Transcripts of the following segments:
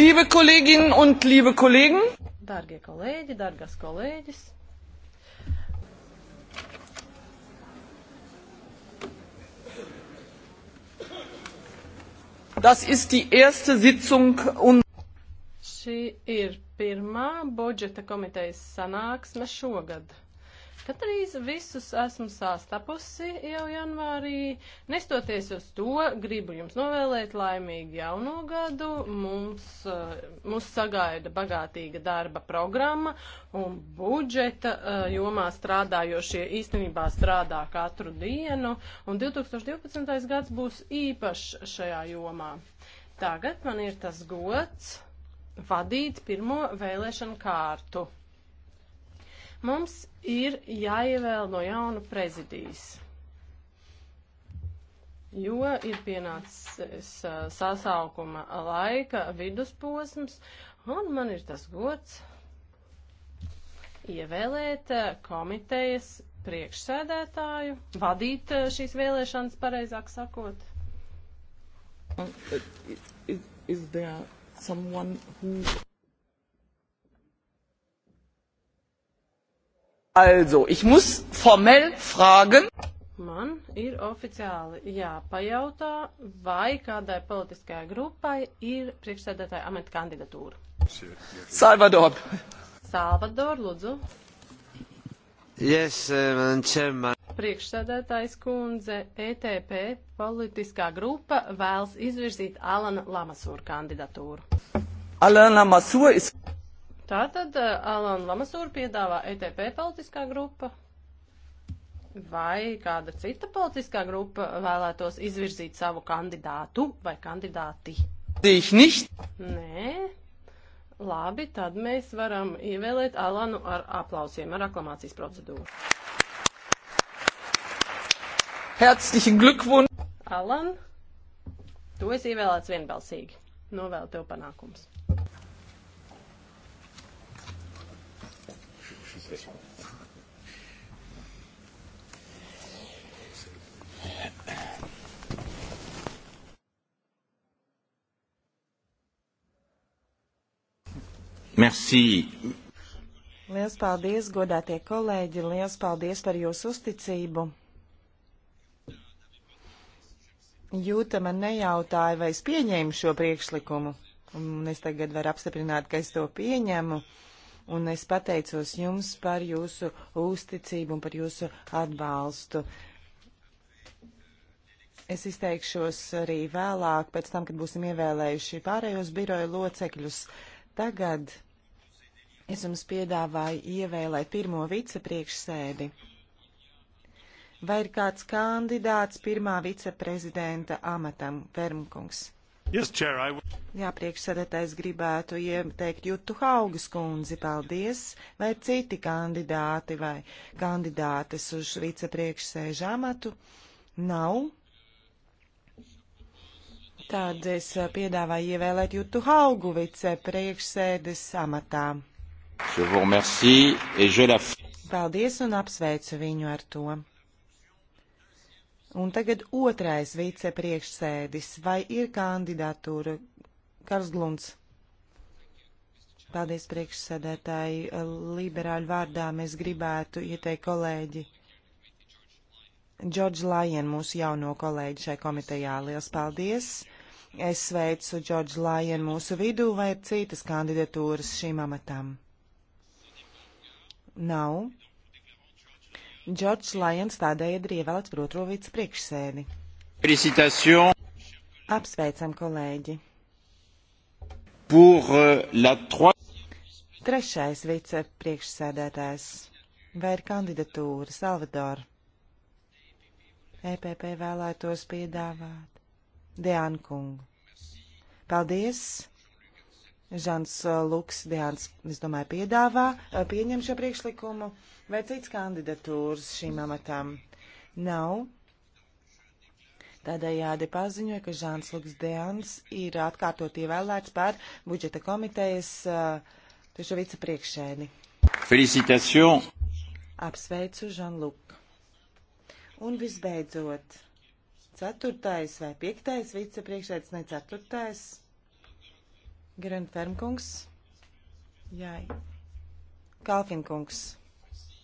Liebe Kolleginnen und liebe Kollegen. Dargie kolēģi, dargas kolēģis. Das ist die erste Sitzung un Šī ir pirmā budžeta komitejas sanāksme šogad. Katrīz visus esmu sastapusi jau janvārī. Nestoties uz to, gribu jums novēlēt laimīgu jauno gadu. Mums, eh, mums sagaida bagātīga darba programma un budžeta eh, jomā strādājošie īstenībā strādā katru dienu. Un 2012. gads būs īpašs šajā jomā. Tagad man ir tas gods vadīt pirmo vēlēšanu kārtu. Mums ir jāievēl no jauna prezidijas jo ir pienācis uh, sasaukuma laika vidusposms, un man ir tas gods ievēlēt uh, komitejas priekšsēdētāju, vadīt uh, šīs vēlēšanas, pareizāk sakot. Is, is there someone who Also, ich muss formell fragen. Man ir oficiāli jāpajautā, vai kādai politiskajai grupai ir priekšsēdētāja amata kandidatūra. Salvador. Salvador, lūdzu. Yes, uh, man čemā. Priekšsēdētājs kundze ETP politiskā grupa vēlas izvirzīt Alana Lamasūra kandidatūru. Alana Lamasūra ir. Tātad eh, Alana Lamasūra piedāvā ETP politiskā grupa vai kāda cita politiskā grupa vēlētos izvirzīt savu kandidātu vai kandidāti. Tieši nicht. Nē. Labi, tad mēs varam ievēlēt Alanu ar aplausiem, ar aklamācijas procedūru. Herzlichen Glückwunsch! Alan, tu esi ievēlēts vienbalsīgi. Novēlu tev panākums. expression. Merci. Liels paldies, godātie kolēģi, liels paldies par jūsu uzticību. Jūta man nejautāja, vai es pieņēmu šo priekšlikumu, un es tagad varu apstiprināt, ka es to pieņemu un es pateicos jums par jūsu uzticību un par jūsu atbalstu. Es izteikšos arī vēlāk, pēc tam, kad būsim ievēlējuši pārējos biroja locekļus. Tagad es jums piedāvāju ievēlēt pirmo vicepriekšsēdi. Vai ir kāds kandidāts pirmā viceprezidenta amatam, Vermkungs? Yes, chair, I... Jā, priekšsēdētājs gribētu ieteikt Jutu Haugas kundzi, paldies, vai citi kandidāti vai kandidātes uz vicepriekšsēžu amatu nav. Tad es piedāvāju ievēlēt Jutu Haugu vicepriekšsēdes amatā. Paldies un apsveicu viņu ar to. Un tagad otrais vicepriekšsēdis. Vai ir kandidatūra? Karls Glunds. Paldies priekšsēdētāji. Liberāļu vārdā mēs gribētu ieteikt kolēģi. Džordžu Lajenu, mūsu jauno kolēģi šai komitejā. Liels paldies! Es sveicu Džordžu Lajenu mūsu vidū vai citas kandidatūras šīm amatām. Nav. Džordžs Lajons tādējādi ir ievēlēts par otro vīdes priekšsēdi. Felicitation. Apsveicam kolēģi. Pour euh, la trois... Trešais vicepriekšsēdētājs. Vai ir kandidatūra Salvador? EPP vēlētos piedāvāt Deānu kungu. Paldies! Žans eh, Luks Dēns, es domāju, piedāvā, eh, pieņem šo priekšlikumu vai cits kandidatūras šīm amatām. Nav. Tādējādi paziņoja, ka Žāns Luks Dēns ir atkārtot ievēlēts par budžeta komitejas eh, tieši vicepriekšēdi. Felicitāciju! Apsveicu Žānu Luku. Un visbeidzot, ceturtais vai piektais vicepriekšēds, ne ceturtais Grand Fermkungs. Jā. Kalfinkungs.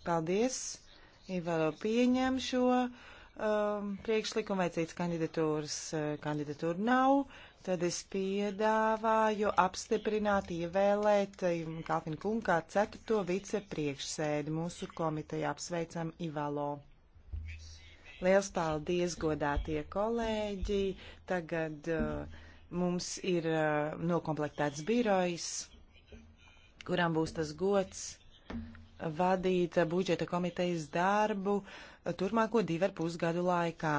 Paldies. Ivaro pieņem šo um, priekšlikumu vajadzīgas kandidatūras. Uh, Kandidatūra nav. Tad es piedāvāju apstiprināt, ievēlēt um, Kalfinu kungu kā ceturto vicepriekšsēdi mūsu komiteja. Apsveicam Ivalo. Liels paldies, godātie kolēģi. Tagad. Uh, Mums ir uh, nokomplektēts birojs, kurām būs tas gods vadīt budžeta komitejas darbu turmāko divu ar pusgadu laikā.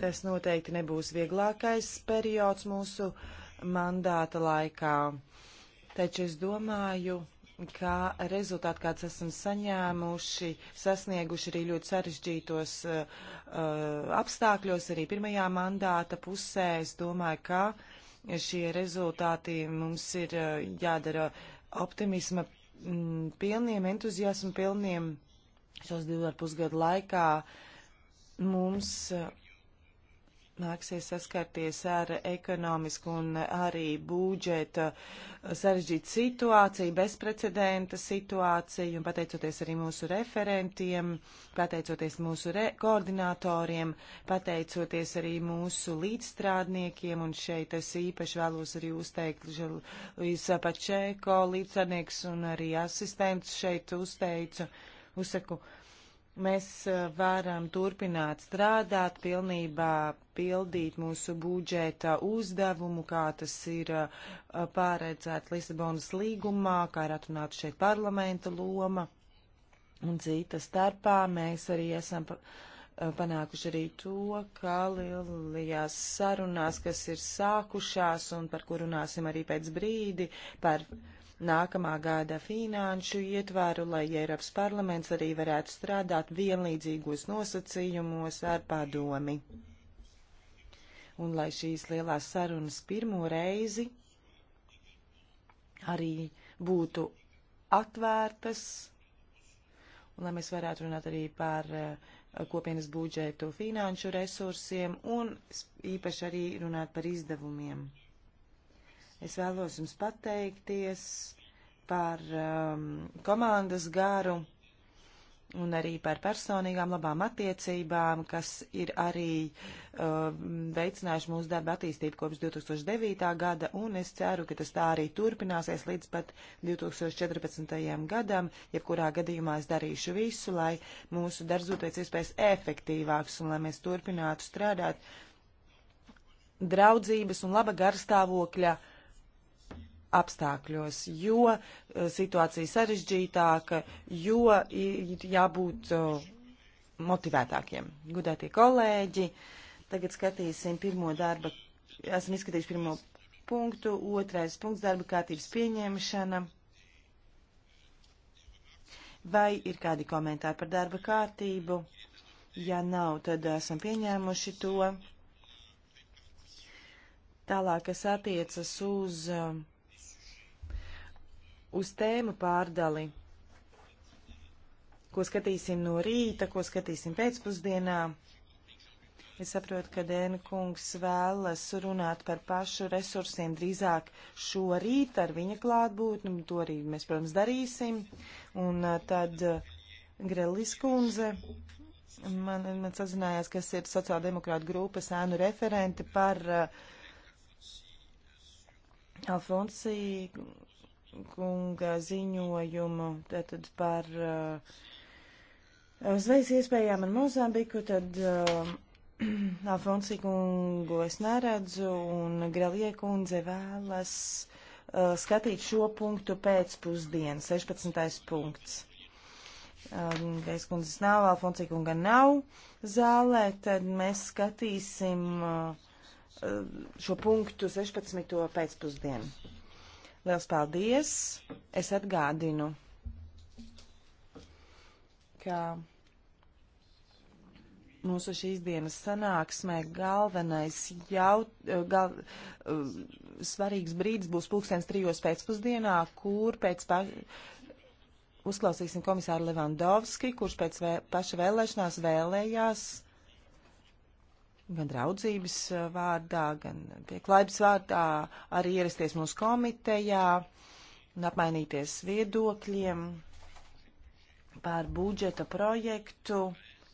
Tas noteikti nebūs vieglākais periods mūsu mandāta laikā, taču es domāju, kā rezultāti, kāds esam saņēmuši, sasnieguši arī ļoti sarežģītos uh, uh, apstākļos, arī pirmajā mandāta pusē, es domāju, ka šie rezultāti mums ir uh, jādara optimisma mm, pilniem, entuziasma pilniem šos divu ar pusgadu laikā. Mums uh, nāksies saskarties ar ekonomisku un arī budžeta sarežģītu situāciju, bezprecedenta situāciju, un pateicoties arī mūsu referentiem, pateicoties mūsu re koordinatoriem, pateicoties arī mūsu līdzstrādniekiem, un šeit es īpaši vēlos arī uzteikt Luisa Pačēko līdzstrādnieks un arī asistents šeit uzteicu, uzsaku. Uh, Mēs eh, varam turpināt strādāt, pilnībā pildīt mūsu budžeta uzdevumu, kā tas ir eh, pārēdzēts Lisabonas līgumā, kā ir atrunāta šeit parlamenta loma. Un cita starpā mēs arī esam eh, panākuši arī to, ka lielajās sarunās, kas ir sākušās un par kur runāsim arī pēc brīdi, par. Mm nākamā gada finanšu ietvaru, lai Eiropas parlaments arī varētu strādāt vienlīdzīgos nosacījumos ar padomi. Un lai šīs lielās sarunas pirmo reizi arī būtu atvērtas, un lai mēs varētu runāt arī par eh, kopienas budžetu finanšu resursiem un īpaši arī runāt par izdevumiem. Es vēlos jums pateikties par um, komandas garu un arī par personīgām labām attiecībām, kas ir arī uh, veicinājuši mūsu darba attīstību kopš 2009. gada, un es ceru, ka tas tā arī turpināsies līdz pat 2014. gadam, jebkurā gadījumā es darīšu visu, lai mūsu darbs būtu pēc iespējas efektīvāks un lai mēs turpinātu strādāt draudzības un laba garstāvokļa uh, apstākļos, jo eh, situācija sarežģītāka, jo ir jābūt eh, motivētākiem. Gudētie kolēģi, tagad skatīsim pirmo darba, esam izskatījuši pirmo punktu, otrais punkts darba kārtības pieņemšana. Vai ir kādi komentāri par darba kārtību? Ja nav, tad esam pieņēmuši to. Tālāk, kas attiecas uz uh, uz tēmu pārdali, ko skatīsim no rīta, ko skatīsim pēcpusdienā. Es saprotu, ka Dēna kungs vēlas runāt par pašu resursiem drīzāk šorīt ar viņa klātbūtni, nu, to arī mēs, protams, darīsim. Un tad Grelis kundze man, man sazinājās, kas ir sociāldemokrāta grupas ēnu referente par Alfonsī kunga ziņojumu tātad par uh, zvejas iespējām ar Mozambiku, tad uh, Alfonsī kungu es neredzu un Grelie kundze vēlas uh, skatīt šo punktu pēcpusdienu, 16. punkts. Um, Gaisa kundzes nav, Alfonsī kunga nav zālē, tad mēs skatīsim uh, uh šo punktu 16. pēcpusdienu. Liels paldies! Es atgādinu, ka mūsu šīs dienas sanāksmē galvenais jau, gal, eh, svarīgs brīdis būs pulkstens trijos pēcpusdienā, kur pēc pa, uzklausīsim komisāru Levandovski, kurš pēc vē, paša vēlēšanās vēlējās gan draudzības eh, vārdā, gan pieklājības vārdā arī ierasties mūsu komitejā un apmainīties viedokļiem pār budžeta projektu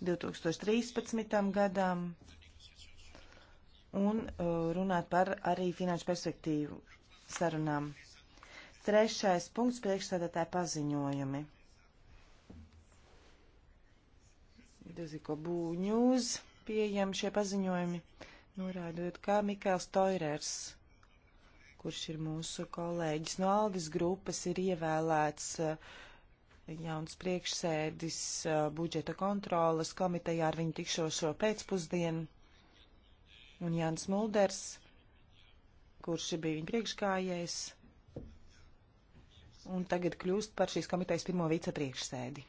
2013. gadam un eh, runāt par arī finanšu perspektīvu sarunām. Trešais punkts priekšstādātāja paziņojumi. Deziko Būņūs pieejami šie paziņojumi, norādot, kā Mikāls Toirers, kurš ir mūsu kolēģis no Aldis grupas, ir ievēlēts eh, jauns priekšsēdis eh, budžeta kontrolas komitejā ar viņu tikšošo pēcpusdienu, un Jānis Mulders, kurš bija viņa priekšgājējs, un tagad kļūst par šīs komitejas pirmo vicepriekšsēdi.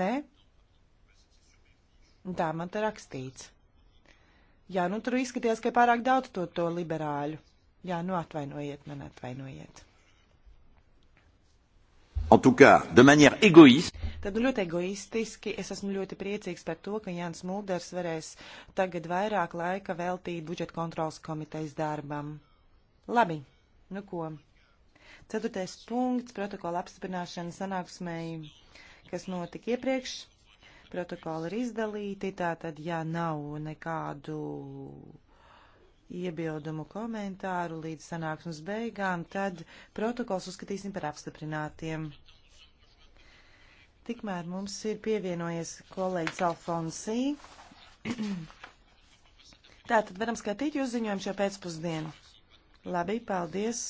Nē, Nu, tā man te rakstīts. Jā, nu tur izskatījās, ka ir pārāk daudz to, to liberāļu. Jā, nu atvainojiet, man atvainojiet. En tout cas, de manière égoïste. Tad nu, ļoti egoistiski es esmu ļoti priecīgs par to, ka Jans Mulders varēs tagad vairāk laika veltīt budžeta kontrolas komitejas darbam. Labi, nu ko. Ceturtais punkts protokola apstiprināšana sanāksmēji, kas notika iepriekš. Protokoli ir izdalīti, tātad, ja nav nekādu iebildumu komentāru līdz sanāksmes beigām, tad protokols uzskatīsim par apstiprinātiem. Tikmēr mums ir pievienojies kolēģis Alfonsī. Tātad varam skatīt jūs ziņojumu šo pēcpusdienu. Labi, paldies.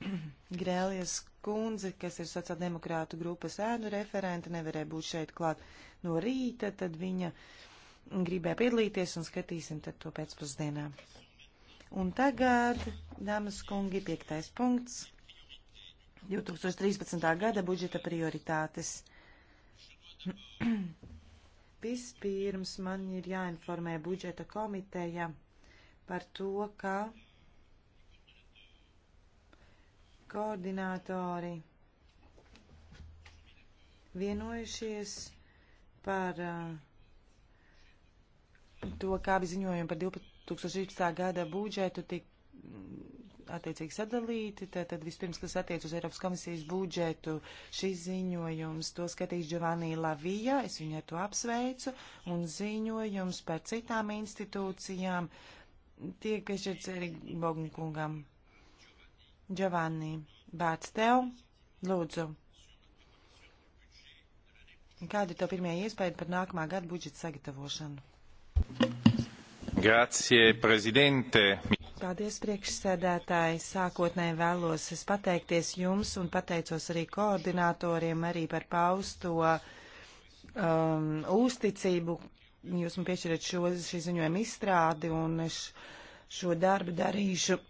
Grēlies kundze, kas ir sociāldemokrātu grupas ēnu referente, nevarēja būt šeit klāt no rīta, tad viņa gribēja piedalīties un skatīsim tad to pēcpusdienā. Un tagad, dāmas kungi, piektais punkts. 2013. gada budžeta prioritātes. Vispirms man ir jāinformē budžeta komiteja par to, ka Koordinātori vienojušies par uh, to, kā bija ziņojumi par 2013. gada budžetu tik mm, attiecīgi sadalīti. Tātad vispirms, kas attiec uz Eiropas komisijas budžetu, šis ziņojums to skatīs Giovanni Lavija, es viņu ar to apsveicu, un ziņojums par citām institūcijām tiek piešķirts arī Bogņu kungam. Giovanni, vārds tev, lūdzu. Kāda ir tev pirmie iespēja par nākamā gada budžeta sagatavošanu? Grazie, prezidente. Paldies, priekšsēdētāji. Sākotnēji vēlos es pateikties jums un pateicos arī koordinatoriem arī par pausto um, uzticību. Jūs man piešķirat šo, šī ziņojuma izstrādi un es šo darbu darīšu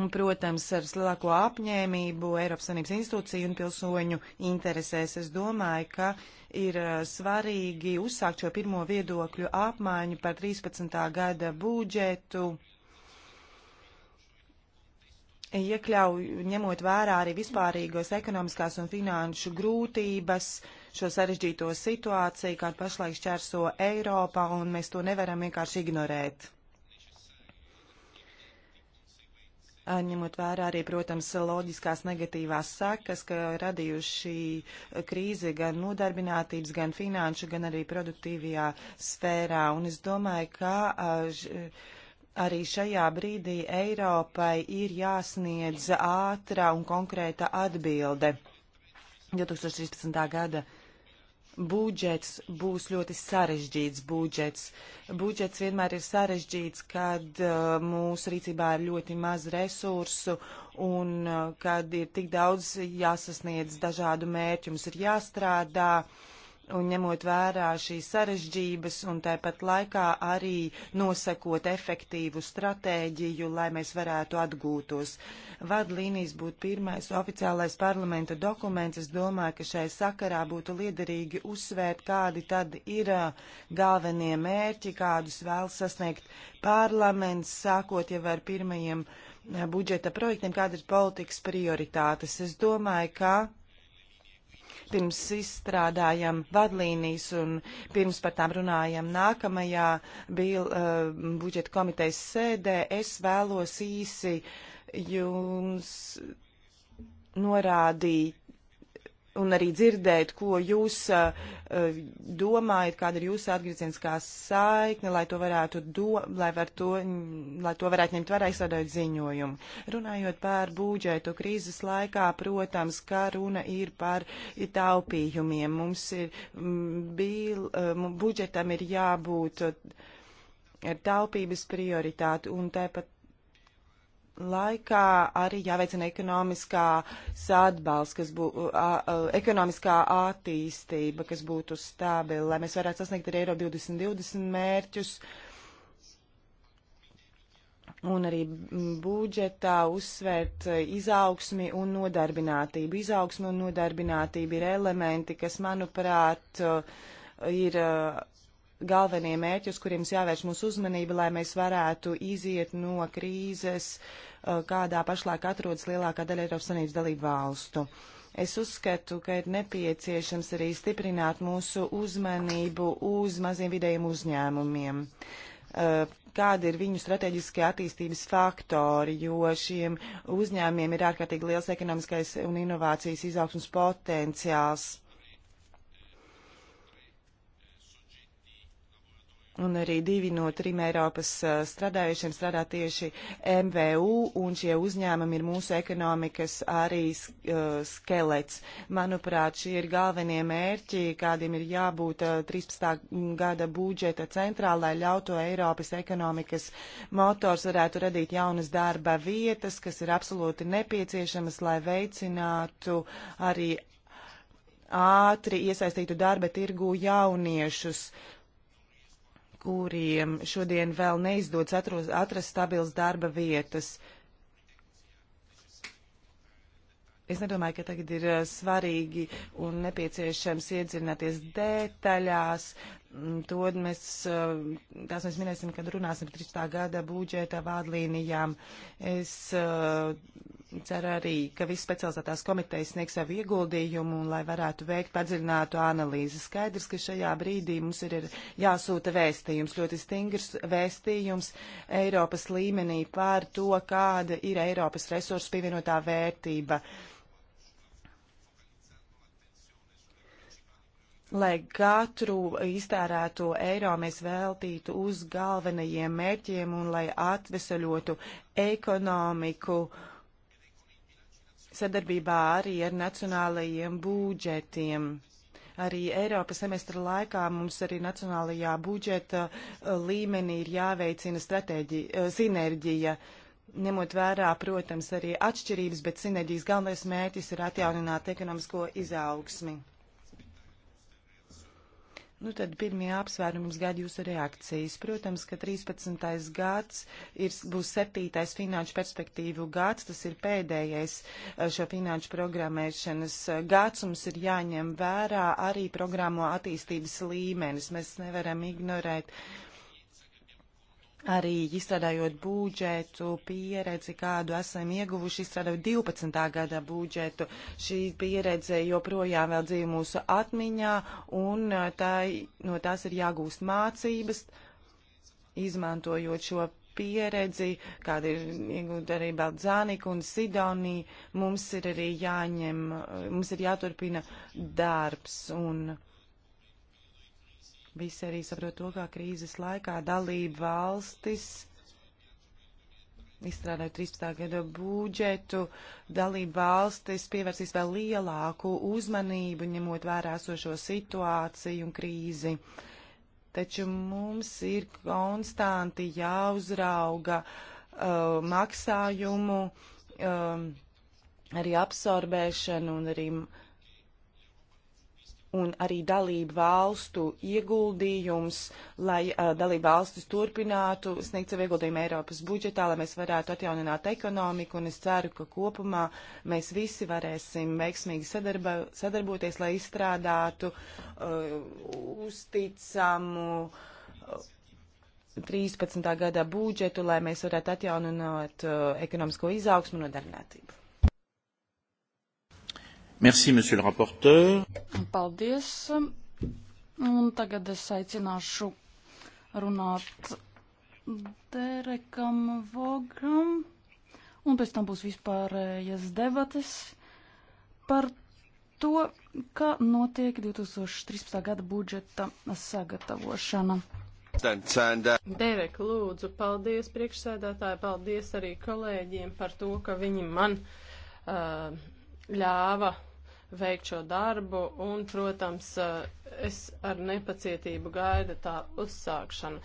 Un, protams, ar lielāko apņēmību Eiropas Savienības institūciju un pilsoņu interesēs. Es domāju, ka ir eh, svarīgi uzsākt šo pirmo viedokļu apmaiņu par 13. gada budžetu, iekļauj, ņemot vērā arī vispārīgos ekonomiskās un finanšu grūtības, šo sarežģīto situāciju, kāda pašlaik šķērso Eiropā, un mēs to nevaram vienkārši ignorēt. ņemot vērā arī, protams, loģiskās negatīvās sekas, ka radījuši krīze gan nodarbinātības, gan finanšu, gan arī produktīvajā sfērā. Un es domāju, ka arī šajā brīdī Eiropai ir jāsniedz ātra un konkrēta atbilde 2013. gada budžets būs ļoti sarežģīts budžets. Budžets vienmēr ir sarežģīts, kad uh, mūsu rīcībā ir ļoti maz resursu un uh, kad ir tik daudz jāsasniedz dažādu mērķu. Mums ir jāstrādā, uh, un ņemot vērā šīs sarežģības un tāpat laikā arī nosakot efektīvu stratēģiju, lai mēs varētu atgūtos. Vadlīnijas būtu pirmais oficiālais parlamenta dokuments. Es domāju, ka šai sakarā būtu liederīgi uzsvērt, kādi tad ir galvenie mērķi, kādus vēl sasniegt parlaments, sākot jau ar pirmajiem budžeta projektiem, kāda ir politikas prioritātes. Es domāju, ka pirms izstrādājam vadlīnijas un pirms par tām runājam nākamajā bil, uh, budžeta komitejas sēdē, es vēlos īsi jums norādīt, un arī dzirdēt, ko jūs uh, domājat, kāda ir jūsu atgriezieniskā saikne, lai to varētu, do, lai var to, lai to varētu ņemt vērā, izstrādājot ziņojumu. Runājot par būdžetu krīzes laikā, protams, kā runa ir par taupījumiem. Mums ir, m, bil, m, budžetam ir jābūt ar taupības prioritāti un tāpat laikā arī jāveicina ekonomiskā atbalsts, kas būtu ekonomiskā attīstība, kas būtu stabila, lai mēs varētu sasniegt arī Eiro 2020 mērķus. Un arī budžetā uzsvērt izaugsmi un nodarbinātību. Izaugsmi un nodarbinātība ir elementi, kas, manuprāt, ir galvenie mērķi, uz kuriem jāvērš mūsu uzmanība, lai mēs varētu iziet no krīzes, uh, kādā pašlaik atrodas lielākā daļa Eiropas Savienības dalību valstu. Es uzskatu, ka ir nepieciešams arī stiprināt mūsu uzmanību uz maziem vidējiem uzņēmumiem. Uh, kādi ir viņu strateģiskie attīstības faktori, jo šiem uzņēmumiem ir ārkārtīgi liels ekonomiskais un inovācijas izaugsmas potenciāls Un arī divi no trim Eiropas eh, strādājušiem strādā tieši MVU, un šie uzņēmumi ir mūsu ekonomikas arī eh, skelets. Manuprāt, šie ir galvenie mērķi, kādiem ir jābūt 13. Eh, gada budžeta centrā, lai ļautu Eiropas ekonomikas motors varētu radīt jaunas darba vietas, kas ir absolūti nepieciešamas, lai veicinātu arī ātri iesaistītu darba tirgu jauniešus kuriem šodien vēl neizdodas atros, atrast stabils darba vietas. Es nedomāju, ka tagad ir eh, svarīgi un nepieciešams iedzināties detaļās, Mm, to mēs, eh, tās mēs minēsim, kad runāsim par 13. gada budžeta vādlīnijām. Es eh, ceru arī, ka viss specializētās komitejas sniegs savu ieguldījumu un lai varētu veikt padziļinātu analīzi. Skaidrs, ka šajā brīdī mums ir, ir jāsūta vēstījums, ļoti stingrs vēstījums Eiropas līmenī par to, kāda ir Eiropas resursu pievienotā vērtība. Uh, lai katru iztērēto eiro mēs veltītu uz galvenajiem mērķiem un lai atvesaļotu ekonomiku sadarbībā arī ar nacionālajiem būdžetiem arī Eiropas semestra laikā mums arī nacionālajā budžeta uh, līmenī ir jāveicina uh, sinerģija. Ņemot vērā, protams, arī atšķirības, bet sinerģijas galvenais mērķis ir atjaunināt ekonomisko izaugsmi. Nu, tad pirmie apsvērumi mums gaida jūsu reakcijas. Protams, ka 13. gads ir, būs 7. finanšu perspektīvu gads, tas ir pēdējais eh, šo finanšu programmēšanas eh, gads. Mums ir jāņem vērā arī programmu attīstības līmenis. Mēs nevaram ignorēt uh, Arī izstrādājot budžetu, pieredzi, kādu esam ieguvuši, izstrādājot 12. gada budžetu, šī pieredze joprojām vēl dzīvo mūsu atmiņā, un uh, tā, no tās ir jāgūst mācības, izmantojot šo pieredzi, kāda ir iegūta arī Baldzānika un Sidonija, mums ir arī jāņem, uh, mums ir jāturpina darbs. Un, uh, Visi arī saprot to, kā krīzes laikā dalība valstis izstrādāja 13. gada budžetu, dalība valstis pievērsīs vēl lielāku uzmanību, ņemot vērā esošo situāciju un krīzi. Taču mums ir konstanti jāuzrauga uh, maksājumu, um, arī absorbēšanu un arī uh, un arī dalību valstu ieguldījums, lai uh, dalību valstis turpinātu sniegt savu ieguldījumu Eiropas budžetā, lai mēs varētu atjaunināt ekonomiku, un es ceru, ka kopumā mēs visi varēsim veiksmīgi sadarba, sadarboties, lai izstrādātu uh, uzticamu. Uh, 13. gadā budžetu, lai mēs varētu atjaunināt uh, ekonomisko izaugsmu un nodarbinātību. Merci, monsieur le rapporteur. Paldies. Un tagad es aicināšu runāt Derekam Vogam, un pēc tam būs vispārējas debates par to, kā notiek 2013. gada budžeta sagatavošana. Derek, lūdzu, paldies priekšsēdētāji, paldies arī kolēģiem par to, ka viņi man uh, ļāva veikt šo darbu un, protams, es ar nepacietību gaidu tā uzsākšanu.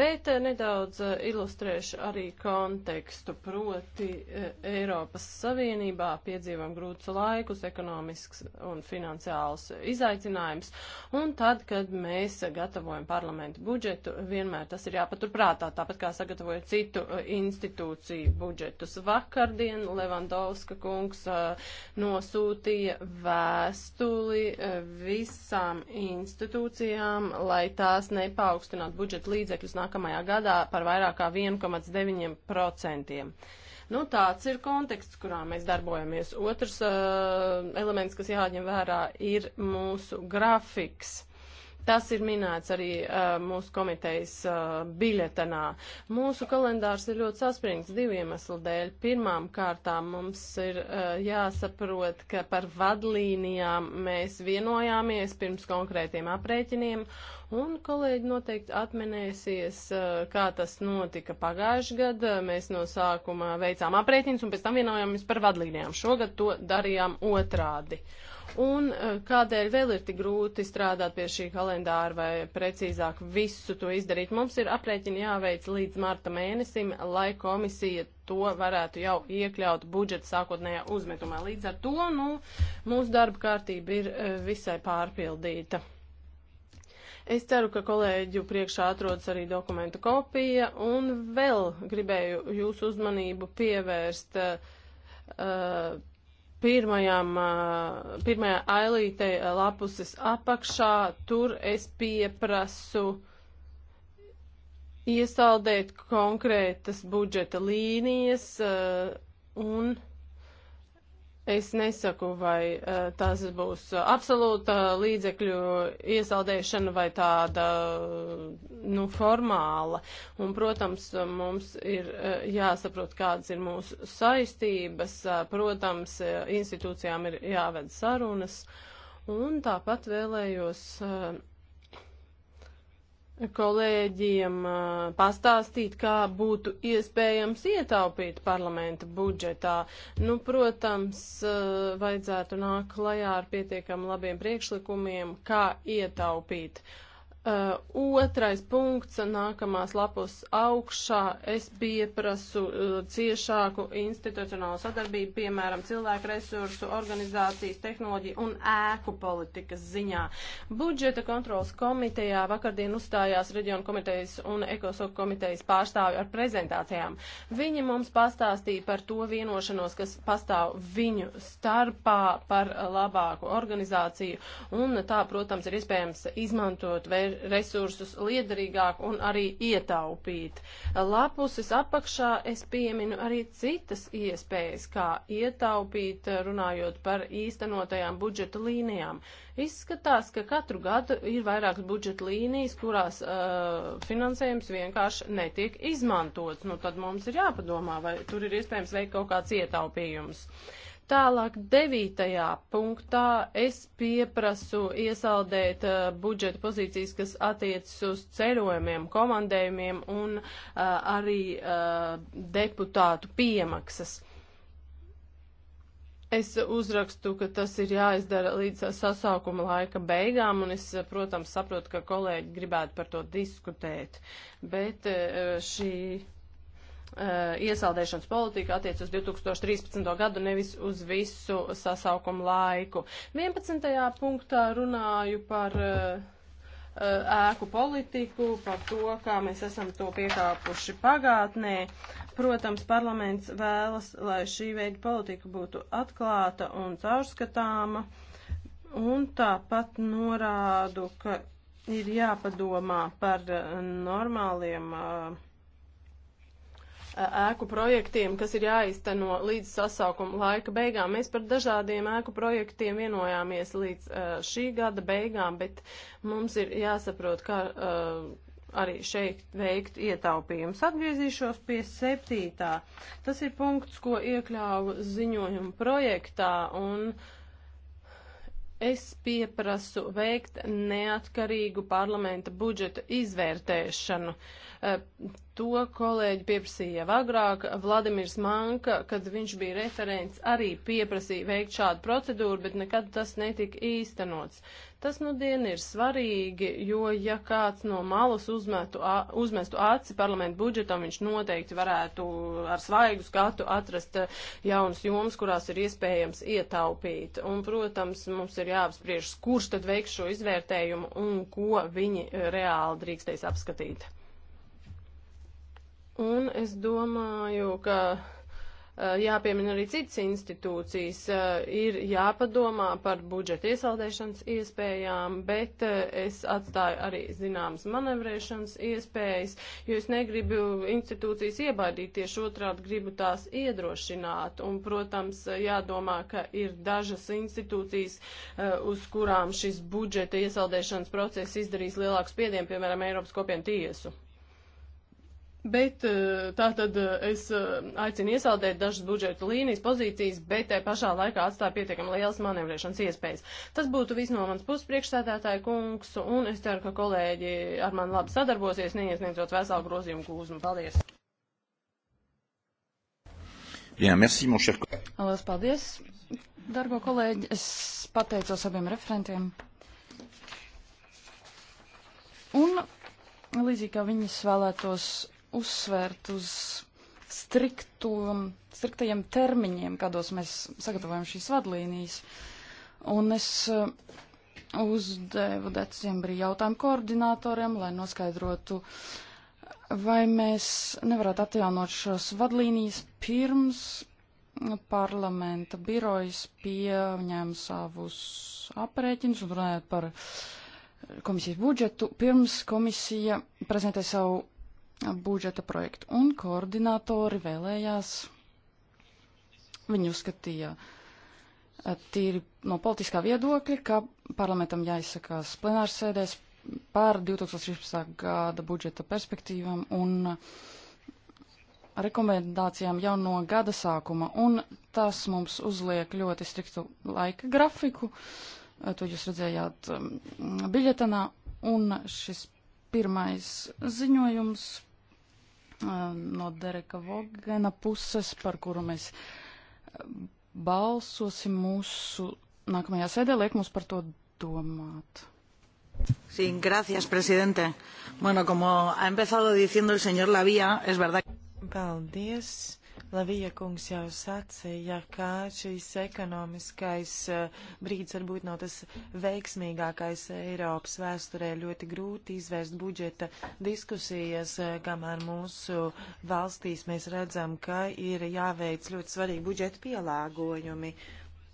Bet eh, nedaudz eh, ilustrēšu arī kontekstu, proti eh, Eiropas Savienībā piedzīvam grūtus laikus, ekonomisks un finansiāls izaicinājums, un tad, kad mēs gatavojam parlamentu budžetu, vienmēr tas ir jāpaturprātā, tāpat kā sagatavoju citu institūciju budžetus. Vakardien Levandovska kungs nosūtīja vēstuli visām institūcijām institūcijām, lai tās nepaaugstināt budžeta līdzekļus nākamajā gadā par vairāk kā 1,9%. Nu, tāds ir konteksts, kurā mēs darbojamies. Otrs uh, elements, kas jāņem vērā, ir mūsu grafiks. Tas ir minēts arī uh, mūsu komitejas uh, biļetenā. Mūsu kalendārs ir ļoti saspringts divu iemeslu dēļ. Pirmām kārtām mums ir uh, jāsaprot, ka par vadlīnijām mēs vienojāmies pirms konkrētiem aprēķiniem, un kolēģi noteikti atminēsies, uh, kā tas notika pagājuši gadu. Mēs no sākuma veicām aprēķinus, un pēc tam vienojāmies par vadlīnijām. Šogad to darījām otrādi. Uh, Un e, kādēļ vēl ir tik grūti strādāt pie šī kalendāra vai precīzāk visu to izdarīt? Mums ir aprēķini jāveic līdz marta mēnesim, lai komisija to varētu jau iekļaut budžeta sākotnējā uzmetumā. Līdz ar to nu, mūsu darba kārtība ir e, visai pārpildīta. Es ceru, ka kolēģu priekšā atrodas arī dokumentu kopija, un vēl gribēju jūsu uzmanību pievērst uh, pirmajam, pirmajā ailītei lapuses apakšā, tur es pieprasu iesaldēt konkrētas budžeta līnijas un. Uh, Es nesaku, vai uh, tas būs eh, absolūta līdzekļu iesaldēšana vai tāda, eh, nu, formāla. Un, protams, mums ir uh, jāsaprot, kādas ir mūsu saistības. Uh, protams, institūcijām ir jāved sarunas. Un tāpat vēlējos. Uh, kolēģiem pastāstīt, kā būtu iespējams ietaupīt parlamenta budžetā. Nu, protams, vajadzētu nākt klajā ar pietiekam labiem priekšlikumiem, kā ietaupīt. Uh, Uh, otrais punkts nākamās lapus augšā. Es pieprasu uh, ciešāku institucionālu sadarbību, piemēram, cilvēku resursu, organizācijas, tehnoloģiju un ēku politikas ziņā. Budžeta kontrolas komitejā vakardien uzstājās reģionu komitejas un ekosoku komitejas pārstāvi ar prezentācijām. Viņi mums pastāstīja par to vienošanos, kas pastāv viņu starpā par labāku organizāciju un tā, protams, ir iespējams izmantot vērtību resursus liederīgāk un arī ietaupīt. Lapuses apakšā es pieminu arī citas iespējas, kā ietaupīt, runājot par īstenotajām budžeta līnijām. Izskatās, ka katru gadu ir vairākas budžeta līnijas, kurās uh, finansējums vienkārši netiek izmantots. Nu, tad mums ir jāpadomā, vai tur ir iespējams veikt kaut kāds ietaupījums. Uh, Tālāk devītajā punktā es pieprasu iesaldēt uh, budžeta pozīcijas, kas attiecas uz ceļojumiem, komandējumiem un uh, arī uh, deputātu piemaksas. Es uzrakstu, ka tas ir jāizdara līdz sasaukuma laika beigām, un es, uh, protams, saprotu, ka kolēģi gribētu par to diskutēt, bet uh, šī Eh, iesaldēšanas politika attiec uz 2013. gadu, nevis uz visu sasaukumu laiku. 11. punktā runāju par eh, eh, ēku politiku, par to, kā mēs esam to piekāpuši pagātnē. Protams, parlaments vēlas, lai šī veida politika būtu atklāta un caurskatāma, un tāpat norādu, ka ir jāpadomā par normāliem uh, ēku projektiem, kas ir jāizteno līdz sasaukuma laika beigām. Mēs par dažādiem ēku projektiem vienojāmies līdz šī gada beigām, bet mums ir jāsaprot, kā arī šeit veikt ietaupījumus. Atgriezīšos pie septītā. Tas ir punkts, ko iekļāvu ziņojumu projektā un uh, Es pieprasu veikt neatkarīgu parlamenta budžeta izvērtēšanu. E, to kolēģi pieprasīja jau agrāk. Vladimirs Manka, kad viņš bija referents, arī pieprasīja veikt šādu procedūru, bet nekad tas netika īstenots. Tas nu dien ir svarīgi, jo ja kāds no malas uzmetu, uzmestu aci parlamentu budžetam, viņš noteikti varētu ar svaigu skatu atrast eh, jaunas jomas, kurās ir iespējams ietaupīt. Un, protams, mums ir jāapspriež, kurš tad veiks šo izvērtējumu un ko viņi eh, reāli drīkstēs apskatīt. Un es domāju, ka Eh, jāpiemina arī citas institūcijas, eh, ir jāpadomā par budžeta iesaldēšanas iespējām, bet eh, es atstāju arī zināmas manevrēšanas iespējas, jo es negribu institūcijas iebaidīt, tieši otrādi gribu tās iedrošināt. Un, protams, jādomā, ka ir dažas institūcijas, uz kurām šis budžeta iesaldēšanas process izdarīs lielāku spiedienu, piemēram, Eiropas kopienu tiesu. Bet eh, tā tad eh, es eh, aicinu iesaldēt dažas budžeta līnijas pozīcijas, bet tai pašā laikā atstāja pietiekami lielas manevrēšanas iespējas. Tas būtu viss no manas puses priekšsēdētāja kungs, un es ceru, ka kolēģi ar mani labi sadarbosies, neiesniedzot veselu grozījumu kūzmu. Paldies! Bien, merci, mon cher Lielas paldies, darbo kolēģi. Es pateicos abiem referentiem. Un līdzīgi kā viņas vēlētos uzsvērt uz striktu, striktajiem termiņiem, kādos mēs sagatavojam šīs vadlīnijas. Un es eh, uzdevu decembrī jautājumu koordinatoriem, lai noskaidrotu, vai mēs nevarētu atjaunot šos vadlīnijas pirms parlamenta birojas pieņēma savus aprēķinus un runājot par komisijas budžetu, pirms komisija prezentē savu budžeta projektu, un koordinātori vēlējās, viņi uzskatīja eh, tīri no politiskā viedokļa, ka parlamentam jāizsakās plenārsēdēs par 2013. gada budžeta perspektīvām un rekomendācijām jau no gada sākuma, un tas mums uzliek ļoti striktu laika grafiku, eh, to jūs redzējāt mm, biļetenā, un šis pirmais ziņojums no Dereka Vogena puses, par kuru mēs balsosim mūsu nākamajā sēdē, liek mums par to domāt. Sí, gracias, presidente. Bueno, como ha empezado diciendo el señor Lavía, es verdad. Paldies. Lavija kungs jau sacīja, ka šīs ekonomiskais eh, brīdis varbūt nav tas veiksmīgākais Eiropas vēsturē. Ļoti grūti izvērst budžeta diskusijas, eh, kamēr mūsu valstīs mēs redzam, ka ir jāveic ļoti svarīgi budžeta pielāgojumi.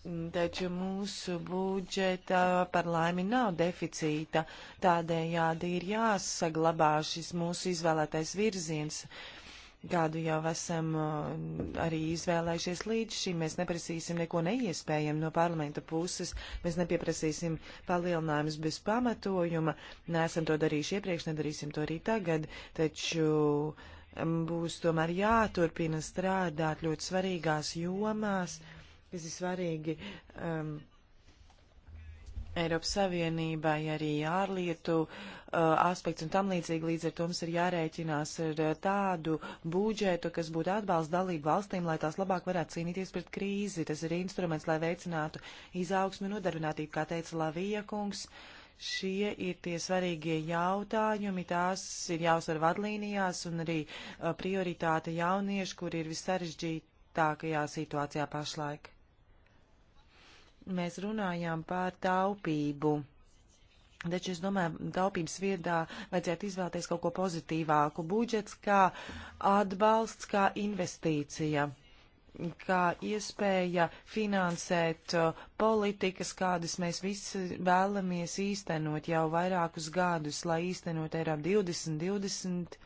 Mm, taču mūsu budžeta par laimi nav deficīta, tādējādi ir jāsaglabā šis mūsu izvēlētais virziens. Uh, kādu jau esam uh, arī izvēlējušies līdz šim. Mēs neprasīsim neko neiespējamu no parlamenta puses, mēs nepieprasīsim palielinājumus bez pamatojuma, neesam to darījuši iepriekš, nedarīsim to arī tagad, taču um, būs tomēr jāturpina strādāt ļoti svarīgās jomās, kas ir svarīgi. Um, Eiropas Savienībai arī ārlietu uh, aspekts un tam līdzīgi. Līdz ar to mums ir jārēķinās ar uh, tādu budžetu, kas būtu atbalsts dalību valstīm, lai tās labāk varētu cīnīties pret krīzi. Tas ir instruments, lai veicinātu izaugsmi un nodarbinātību, kā teica Lavija kungs. Šie ir tie svarīgie jautājumi, tās ir jāuzsver vadlīnijās un arī uh, prioritāte jaunieši, kur ir vissarežģītākajā situācijā pašlaik mēs runājām par taupību. Taču es domāju, taupības viedā vajadzētu izvēlēties kaut ko pozitīvāku. Budžets kā atbalsts, kā investīcija, kā iespēja finansēt uh, politikas, kādas mēs visi vēlamies īstenot jau vairākus gadus, lai īstenot Eiropu 2020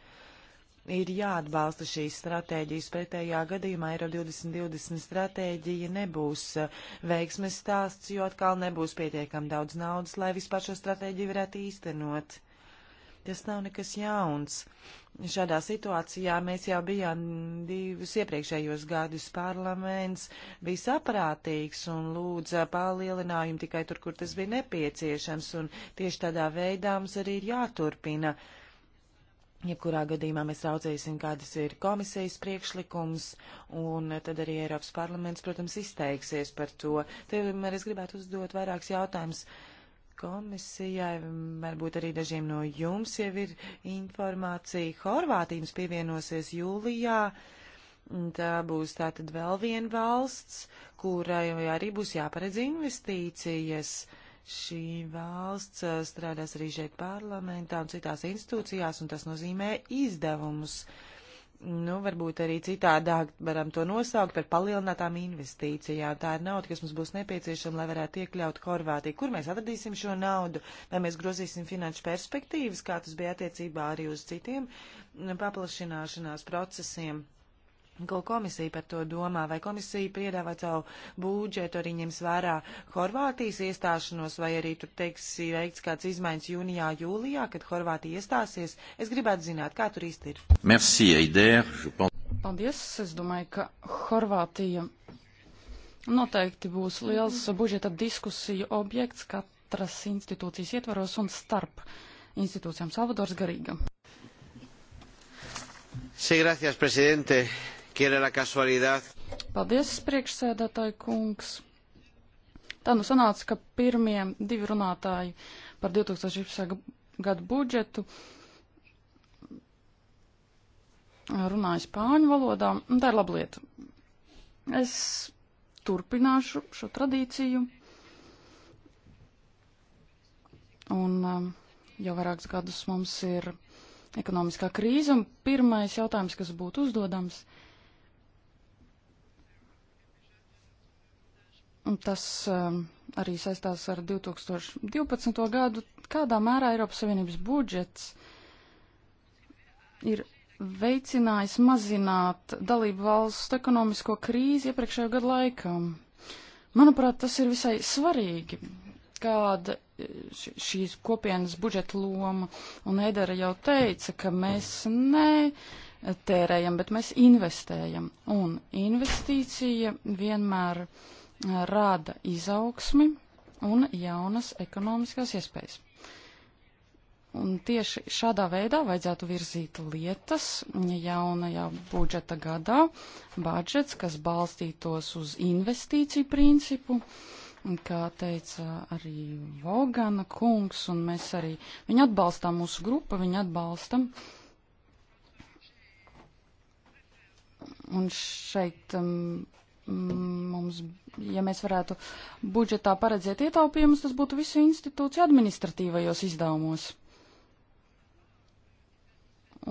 ir jāatbalsta šīs stratēģijas. Pretējā gadījumā Eiro 2020 stratēģija nebūs eh, veiksmes stāsts, jo atkal nebūs pietiekam daudz naudas, lai vispār šo stratēģiju varētu īstenot. Tas nav nekas jauns. Šādā situācijā mēs jau bijām divus iepriekšējos gadus. Parlaments bija saprātīgs un lūdza palielinājumu tikai tur, kur tas bija nepieciešams, un tieši tādā veidā mums arī ir jāturpina uh, Jebkurā gadījumā mēs raudzēsim, kādas ir komisijas priekšlikums, un tad arī Eiropas parlaments, protams, izteiksies par to. Tev es gribētu uzdot vairākus jautājumus komisijai, varbūt arī dažiem no jums jau ir informācija. Horvātijums pievienosies jūlijā. Tā būs tātad vēl viena valsts, kurai arī būs jāparedz investīcijas. Uh, Šī valsts eh, strādās arī šeit parlamentā un citās institūcijās, un tas nozīmē izdevumus. Nu, varbūt arī citādāk varam to nosaukt par palielinātām investīcijām. Tā ir nauda, kas mums būs nepieciešama, lai varētu iekļaut Horvātiju. Kur mēs atradīsim šo naudu? Vai mēs grozīsim finanšu perspektīvas, kā tas bija attiecībā arī uz citiem mm, paplašināšanās procesiem? Ko komisija par to domā? Vai komisija piedāvā savu būdžetu arī ņems vērā Horvātijas iestāšanos, vai arī tur teiks veikts kāds izmaiņas jūnijā, jūlijā, kad Horvātija iestāsies? Es gribētu zināt, kā tur īsti ir. Merci, Eider. Paldies. Es domāju, ka Horvātija noteikti būs liels budžeta diskusiju objekts katras institūcijas ietvaros un starp institūcijām. Salvadors Garīga. Sí, gracias, presidente. Kiera la casualidad. Paldies, priekšsēdētāji kungs. Tā nu sanāca, ka pirmie divi runātāji par 2016. gadu budžetu runāja spāņu valodā, un tā ir laba lieta. Es turpināšu šo tradīciju. Un um, jau vairākus gadus mums ir ekonomiskā krīze, un pirmais jautājums, kas būtu uzdodams, ir, Tas um, arī saistās ar 2012. gadu, kādā mērā Eiropas Savienības budžets ir veicinājis mazināt dalību valstu ekonomisko krīzi iepriekšējo gadu laikā. Manuprāt, tas ir visai svarīgi, kāda e, šīs kopienas budžeta loma. Un Edera jau teica, ka mēs ne tērējam, bet mēs investējam. Un investīcija vienmēr uh, rāda izaugsmi un jaunas ekonomiskās iespējas. Un tieši šādā veidā vajadzētu virzīt lietas jaunajā budžeta gadā. Budžets, kas balstītos uz investīciju principu, kā teica arī Vogana kungs, un mēs arī viņu atbalstām, mūsu grupa viņu atbalstam. Un šeit um, Mm, mums, ja mēs varētu budžetā paredzēt ietaupījumus, tas būtu visu institūciju administratīvajos izdevumos.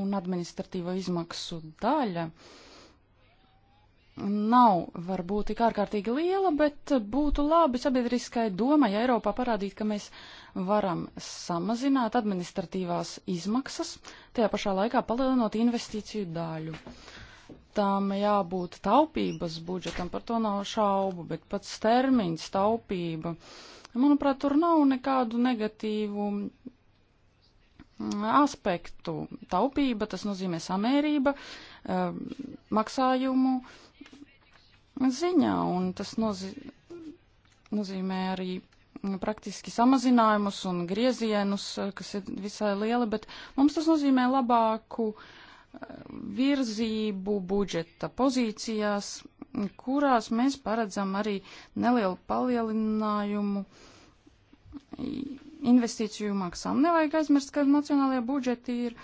Un administratīva izmaksu daļa nav varbūt tik ārkārtīgi liela, bet būtu labi sabiedriskai domai Eiropā parādīt, ka mēs varam samazināt administratīvās izmaksas, tajā pašā laikā palielinot investīciju daļu. Uh, tam jābūt taupības budžetam, par to nav šaubu, bet pats termiņš taupība, manuprāt, tur nav nekādu negatīvu mm, aspektu. Taupība, tas nozīmē samērība eh, maksājumu ziņā, un tas nozī nozīmē arī praktiski samazinājumus un griezienus, eh, kas ir visai lieli, bet mums tas nozīmē labāku uh, virzību budžeta pozīcijās, kurās mēs paredzam arī nelielu palielinājumu investīciju maksām. Nevajag aizmirst, ka nacionālajā budžeti ir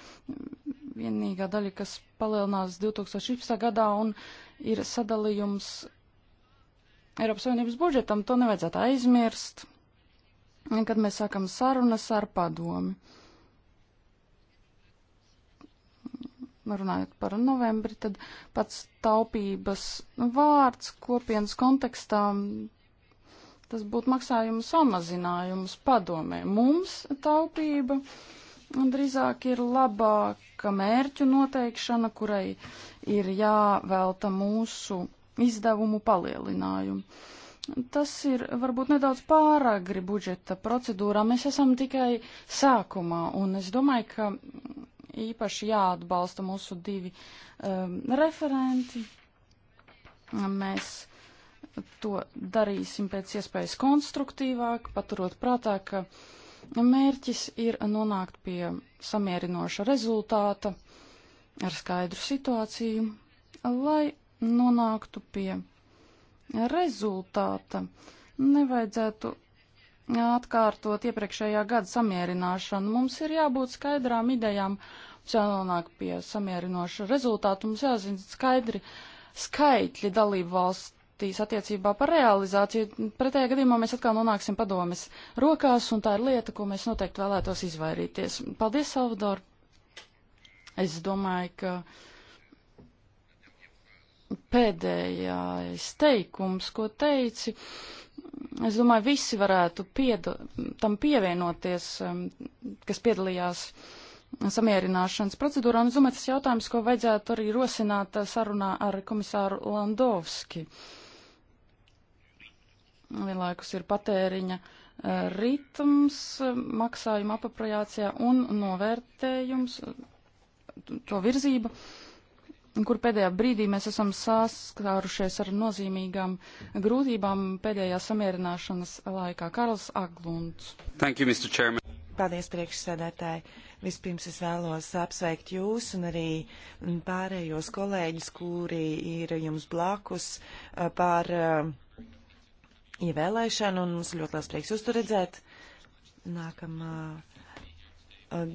vienīgā daļa, kas palielinās 2016. gadā un ir sadalījums Eiropas Savienības budžetam. To nevajadzētu aizmirst, kad mēs sākam sarunas ar padomi. Nu, runājot par novembri, tad pats taupības vārds kopienas kontekstā tas būtu maksājumu samazinājums padomē. Mums taupība drīzāk ir labāka mērķu noteikšana, kurai ir jāvelta mūsu izdevumu palielinājumu. Tas ir varbūt nedaudz pāragri budžeta procedūrā. Mēs esam tikai sākumā, un es domāju, ka īpaši jāatbalsta mūsu divi um, referenti. Mēs to darīsim pēc iespējas konstruktīvāk, paturot prātā, ka mērķis ir nonākt pie samierinoša rezultāta ar skaidru situāciju, lai nonāktu pie rezultāta. Nevajadzētu atkārtot iepriekšējā gada samierināšanu. Mums ir jābūt skaidrām idejām jānonāk pie samierinoša rezultāta, mums jāzina skaidri skaitļi dalību valstīs attiecībā par realizāciju. Pretējā gadījumā mēs atkal nonāksim padomes rokās, un tā ir lieta, ko mēs noteikti vēlētos izvairīties. Paldies, Salvador! Es domāju, ka pēdējais teikums, ko teici, es domāju, visi varētu piedo, tam pievienoties, um, kas piedalījās uh, samierināšanas procedūrā. Un, es domāju, tas jautājums, ko vajadzētu arī rosināt eh, sarunā ar komisāru Landovski. Vienlaikus ir patēriņa eh, ritms maksājuma apaprojācijā un novērtējums, eh, to virzība, kur pēdējā brīdī mēs esam saskārušies ar nozīmīgām grūtībām pēdējā samierināšanas laikā. Karls Aglunds. Thank you, Mr. Chairman. Paldies, priekšsēdētāji. Uh, Vispirms es vēlos apsveikt jūs un arī pārējos kolēģis, kuri ir jums blakus eh, par eh, ievēlēšanu, un mums ļoti liels prieks jūs tur redzēt. Nākamā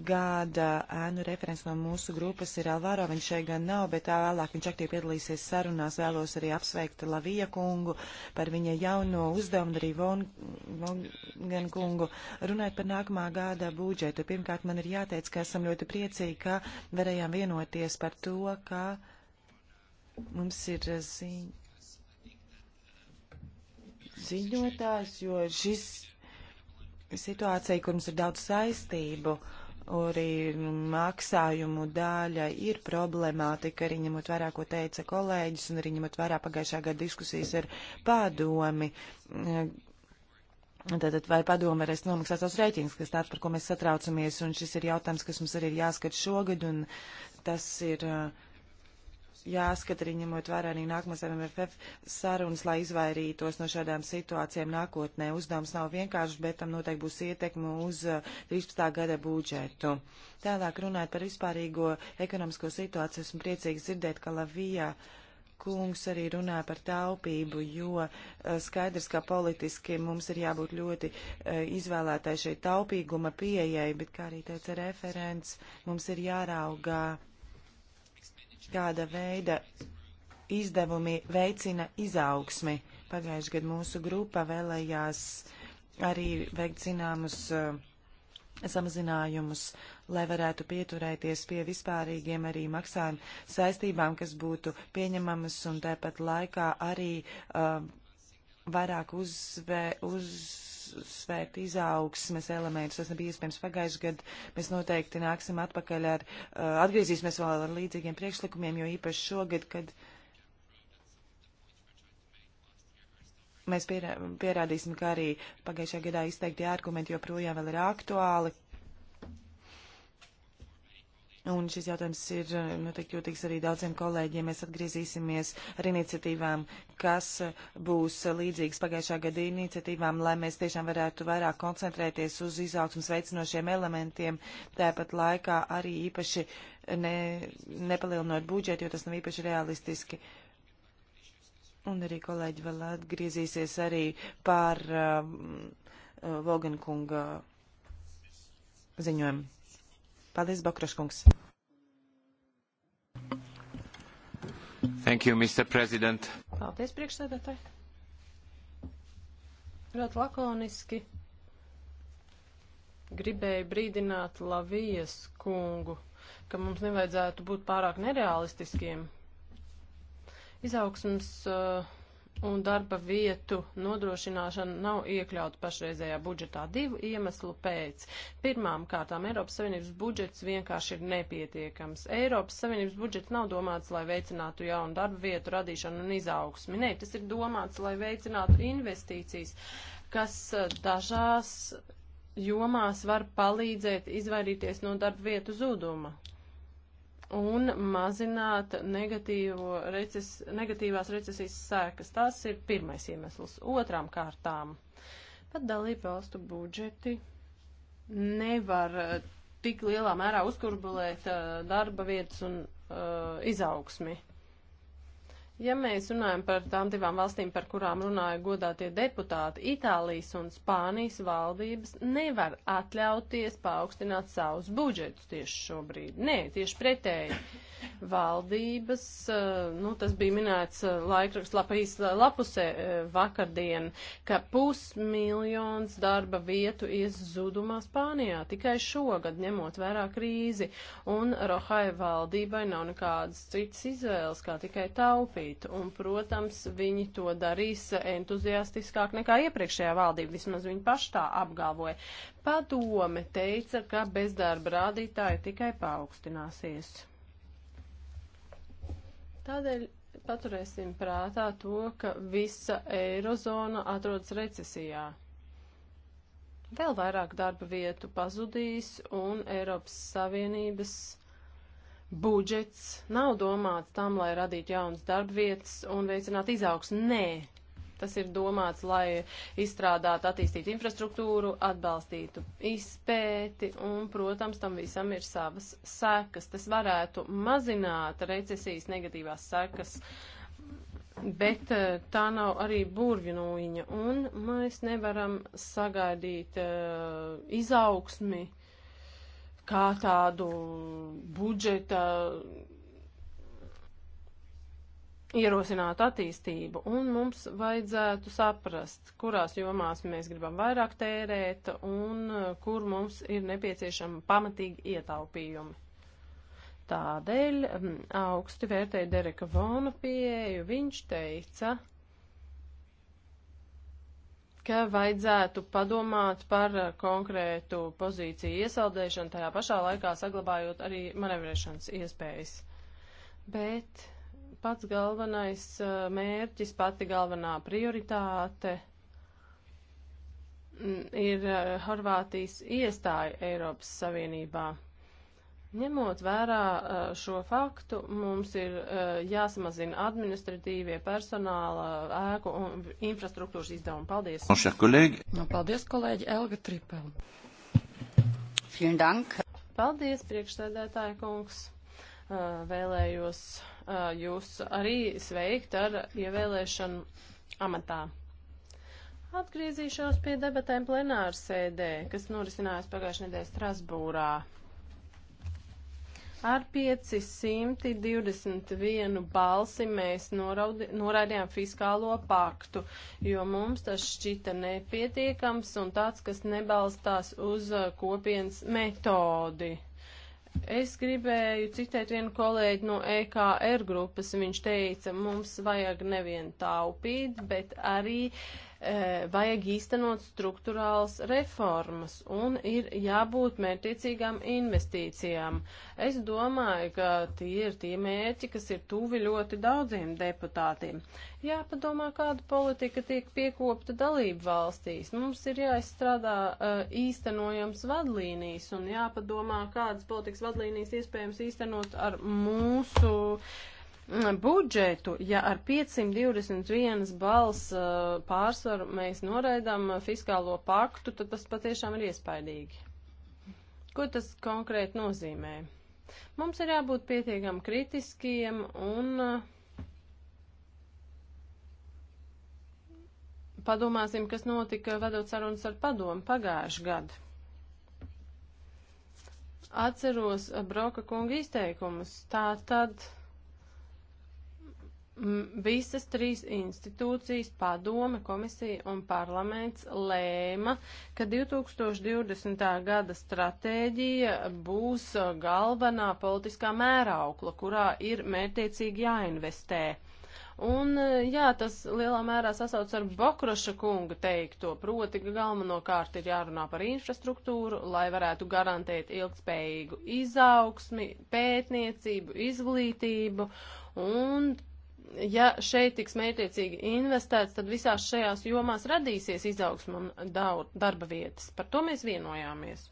gada ēnu referents no mūsu grupas ir Alvaro, viņš šeit gan nav, bet tā vēlāk viņš aktīvi piedalīsies sarunās, vēlos arī apsveikt Lavija kungu par viņa jauno uzdevumu, arī Von, Von kungu. Runājot par nākamā gada budžetu, pirmkārt man ir jāteic, ka esam ļoti priecīgi, ka varējām vienoties par to, ka mums ir ziņa. Ziņotājs, jo šis situācija, kur mums ir daudz saistību, uh, arī maksājumu daļa ir problemātika, arī ņemot vērā, ko teica kolēģis, un arī ņemot vērā pagājušā gada diskusijas ar padomi. Tātad vai padome varēs nomaksāt savus rēķinus, kas tāds, par ko mēs satraucamies, un šis ir jautājums, kas mums arī ir jāskat šogad, un tas ir uh, jāskat arī ņemot vērā arī nākamās MFF sarunas, lai izvairītos no šādām situācijām nākotnē. Uzdevums nav vienkāršs, bet tam noteikti būs ietekme uz 13. Uh, gada budžetu. Tālāk runājot par vispārīgo ekonomisko situāciju, esmu priecīgs dzirdēt, ka Lavijā kungs arī runā par taupību, jo uh, skaidrs, ka politiski mums ir jābūt ļoti uh, izvēlētai šai taupīguma pieejai, bet, kā arī teica referents, mums ir jārauga kāda veida izdevumi veicina izaugsmi. Pagājuši gadu mūsu grupa vēlējās arī veikt zināmus uh, samazinājumus, lai varētu pieturēties pie vispārīgiem arī maksājumu saistībām, kas būtu pieņemamas un tāpat laikā arī uh, vairāk uzvē, uz uzsvērt izaugsmes elementus. Tas nebija iespējams pagājušajā gadā. Mēs noteikti nāksim atpakaļ ar, uh, atgriezīsimies vēl ar līdzīgiem priekšlikumiem, jo īpaši šogad, kad mēs pierādīsim, ka arī pagājušajā gadā izteikti argumenti joprojām vēl ir aktuāli Un šis jautājums ir eh, noteikti jūtīgs arī daudziem kolēģiem. Mēs atgriezīsimies ar iniciatīvām, kas eh, būs eh, līdzīgas pagājušā gada iniciatīvām, lai mēs tiešām varētu vairāk koncentrēties uz izaugsmas veicinošiem elementiem, tāpat laikā arī īpaši ne, nepalielinot budžetu, jo tas nav īpaši realistiski. Un arī kolēģi vēl atgriezīsies arī par uh, Vogankunga ziņojumu. Paldies, Bokraškungs. Thank you, Mr. President. Paldies, priekšsēdētāji. Ļoti lakoniski gribēju brīdināt Lavijas kungu, ka mums nevajadzētu būt pārāk nereālistiskiem. Izaugsms uh, un darba vietu nodrošināšana nav iekļauta pašreizējā budžetā divu iemeslu pēc. Pirmām kārtām Eiropas Savienības budžets vienkārši ir nepietiekams. Eiropas Savienības budžets nav domāts, lai veicinātu jaunu darba vietu radīšanu un izaugsmi. Nē, tas ir domāts, lai veicinātu investīcijas, kas dažās jomās var palīdzēt izvairīties no darba vietu zuduma un mazināt reces, negatīvās recesijas sēkas. Tas ir pirmais iemesls. Otrām kārtām pat dalību valstu budžeti nevar eh, tik lielā mērā uzkurbulēt eh, darba vietas un uh, izaugsmi. Ja mēs runājam par tām divām valstīm, par kurām runāja godātie deputāti, Itālijas un Spānijas valdības nevar atļauties paaugstināt savus budžetus tieši šobrīd. Nē, tieši pretēji. Valdības, eh, nu, tas bija minēts eh, laikraksts eh, lapusē vakardien, ka pusmiljons darba vietu ies zudumā Spānijā tikai šogad, ņemot vērā krīzi, un Rohai valdībai nav nekādas citas izvēles, kā tikai taupīt darīt. Un, protams, viņi to darīs entuziastiskāk nekā iepriekšējā valdība, vismaz viņi paši tā apgalvoja. Padome teica, ka bezdarba rādītāji tikai paaugstināsies. Tādēļ paturēsim prātā to, ka visa eirozona atrodas recesijā vēl vairāk darba vietu pazudīs un Eiropas Savienības budžets nav domāts tam, lai radītu jaunas darbvietas un veicinātu izaugsmu. Nē, tas ir domāts, lai izstrādātu, attīstītu infrastruktūru, atbalstītu izpēti un, protams, tam visam ir savas sekas. Tas varētu mazināt recesijas negatīvās sekas. Bet eh, tā nav arī burvju nūjiņa, un mēs nevaram sagaidīt uh, izaugsmi uh, kā tādu budžeta ierosināt attīstību, un mums vajadzētu saprast, kurās jomās mēs gribam vairāk tērēt un kur mums ir nepieciešama pamatīgi ietaupījumi. Tādēļ mm, augsti vērtēja Dereka Vona pieeju, viņš teica, ka vajadzētu padomāt par eh, konkrētu pozīciju iesaldēšanu, tajā pašā laikā saglabājot arī manevrēšanas iespējas. Bet pats galvenais eh, mērķis, pati galvenā prioritāte mm, ir eh, Horvātijas iestāja Eiropas Savienībā. Ņemot vērā šo faktu, mums ir jāsamazina administratīvie personāla ēku un infrastruktūras izdevumi. Paldies! No kolēģi. No, paldies, kolēģi Elga Tripel. Paldies, priekšsēdētāja kungs! Vēlējos jūs arī sveikt ar ievēlēšanu amatā. Atgriezīšos pie debatēm plenārsēdē, kas norisinājās pagājušajā nedēļā Strasbūrā. Ar 521 balsi mēs noraudi, noraidījām fiskālo paktu, jo mums tas šķita nepietiekams un tāds, kas nebalstās uz uh, kopienas metodi. Es gribēju citēt vienu kolēģi no EKR grupas. Viņš teica, mums vajag nevien taupīt, bet arī uh, E, vajag īstenot struktūrāls reformas un ir jābūt mērķiecīgām investīcijām. Es domāju, ka tie ir tie mērķi, kas ir tuvi ļoti daudziem deputātiem. Jāpadomā, kāda politika tiek piekopta dalību valstīs. Mums ir jāizstrādā e, īstenojams vadlīnijas un jāpadomā, kādas politikas vadlīnijas iespējams īstenot ar mūsu uh, budžetu, ja ar 521 balss uh, pārsvaru mēs noraidām uh, fiskālo paktu, tad tas patiešām ir iespaidīgi. Ko tas konkrēti nozīmē? Mums ir jābūt pietiekam kritiskiem un uh, padomāsim, kas notika vedot sarunas ar padomu pagājušu gadu. Atceros Broka kunga izteikumus. Tā tad visas trīs institūcijas, padome, komisija un parlaments lēma, ka 2020. gada stratēģija būs uh, galvenā politiskā mēraukla, kurā ir mērtiecīgi jāinvestē. Un, uh, jā, tas lielā mērā sasauc ar Bokroša kunga teikto, proti, ka galvenokārt ir jārunā par infrastruktūru, lai varētu garantēt ilgspējīgu izaugsmi, pētniecību, izglītību, un ja šeit tiks mērķiecīgi investēts, tad visās šajās jomās radīsies izaugsmu un darba vietas. Par to mēs vienojāmies.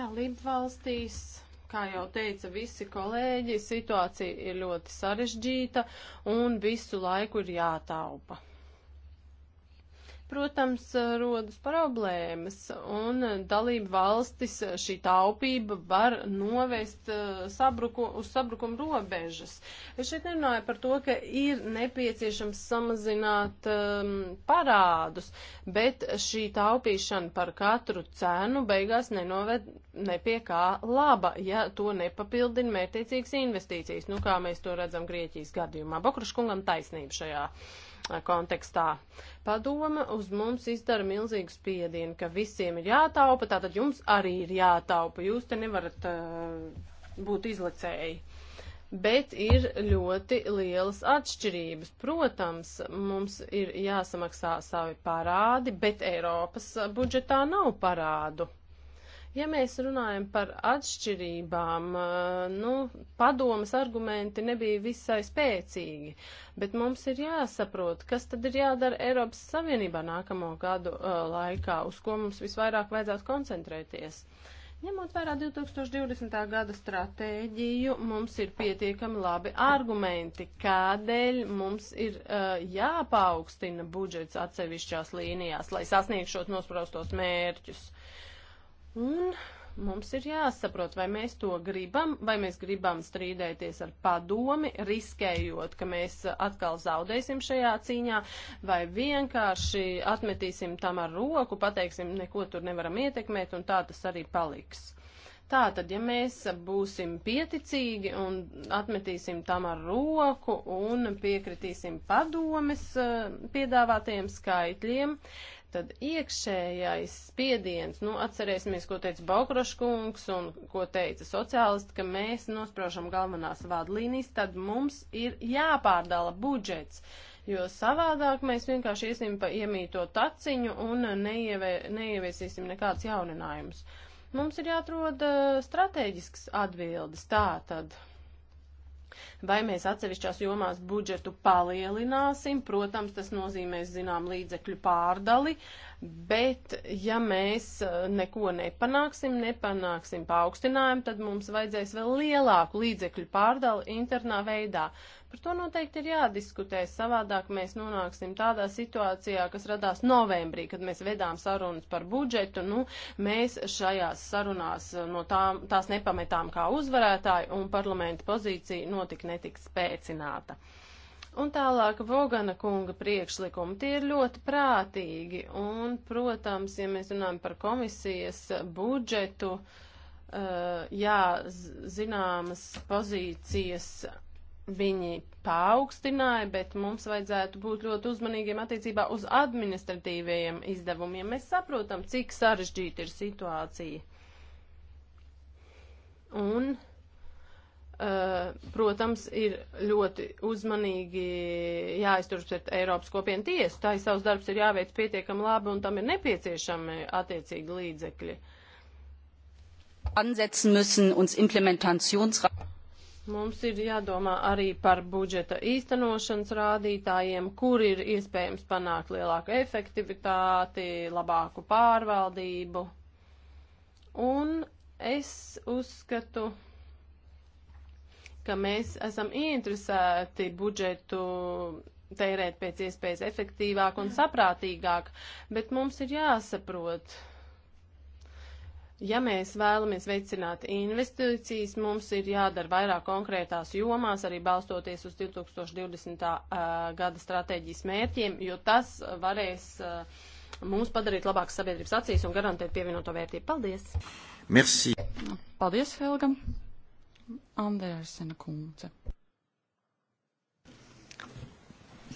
Dalību valstīs, kā jau teica visi kolēģi, situācija ir ļoti sarežģīta un visu laiku ir jātaupa protams, rodas problēmas, un dalību valstis šī taupība var novest eh, sabruko, uz sabrukuma robežas. Es šeit nerunāju par to, ka ir nepieciešams samazināt um, parādus, bet šī taupīšana par katru cenu beigās nenoved ne pie kā laba, ja to nepapildina mērtiecīgas investīcijas, nu kā mēs to redzam Grieķijas gadījumā. Bokruškungam taisnība šajā kontekstā. Padoma uz mums izdara milzīgu spiedienu, ka visiem ir jātaupa, tātad jums arī ir jātaupa. Jūs te nevarat uh, būt izlicēji. Bet ir ļoti lielas atšķirības. Protams, mums ir jāsamaksā savi parādi, bet Eiropas budžetā nav parādu. Ja mēs runājam par atšķirībām, eh, nu, padomas argumenti nebija visai spēcīgi, bet mums ir jāsaprot, kas tad ir jādara Eiropas Savienībā nākamo gadu uh, laikā, uz ko mums visvairāk vajadzētu koncentrēties. Ņemot vērā 2020. gada stratēģiju, mums ir pietiekami labi argumenti, kādēļ mums ir uh, jāpaukstina budžets atsevišķās līnijās, lai sasniegšot nospraustos mērķus. Uh, Un mums ir jāsaprot, vai mēs to gribam, vai mēs gribam strīdēties ar padomi, riskējot, ka mēs atkal zaudēsim šajā cīņā, vai vienkārši atmetīsim tam ar roku, pateiksim, neko tur nevaram ietekmēt, un tā tas arī paliks. Tātad, ja mēs būsim pieticīgi un atmetīsim tam ar roku un piekritīsim padomes eh, piedāvātajiem skaitļiem, uh, tad iekšējais spiediens, nu, atcerēsimies, ko teica Baukraškungs un ko teica sociālisti, ka mēs nospraužam galvenās vadlīnijas, tad mums ir jāpārdala budžets, jo savādāk mēs vienkārši iesim pa iemīto taciņu un neievē, neieviesīsim nekāds jauninājumus. Mums ir jāatrod uh, strateģisks atbildes tā tad. Vai mēs atsevišķās jomās budžetu palielināsim? Protams, tas nozīmēs zinām līdzekļu pārdali. Uh, Bet, ja mēs uh, neko nepanāksim, nepanāksim paaugstinājumu, tad mums vajadzēs vēl lielāku līdzekļu pārdali internā veidā. Par to noteikti ir jādiskutē, savādāk mēs nonāksim tādā situācijā, kas radās novembrī, kad mēs vedām sarunas par budžetu. Nu, mēs šajās sarunās uh, no tām, tās nepametām kā uzvarētāji, un parlamenta pozīcija notika netika spēcināta. Un tālāk Vogana kunga priekšlikumi. Tie ir ļoti prātīgi. Un, protams, ja mēs runājam par komisijas budžetu, uh, jā, zināmas pozīcijas viņi paaugstināja, bet mums vajadzētu būt ļoti uzmanīgiem attiecībā uz administratīvajiem izdevumiem. Mēs saprotam, cik sarežģīta ir situācija. Un Eh, protams, ir ļoti uzmanīgi jāizturas pret Eiropas kopienu tiesu. Tā ir savs darbs ir jāveic pietiekami labi un tam ir nepieciešami attiecīgi līdzekļi. Ansetzen müssen uns Implementationsrat. Mums ir jādomā arī par budžeta īstenošanas rādītājiem, kur ir iespējams panākt lielāku efektivitāti, labāku pārvaldību. Un es uzskatu ka mēs esam ieinteresēti budžetu tērēt pēc iespējas efektīvāk un saprātīgāk, bet mums ir jāsaprot, ja mēs vēlamies veicināt investīcijas, mums ir jādara vairāk konkrētās jomās, arī balstoties uz 2020. Uh, gada stratēģijas mērķiem, jo tas varēs uh, mums padarīt labākas sabiedrības acīs un garantēt pievienoto vērtību. Paldies! Merci! Paldies, Helga! Andersena kundze.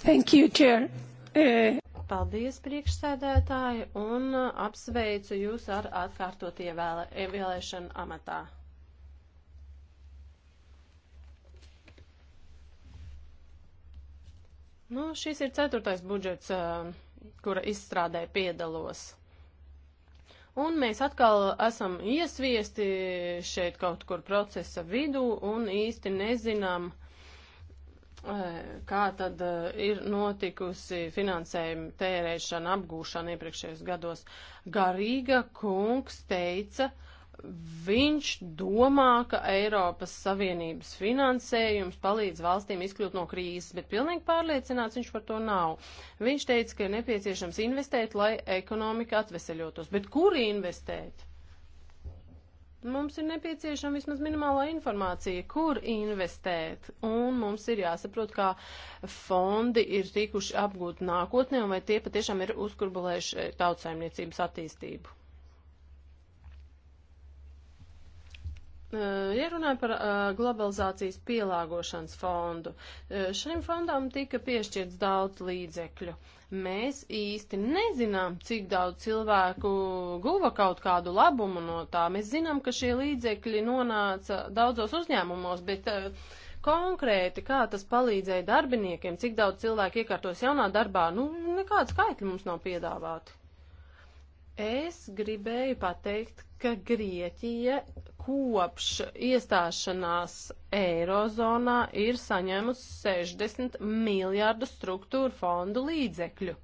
Thank you, Chair. Uh... Paldies, priekšsēdētāji, un apsveicu jūs ar atkārtot ievēle, ievēlēšanu amatā. Nu, šis ir ceturtais budžets, uh, kura izstrādē piedalos. Un mēs atkal esam iesviesti šeit kaut kur procesa vidū un īsti nezinām, e, kā tad e, ir notikusi finansējuma tērēšana, apgūšana iepriekšējos gados. Garīga kungs teica, uh, viņš domā, ka Eiropas Savienības finansējums palīdz valstīm izkļūt no krīzes, bet pilnīgi pārliecināts viņš par to nav. Viņš teica, ka ir nepieciešams investēt, lai ekonomika atveseļotos. Bet kur investēt? Mums ir nepieciešama vismaz minimālā informācija, kur investēt, un mums ir jāsaprot, kā fondi ir tikuši apgūti nākotnē, un vai tie patiešām ir uzkurbulējuši tautsaimniecības attīstību. Ja runājam par uh, globalizācijas pielāgošanas fondu, šim fondam tika piešķirts daudz līdzekļu. Mēs īsti nezinām, cik daudz cilvēku guva kaut kādu labumu no tā. Mēs zinām, ka šie līdzekļi nonāca daudzos uzņēmumos, bet uh, konkrēti, kā tas palīdzēja darbiniekiem, cik daudz cilvēku iekārtos jaunā darbā, nu, nekāda skaitļa mums nav piedāvāta. Es gribēju pateikt, ka Grieķija kopš iestāšanās Eirozonā ir saņēmusi 60 miljārdu struktūru fondu līdzekļu.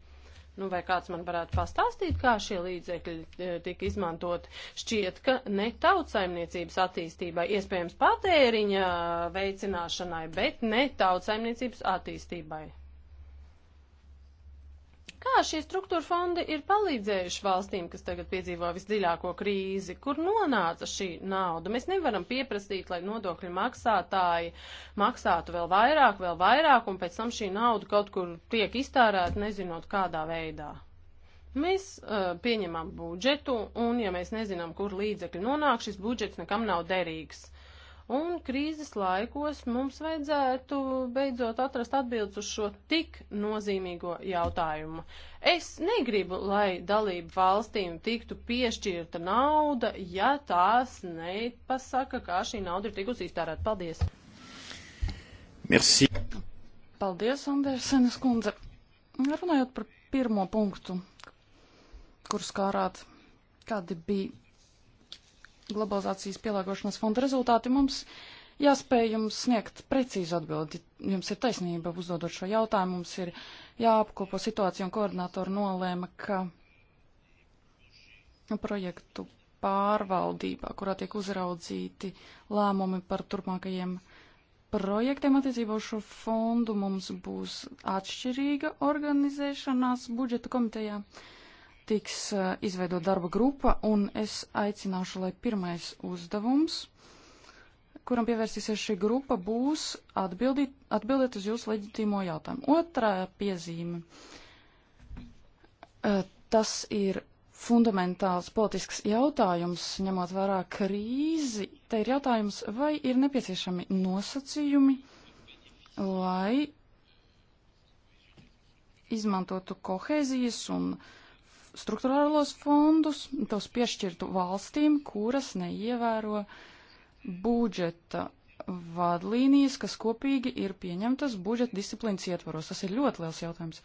Nu, vai kāds man varētu pastāstīt, kā šie līdzekļi e, tika izmantoti? Šķiet, ka ne tautsaimniecības attīstībai, iespējams patēriņa veicināšanai, bet ne tautsaimniecības attīstībai. Kā šie struktūra fondi ir palīdzējuši valstīm, kas tagad piedzīvo visdziļāko krīzi? Kur nonāca šī nauda? Mēs nevaram pieprasīt, lai nodokļu maksātāji maksātu vēl vairāk, vēl vairāk, un pēc tam šī nauda kaut kur tiek iztērēta, nezinot kādā veidā. Mēs uh, pieņemam budžetu, un ja mēs nezinām, kur līdzekļi nonāk, šis budžets nekam nav derīgs. Un krīzes laikos mums vajadzētu beidzot atrast atbildes uz šo tik nozīmīgo jautājumu. Es negribu, lai dalību valstīm tiktu piešķirta nauda, ja tās nepasaka, kā šī nauda ir tikusi iztērēta. Paldies! Merci. Paldies, Andersenes kundze. Runājot par pirmo punktu, kur skārāt, kādi bija globalizācijas pielāgošanas fonda rezultāti, mums jāspēj jums sniegt precīzu atbildi. Jums ir taisnība uzdodot šo jautājumu, mums ir jāapkopo situācija un koordinātori nolēma, ka projektu pārvaldībā, kurā tiek uzraudzīti lēmumi par turpmākajiem projektiem attiecībā uz šo fondu, mums būs atšķirīga organizēšanās budžeta komitejā. Uh, tiks eh, izveidot darba grupa, un es aicināšu, lai pirmais uzdevums, kuram pievērsīsies šī grupa, būs atbildīt, atbildēt uz jūsu leģitīmo jautājumu. Otrā piezīme. Eh, tas ir fundamentāls politisks jautājums, ņemot vērā krīzi. Te ir jautājums, vai ir nepieciešami nosacījumi, lai izmantotu kohēzijas un uh, struktūrālos fondus, tos piešķirtu valstīm, kuras neievēro budžeta vadlīnijas, kas kopīgi ir pieņemtas budžeta disciplīnas ietvaros. Tas ir ļoti liels jautājums.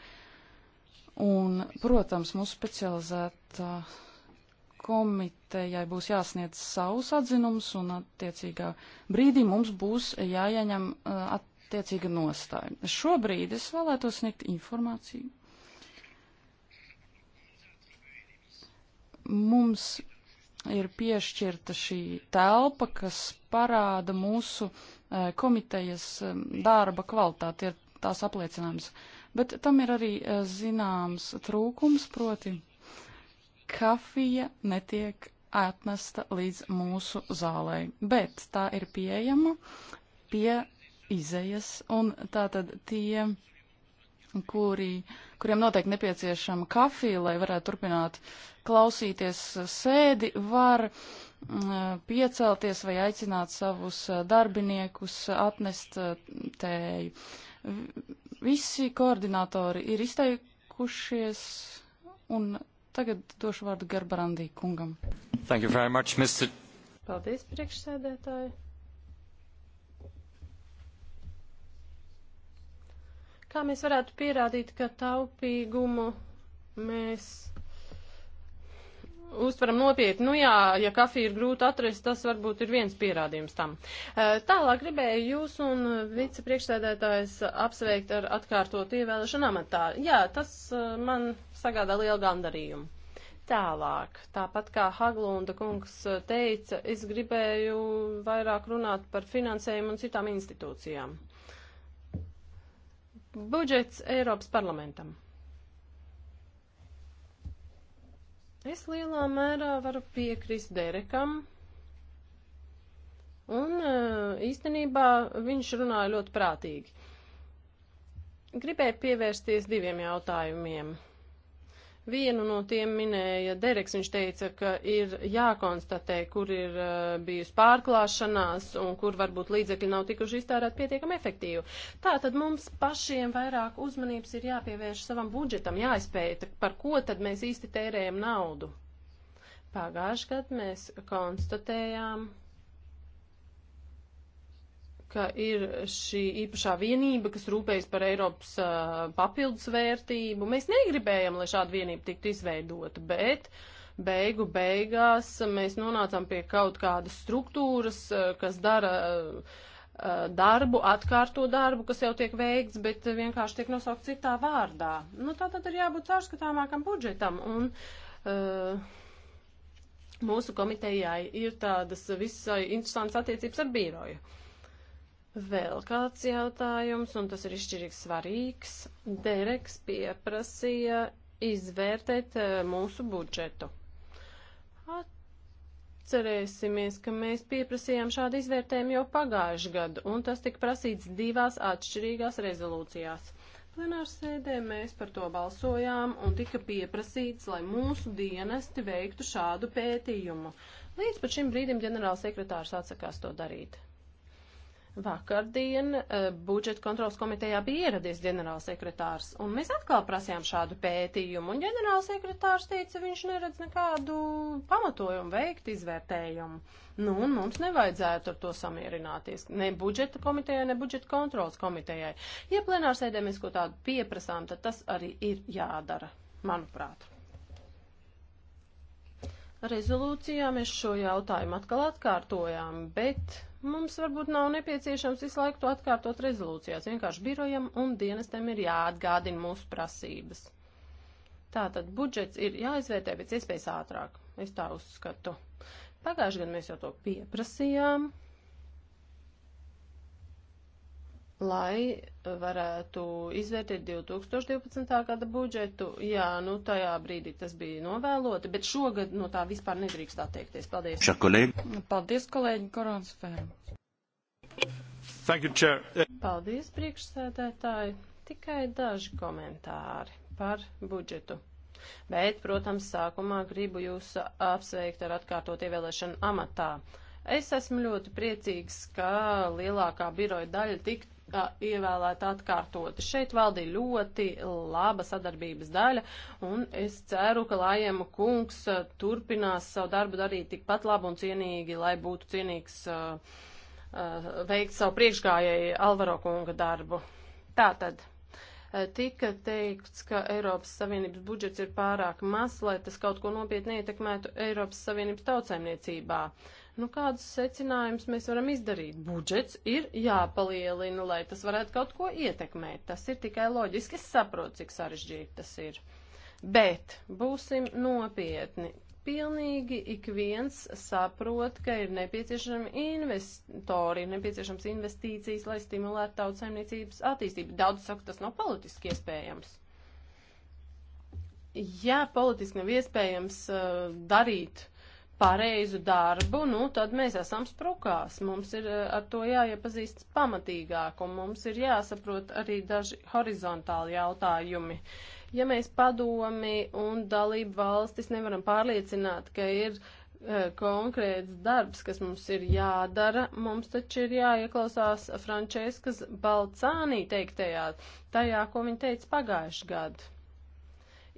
Un, protams, mūsu specializētā komitejai būs jāsniedz savus atzinums, un attiecīgā brīdī mums būs jāieņem uh, attiecīga nostāja. Šobrīd es vēlētos sniegt informāciju mums ir piešķirta šī telpa, kas parāda mūsu eh, komitejas eh, darba kvalitāti, ir tās apliecinājums. Bet tam ir arī eh, zināms trūkums, proti kafija netiek atnesta līdz mūsu zālē, bet tā ir pieejama pie izejas, un tātad tie, kuri, kuriem noteikti nepieciešama kafija, lai varētu turpināt uh, klausīties sēdi, var mm, piecelties vai aicināt savus eh, darbiniekus atnest eh, tēju. Visi koordinatori ir izteikušies un tagad došu vārdu Gerbarandī kungam. Thank you very much, Mr. Paldies, priekšsēdētāji. Kā mēs varētu pierādīt, ka taupīgumu mēs uztveram nopietni. Nu jā, ja kafiju ir grūti atrast, tas varbūt ir viens pierādījums tam. E, tālāk gribēju jūs un vicepriekšsēdētājs apsveikt ar atkārtot ievēlēšanu amatā. Jā, tas e, man sagādā lielu gandarījumu. Tālāk, tāpat kā Haglunda kungs teica, es gribēju vairāk runāt par finansējumu un citām institūcijām. Budžets Eiropas parlamentam. Es lielā mērā varu piekrist Derekam. Un eh, īstenībā viņš runāja ļoti prātīgi. Gribēju pievērsties diviem jautājumiem. Vienu no tiem minēja Dereks, viņš teica, ka ir jākonstatē, kur ir uh, bijusi pārklāšanās un kur varbūt līdzekļi nav tikuši iztērēt pietiekami efektīvi. Tā tad mums pašiem vairāk uzmanības ir jāpievērš savam budžetam, jāizpēta, par ko tad mēs īsti tērējam naudu. Pagājuši gadu mēs konstatējām, ka ir šī īpašā vienība, kas rūpējas par Eiropas uh, papildus vērtību. Mēs negribējam, lai šāda vienība tiktu izveidota, bet beigu beigās mēs nonācām pie kaut kādas struktūras, uh, kas dara uh, darbu, atkārto darbu, kas jau tiek veikts, bet vienkārši tiek nosaukt citā vārdā. Nu, tā tad ir jābūt caurskatāmākam budžetam. Un, uh, Mūsu komitejai ir tādas visai interesantas attiecības ar bīroju. Vēl kāds jautājums, un tas ir izšķirīgi svarīgs. Dereks pieprasīja izvērtēt eh, mūsu budžetu. Atcerēsimies, ka mēs pieprasījām šādu izvērtējumu jau pagājuši gadu, un tas tika prasīts divās atšķirīgās rezolūcijās. Plenārsēdē mēs par to balsojām un tika pieprasīts, lai mūsu dienesti veiktu šādu pētījumu. Līdz pat šim brīdim ģenerālsekretārs atsakās to darīt. Vakardien eh, budžeta kontrolas komitejā bija ieradies ģenerālsekretārs, un mēs atkal prasījām šādu pētījumu, un ģenerālsekretārs teica, viņš neredz nekādu pamatojumu veikt izvērtējumu. Nu, un mums nevajadzētu ar to samierināties, ne budžeta komitejai, ne budžeta kontrolas komitejai. Ja plenārsēdē mēs ko tādu pieprasām, tad tas arī ir jādara, manuprāt. Rezolūcijā mēs šo jautājumu atkal atkārtojām, bet Mums varbūt nav nepieciešams visu laiku to atkārtot rezolūcijās. Vienkārši birojam un dienestiem ir jāatgādina mūsu prasības. Tātad budžets ir jāizvērtē pēc iespējas ātrāk. Es tā uzskatu. Pagājuši gan mēs jau to pieprasījām. lai varētu izvērtēt 2012. gada budžetu. Jā, nu tajā brīdī tas bija novēloti, bet šogad no tā vispār nedrīkst atteikties. Paldies. Šā kolēģi. Paldies, kolēģi Korons Fēram. Thank you, Chair. Paldies, priekšsēdētāji. Tikai daži komentāri par budžetu. Bet, protams, sākumā gribu jūs apsveikt ar atkārtot ievēlēšanu amatā. Es esmu ļoti priecīgs, ka lielākā biroja daļa tik ievēlēta atkārtoti. Šeit valdīja ļoti laba sadarbības daļa, un es ceru, ka Lājēma kungs uh, turpinās savu darbu darīt tikpat labu un cienīgi, lai būtu cienīgs uh, uh, veikt savu priekšgājēju Alvaro kunga darbu. Tātad. Uh, tika teikts, ka Eiropas Savienības budžets ir pārāk mazs, lai tas kaut ko nopietni ietekmētu Eiropas Savienības tautsēmniecībā. Uh, Nu, kādus secinājumus mēs varam izdarīt? Budžets ir jāpalielina, lai tas varētu kaut ko ietekmēt. Tas ir tikai loģiski. Es saprotu, cik sarežģīti tas ir. Bet būsim nopietni. Pilnīgi ik viens saprot, ka ir nepieciešami investori, ir nepieciešams investīcijas, lai stimulētu tautsaimniecības attīstību. Daudz saka, tas nav politiski iespējams. Ja politiski nav iespējams uh, darīt uh, pareizu darbu, nu, tad mēs esam sprukās. Mums ir eh, ar to jāiepazīstas pamatīgāk, un mums ir jāsaprot arī daži horizontāli jautājumi. Ja mēs padomi un dalību valstis nevaram pārliecināt, ka ir e, konkrēts darbs, kas mums ir jādara, mums taču ir jāieklausās Frančeskas Balcānī teiktajā, tajā, ko viņa teica pagājuši gadu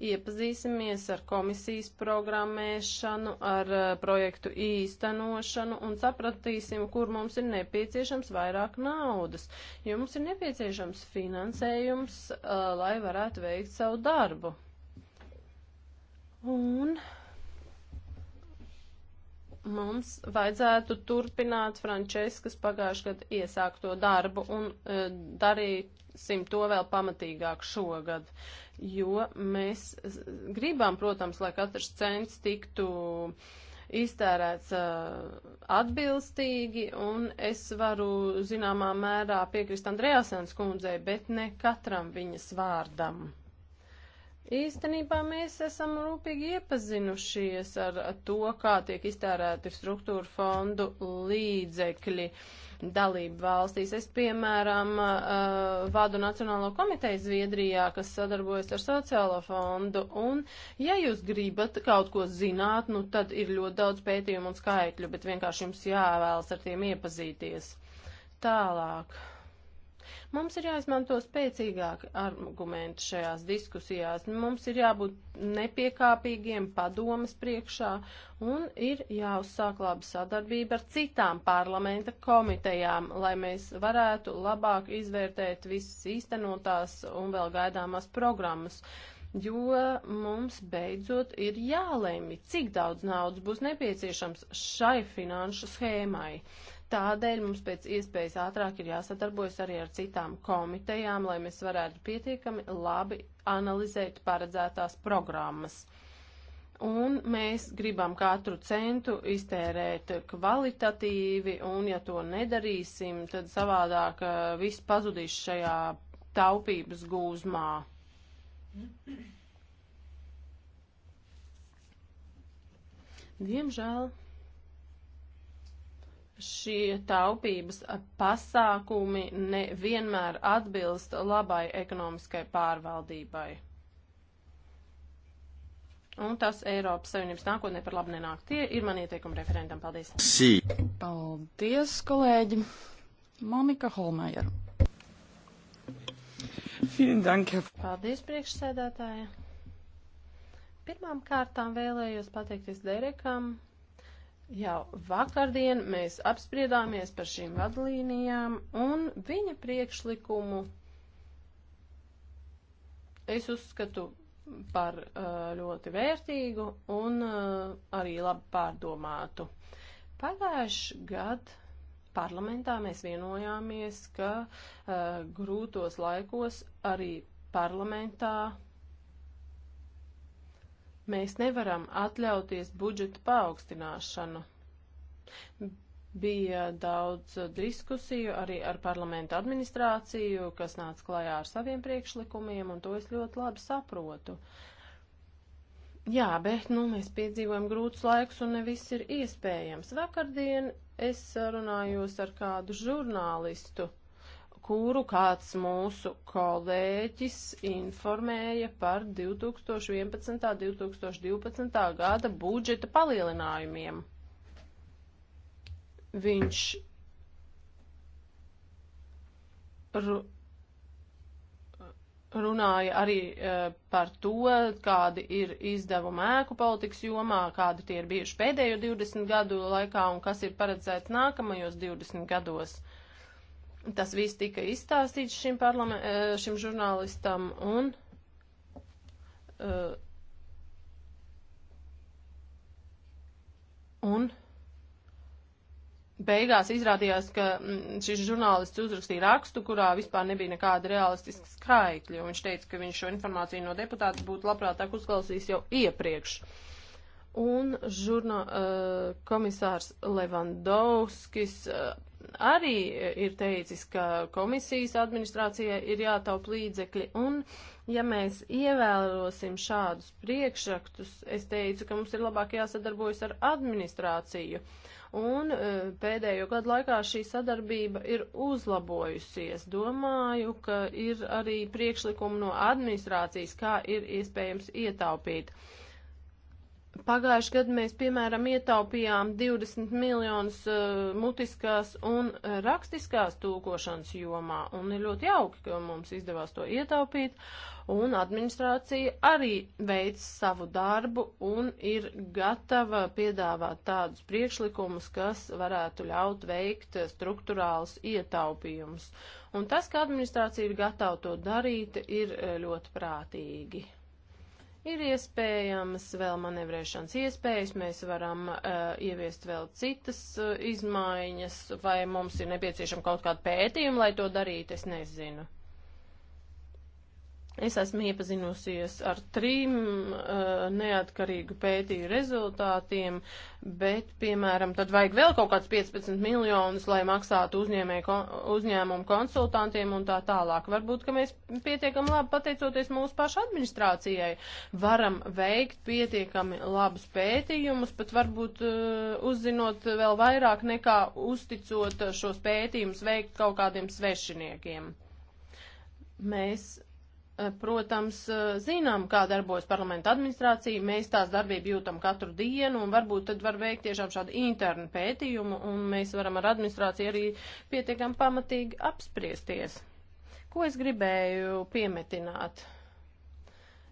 iepazīsimies ar komisijas programmēšanu, ar eh, projektu īstenošanu un sapratīsim, kur mums ir nepieciešams vairāk naudas, jo mums ir nepieciešams finansējums, eh, lai varētu veikt savu darbu. Un mums vajadzētu turpināt Frančeskas pagājušajā gadā iesākto darbu un e, darīsim to vēl pamatīgāk šogad, jo mēs gribam, protams, lai katrs cents tiktu iztērēts e, atbilstīgi, un es varu zināmā mērā piekrist Andrejāsens kundzei, bet ne katram viņas vārdam. Īstenībā mēs esam rūpīgi iepazinušies ar to, kā tiek iztērēti struktūra fondu līdzekļi dalību valstīs. Es, piemēram, eh, vadu Nacionālo komiteju Zviedrijā, kas sadarbojas ar sociālo fondu, un ja jūs gribat kaut ko zināt, nu tad ir ļoti daudz pētījumu un skaitļu, bet vienkārši jums jāvēlas ar tiem iepazīties. Tālāk Mums ir jāizmanto spēcīgāki argumenti šajās diskusijās, mums ir jābūt nepiekāpīgiem padomas priekšā un ir jāuzsāk laba sadarbība ar citām parlamenta komitejām, lai mēs varētu labāk izvērtēt visas īstenotās un vēl gaidāmās programmas jo mums beidzot ir jālēmi, cik daudz naudas būs nepieciešams šai finanšu schēmai. Tādēļ mums pēc iespējas ātrāk ir jāsadarbojas arī ar citām komitejām, lai mēs varētu pietiekami labi analizēt paredzētās programmas. Un mēs gribam katru centu iztērēt kvalitatīvi, un ja to nedarīsim, tad savādāk eh, viss pazudīs šajā taupības gūzmā. Diemžēl šie taupības pasākumi nevienmēr atbilst labai ekonomiskai pārvaldībai. Un tas Eiropas Savienības nākotnē par labu nenāk. Tie ir mani ieteikumi referentam. Paldies. Sī. Paldies, kolēģi. Monika Holmējer. Paldies, priekšsēdētāja. Pirmām kārtām vēlējos pateikties Derekam Jau vakardien mēs apspriedāmies par šīm vadlīnijām un viņa priekšlikumu es uzskatu par uh, ļoti vērtīgu un uh, arī labi pārdomātu. Pagājuši gadu parlamentā mēs vienojāmies, ka uh, grūtos laikos arī parlamentā Mēs nevaram atļauties budžeta paaugstināšanu. Bija daudz diskusiju arī ar parlamentu administrāciju, kas nāca klajā ar saviem priekšlikumiem, un to es ļoti labi saprotu. Jā, bet nu, mēs piedzīvojam grūtus laikus un ne viss ir iespējams. Vakardien es runājos ar kādu žurnālistu, kuru kāds mūsu kolēģis informēja par 2011. 2012. gada budžeta palielinājumiem. Viņš runāja arī e, par to, kādi ir izdevumi ēku politikas jomā, kādi tie ir bijuši pēdējo 20 gadu laikā un kas ir paredzēts nākamajos 20 gados. Uh, Tas viss tika izstāstīts šim, eh, šim žurnālistam un uh, un beigās izrādījās, ka mm, šis žurnālists uzrakstīja rakstu, kurā vispār nebija nekāda realistiska skaitļa, un viņš teica, ka viņš šo informāciju no deputātas būtu labprātāk uzklausījis jau iepriekš. Un žurnā, uh, komisārs Levandovskis uh, arī ir teicis, ka komisijas administrācijai ir jātaup līdzekļi, un ja mēs ievērosim šādus priekšrakstus, es teicu, ka mums ir labāk jāsadarbojas ar administrāciju, un e, pēdējo gadu laikā šī sadarbība ir uzlabojusies. Domāju, ka ir arī priekšlikumi no administrācijas, kā ir iespējams ietaupīt. Uh, Pagājuši gadu mēs, piemēram, ietaupījām 20 miljonus uh, mutiskās un rakstiskās tūkošanas jomā, un ir ļoti jauki, ka mums izdevās to ietaupīt, un administrācija arī veic savu darbu un ir gatava piedāvāt tādus priekšlikumus, kas varētu ļaut veikt struktūrāls ietaupījumus. Un tas, ka administrācija ir gatava to darīt, ir eh, ļoti prātīgi. Ir iespējamas vēl manevrēšanas iespējas, mēs varam uh, ieviest vēl citas uh, izmaiņas, vai mums ir nepieciešama kaut kāda pētījuma, lai to darītu, es nezinu. Es esmu iepazinusies ar trim uh, neatkarīgu pētīju rezultātiem, bet, piemēram, tad vajag vēl kaut kāds 15 miljonus, lai maksātu uzņēmē, uzņēmumu konsultantiem un tā tālāk. Varbūt, ka mēs pietiekam labi, pateicoties mūsu pašu administrācijai, varam veikt pietiekami labus pētījumus, pat varbūt uh, uzzinot vēl vairāk nekā uzticot šos pētījumus veikt kaut kādiem svešiniekiem. Mēs Eh, protams, eh, zinām, kā darbojas parlamenta administrācija, mēs tās darbību jūtam katru dienu, un varbūt tad var veikt tiešām šādu internu pētījumu, un mēs varam ar administrāciju arī pietiekam pamatīgi apspriesties. Ko es gribēju piemetināt?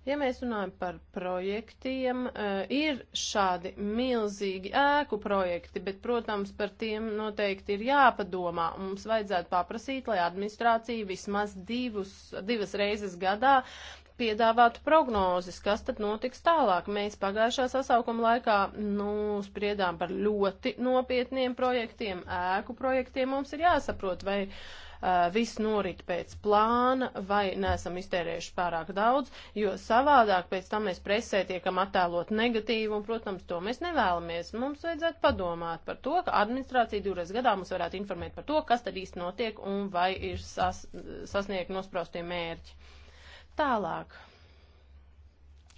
Ja mēs runājam par projektiem, eh, ir šādi milzīgi ēku projekti, bet, protams, par tiem noteikti ir jāpadomā. Mums vajadzētu paprasīt, lai administrācija vismaz divus, divas reizes gadā piedāvātu prognozes, kas tad notiks tālāk. Mēs pagājušā sasaukuma laikā, nu, spriedām par ļoti nopietniem projektiem, ēku projektiem. Mums ir jāsaprot, vai. Uh, viss norit pēc plāna vai neesam iztērējuši pārāk daudz, jo savādāk pēc tam mēs presē tiekam attēlot negatīvu un, protams, to mēs nevēlamies. Mums vajadzētu padomāt par to, ka administrācija divreiz gadā mums varētu informēt par to, kas tad īsti notiek un vai ir sas, sasniegt nospraustie mērķi. Tālāk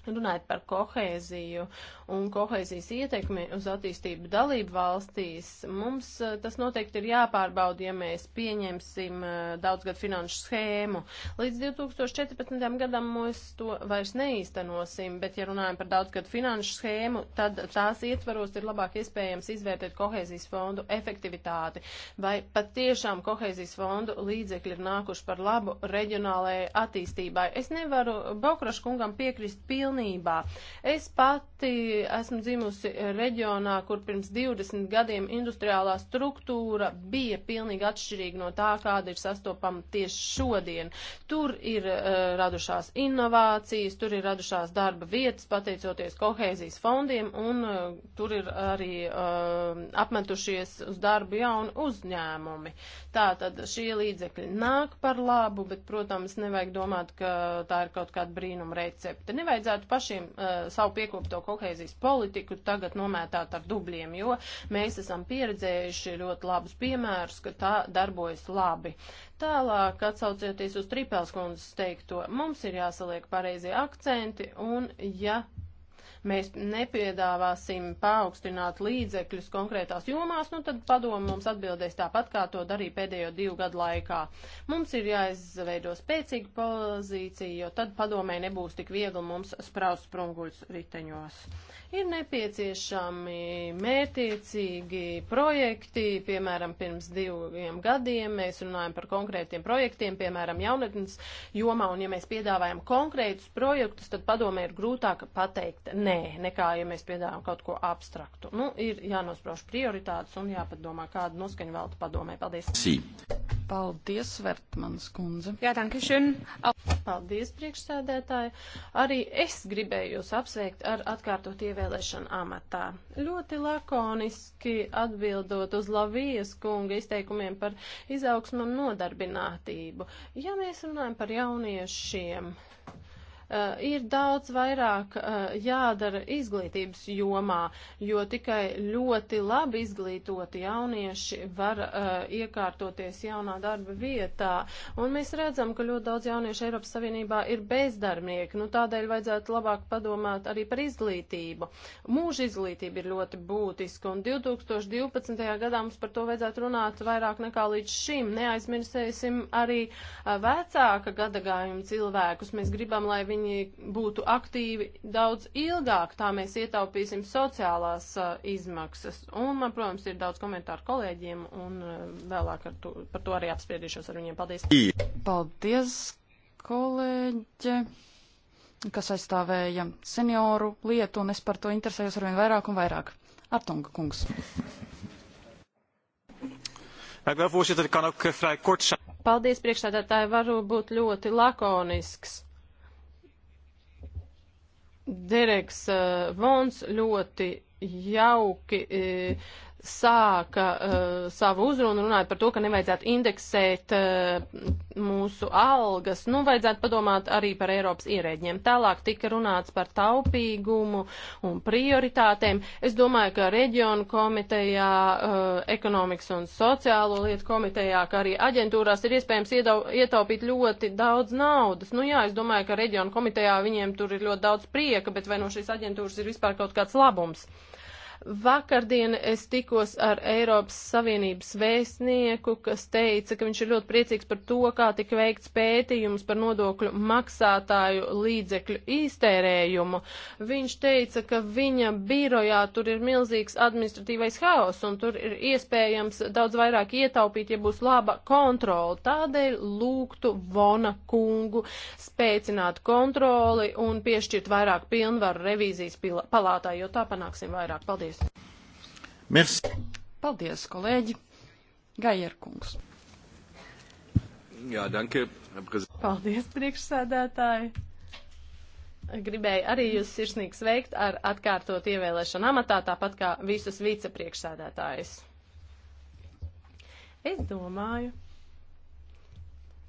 runājot par kohēziju un kohēzijas ietekmi uz attīstību dalību valstīs, mums eh, tas noteikti ir jāpārbauda, ja mēs pieņemsim eh, daudzgad finanšu schēmu. Līdz 2014. gadam mēs to vairs neīstenosim, bet ja runājam par daudzgad finanšu schēmu, tad tās ietvaros ir labāk iespējams izvērtēt kohēzijas fondu efektivitāti. Vai pat tiešām kohēzijas fondu līdzekļi ir nākuši par labu reģionālajai attīstībai? Es nevaru Bokraškungam piekrist pilnībā. Es pati esmu dzimusi reģionā, kur pirms 20 gadiem industriālā struktūra bija pilnīgi atšķirīga no tā, kāda ir sastopama tieši šodien. Tur ir uh, radušās inovācijas, tur ir radušās darba vietas, pateicoties kohēzijas fondiem, un uh, tur ir arī uh, apmetušies uz darbu jauni uzņēmumi. Tātad šie līdzekļi nāk par labu, bet, protams, nevajag domāt, ka tā ir kaut kāda brīnuma recepte. Nevajadzētu pašiem uh, savu piekopto kohēzijas kohēzijas politiku tagad nomētāt ar dubļiem, jo mēs esam pieredzējuši ļoti labus piemērus, ka tā darbojas labi. Tālāk, atsaucieties uz Tripelskundzes teikto, mums ir jāsaliek pareizie akcenti un, ja mēs nepiedāvāsim paaugstināt līdzekļus konkrētās jomās, nu tad padomu mums atbildēs tāpat, kā to darīja pēdējo divu gadu laikā. Mums ir jāizveido spēcīga pozīcija, jo tad padomē nebūs tik viegli mums spraust sprunguļus riteņos. Ir nepieciešami mērtiecīgi projekti, piemēram, pirms diviem gadiem mēs runājam par konkrētiem projektiem, piemēram, jaunatnes jomā, un ja mēs piedāvājam konkrētus projektus, tad padomē ir grūtāk pateikt nē nē, nekā, ja mēs piedāvājam kaut ko abstraktu. Nu, ir jānosprauž prioritātes un jāpadomā, kādu noskaņu veltu padomē. Paldies. Sī. Paldies, Vertmanas kundze. Jā, dankišin. Paldies, priekšsēdētāji. Arī es gribēju jūs apsveikt ar atkārtot ievēlēšanu amatā. Ļoti lakoniski atbildot uz Lavijas kunga izteikumiem par izaugsmu un nodarbinātību. Ja mēs runājam par jauniešiem, Eh, ir daudz vairāk eh, jādara izglītības jomā, jo tikai ļoti labi izglītoti jaunieši var eh, iekārtoties jaunā darba vietā. Un mēs redzam, ka ļoti daudz jauniešu Eiropas Savienībā ir bezdarbnieki. Nu, tādēļ vajadzētu labāk padomāt arī par izglītību. Mūža izglītība ir ļoti būtiska, un 2012. gadā mums par to vajadzētu runāt vairāk nekā līdz šim. Neaizmirsēsim arī vecāka gadagājuma cilvēkus. Mēs gribam, lai viņi viņi būtu aktīvi daudz ilgāk, tā mēs ietaupīsim sociālās uh, izmaksas. Un man, protams, ir daudz komentāru kolēģiem, un uh, vēlāk ar to, par to arī apspriedīšos ar viņiem. Paldies! Paldies, kolēģi, kas aizstāvēja senioru lietu, un es par to interesējos arvien vairāk un vairāk. Artunga kungs. Dank u wel, voorzitter. Ik kan ook eh, vrij kort zijn. Paldies, priekšsēdētāji, varu būt ļoti lakonisks. Dereks eh, Vons ļoti jauki eh, sāka uh, savu uzrunu runājot par to, ka nevajadzētu indeksēt uh, mūsu algas, nu, vajadzētu padomāt arī par Eiropas ierēģiem. Tālāk tika runāts par taupīgumu un prioritātēm. Es domāju, ka reģionu komitejā, uh, ekonomikas un sociālo lietu komitejā, kā arī aģentūrās ir iespējams iedau, ietaupīt ļoti daudz naudas. Nu, jā, es domāju, ka reģionu komitejā viņiem tur ir ļoti daudz prieka, bet vai no šīs aģentūras ir vispār kaut kāds labums? Vakardien es tikos ar Eiropas Savienības vēstnieku, kas teica, ka viņš ir ļoti priecīgs par to, kā tika veikts pētījums par nodokļu maksātāju līdzekļu iztērējumu. Viņš teica, ka viņa birojā tur ir milzīgs administratīvais haoss un tur ir iespējams daudz vairāk ietaupīt, ja būs laba kontrola. Tādēļ lūgtu Vona kungu spēcināt kontroli un piešķirt vairāk pilnvaru revīzijas palātā, jo tā panāksim vairāk. Paldies! Paldies! Merci. Paldies, kolēģi! Gajerkungs. Jā, danke. Paldies, priekšsēdētāji! Gribēju arī jūs sirsnīgi sveikt ar atkārtot ievēlēšanu amatā, tāpat kā visus vicepriekšsēdētājus. Es domāju,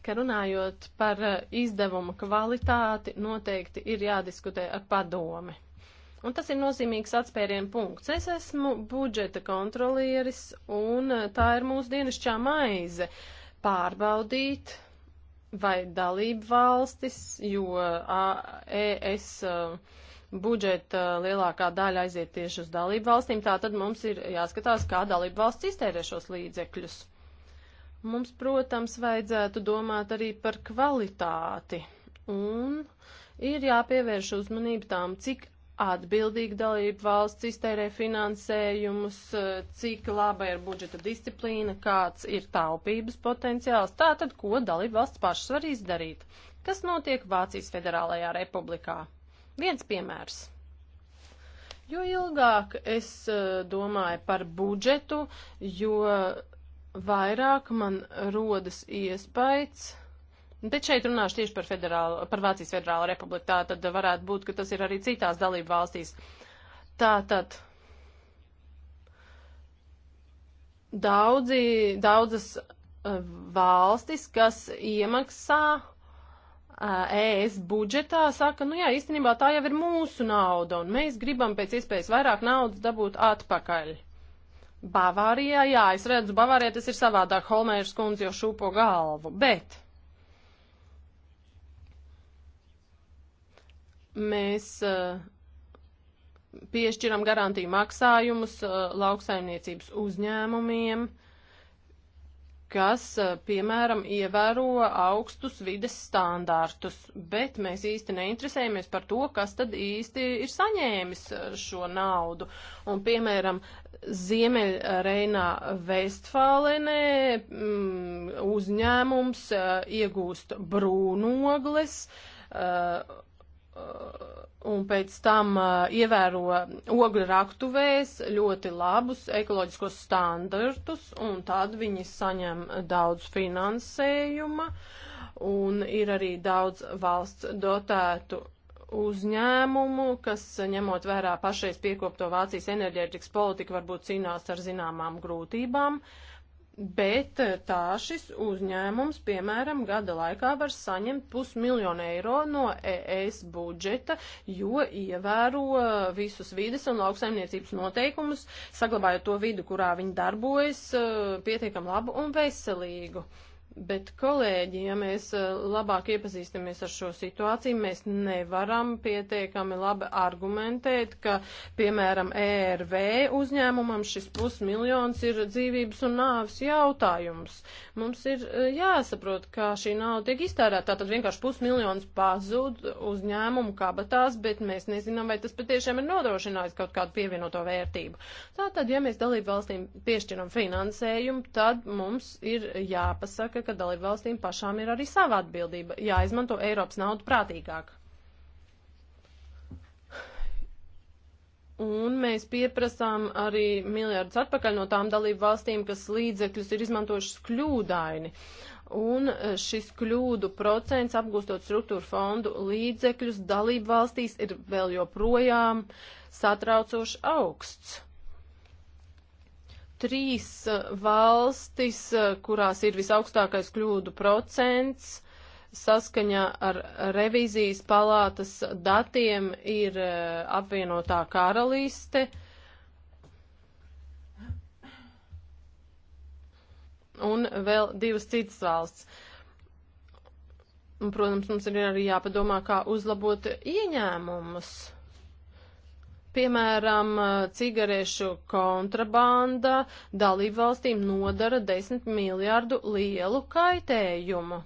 ka runājot par eh, izdevumu kvalitāti, noteikti ir jādiskutē ar padomi. Un tas ir nozīmīgs atspērienu punkts. Es esmu budžeta kontrolieris, un eh, tā ir mūsu dienasčā maize pārbaudīt, vai dalību valstis, jo e, ES budžeta lielākā daļa aiziet tieši uz dalību valstīm, tā tad mums ir jāskatās, kā dalību valsts iztērē šos līdzekļus. Mums, protams, vajadzētu domāt arī par kvalitāti un ir jāpievērš uzmanību tām, cik atbildīgi dalība valsts iztērē finansējumus, eh, cik laba ir budžeta disciplīna, kāds ir taupības potenciāls, tātad, ko dalība valsts pašas var izdarīt. Kas notiek Vācijas Federālajā republikā? Viens piemērs. Jo ilgāk es eh, domāju par budžetu, jo vairāk man rodas iespējas, Bet šeit runāšu tieši par, federālu, par Vācijas Federālo republiku. Tā tad varētu būt, ka tas ir arī citās dalību valstīs. Tā tad daudzi, daudzas eh, valstis, kas iemaksā ES eh, e budžetā, saka, nu jā, īstenībā tā jau ir mūsu nauda, un mēs gribam pēc iespējas vairāk naudas dabūt atpakaļ. Bavārijā, jā, es redzu, Bavārijā tas ir savādāk, Holmēras kundze jau šūpo galvu, bet Mēs eh, piešķiram garantiju maksājumus eh, lauksaimniecības uzņēmumiem, kas, eh, piemēram, ievēro augstus vides standārtus, bet mēs īsti neinteresējamies par to, kas tad īsti ir saņēmis šo naudu. Un, piemēram, Ziemeļreinā Vestfālenē mm, uzņēmums iegūst brūnogles, uh, un pēc tam uh, ievēro ogļu raktuvēs ļoti labus ekoloģiskos standartus, un tad viņi saņem daudz finansējuma, un ir arī daudz valsts dotētu uzņēmumu, kas, ņemot vērā pašreiz piekopto Vācijas enerģētikas politiku, varbūt cīnās ar zināmām grūtībām. Uh, Bet eh, tā šis uzņēmums, piemēram, gada laikā var saņemt pusmiljonu eiro no ES budžeta, jo ievēro eh, visus vides un lauksaimniecības noteikumus, saglabājot to vidu, kurā viņi darbojas, eh, pietiekam labu un veselīgu. Uh, Bet, kolēģi, ja mēs eh, labāk iepazīstamies ar šo situāciju, mēs nevaram pietiekami labi argumentēt, ka, piemēram, ERV uzņēmumam šis pusmiljons ir dzīvības un nāves jautājums. Mums ir eh, jāsaprot, kā šī nauda tiek iztērēta. Tātad vienkārši pusmiljons pazūd uzņēmumu kabatās, bet mēs nezinām, vai tas patiešām ir nodrošinājis kaut kādu pievienoto vērtību. Tātad, ja mēs dalību valstīm piešķiram finansējumu, tad mums ir jāpasaka, jāsaka, ka dalībvalstīm pašām ir arī sava atbildība, jāizmanto Eiropas naudu prātīgāk. Un mēs pieprasām arī miljardus atpakaļ no tām dalību valstīm, kas līdzekļus ir izmantojušas kļūdaini. Un e, šis kļūdu procents apgūstot struktūru fondu līdzekļus dalību valstīs ir vēl joprojām satraucoši augsts trīs eh, valstis, eh, kurās ir visaugstākais kļūdu procents, saskaņā ar revizijas palātas datiem ir eh, apvienotā karalīste. Un vēl divas citas valsts. Un, protams, mums ir arī jāpadomā, kā uzlabot ieņēmumus. Piemēram, cigarešu kontrabanda dalībvalstīm nodara 10 miljārdu lielu kaitējumu.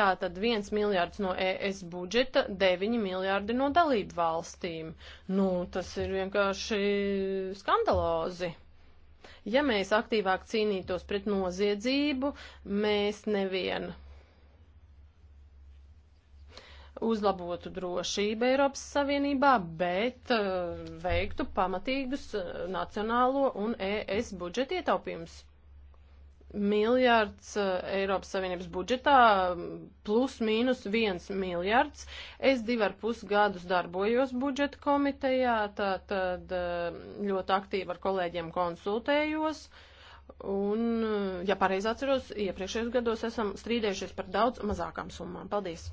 Tātad 1 miljārds no ES budžeta, 9 miljārdi no dalību valstīm. Nu, tas ir vienkārši skandalozi. Ja mēs aktīvāk cīnītos pret noziedzību, mēs nevienu uzlabotu drošību Eiropas Savienībā, bet uh, veiktu pamatīgus uh, nacionālo un ES budžeta ietaupījumus. Miljards uh, Eiropas Savienības budžetā um, plus mīnus viens miljards. Es divi ar pus gadus darbojos budžeta komitejā, tad, tad um, uh, ļoti aktīvi ar kolēģiem konsultējos. Un, uh, ja pareizi atceros, iepriekšējos gados esam strīdējušies par daudz mazākām summām. Paldies!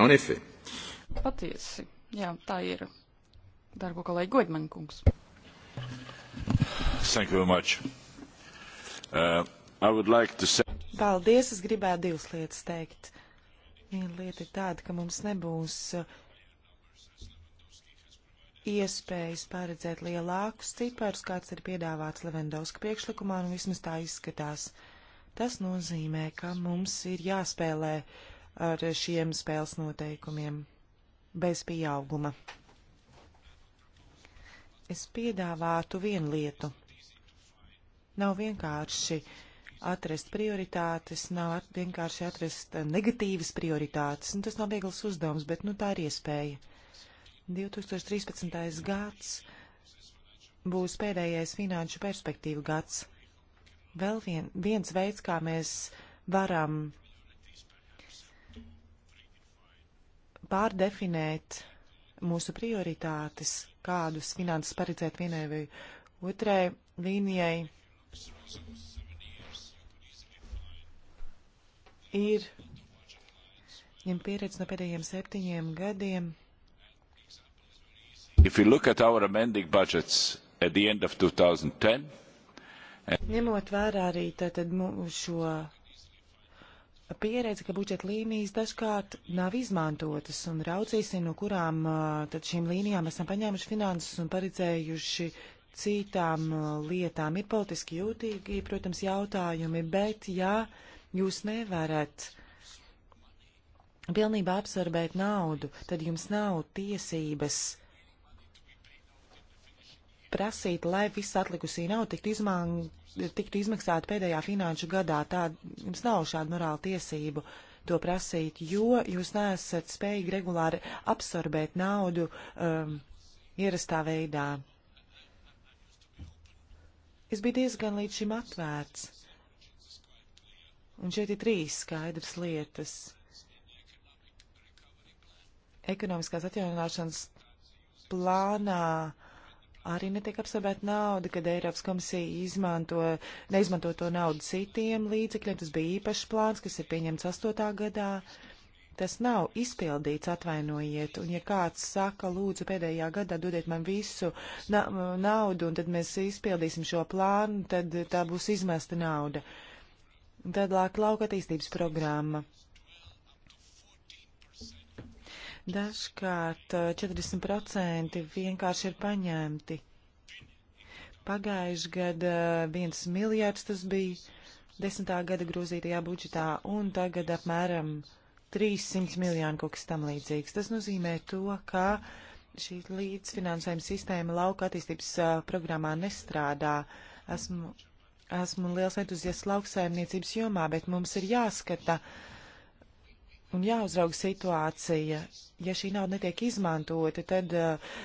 En effet. Patiesi. Jā, tā ir. Dargo kolēģi Godmaņa kungs. Thank you very much. Uh, I would like to say. Paldies, es gribētu divas lietas teikt. Viena lieta ir tāda, ka mums nebūs uh, iespējas paredzēt lielākus ciparus, kāds ir piedāvāts Levendovska priekšlikumā, un nu, vismaz tā izskatās. Tas nozīmē, ka mums ir jāspēlē uh, ar šiem spēles noteikumiem bez pieauguma. Es piedāvātu vienu lietu. Nav vienkārši atrast prioritātes, nav at vienkārši atrast negatīvas prioritātes. Nu, tas nav viegls uzdevums, bet nu, tā ir iespēja. 2013. gads būs pēdējais finanšu perspektīvu gads. Vēl vien, viens veids, kā mēs varam pārdefinēt mūsu prioritātes, kādus finanses paredzēt vienai vai otrai līnijai, ir viņam pieredze no pēdējiem septiņiem gadiem. If you look at our amending budgets at the end of 2010, and... ņemot vērā arī tātad šo pieredze, ka budžeta līnijas dažkārt nav izmantotas, un raudzīsim, no kurām tad šīm līnijām esam paņēmuši finanses un paredzējuši citām lietām. Ir politiski jūtīgi, protams, jautājumi, bet ja jūs nevarat pilnībā absorbēt naudu, tad jums nav tiesības prasīt, lai viss atlikusī nav tiktu, izman, tiktu izmaksāta pēdējā finanšu gadā. Tā jums nav šāda morāla tiesību to prasīt, jo jūs neesat spējīgi regulāri absorbēt naudu um, ierastā veidā. Es biju diezgan līdz šim atvērts. Un šeit ir trīs skaidras lietas. Ekonomiskās atjaunināšanas plānā uh, arī netiek apsabēta nauda, kad Eiropas komisija izmanto, neizmanto to naudu citiem līdzekļiem. Tas bija īpašs plāns, kas ir pieņemts 8. gadā. Tas nav izpildīts, atvainojiet, un ja kāds saka, lūdzu, pēdējā gadā dodiet man visu na naudu, un tad mēs izpildīsim šo plānu, tad tā būs izmesta nauda. Un tad lāk lauka attīstības programma. Dažkārt 40% eh, vienkārši ir paņemti. Pagājuši gada 1 eh, miljārds tas bija 10. gada grūzītajā budžetā un tagad apmēram 300 miljāni kaut kas tam līdzīgs. Tas nozīmē to, ka šī līdzfinansējuma sistēma lauka attīstības uh, programmā nestrādā. Esmu, esmu liels entuziasts lauksaimniecības jomā, bet mums ir jāskata. Uh, un jāuzrauga situācija. Ja šī nauda netiek izmantota, tad uh,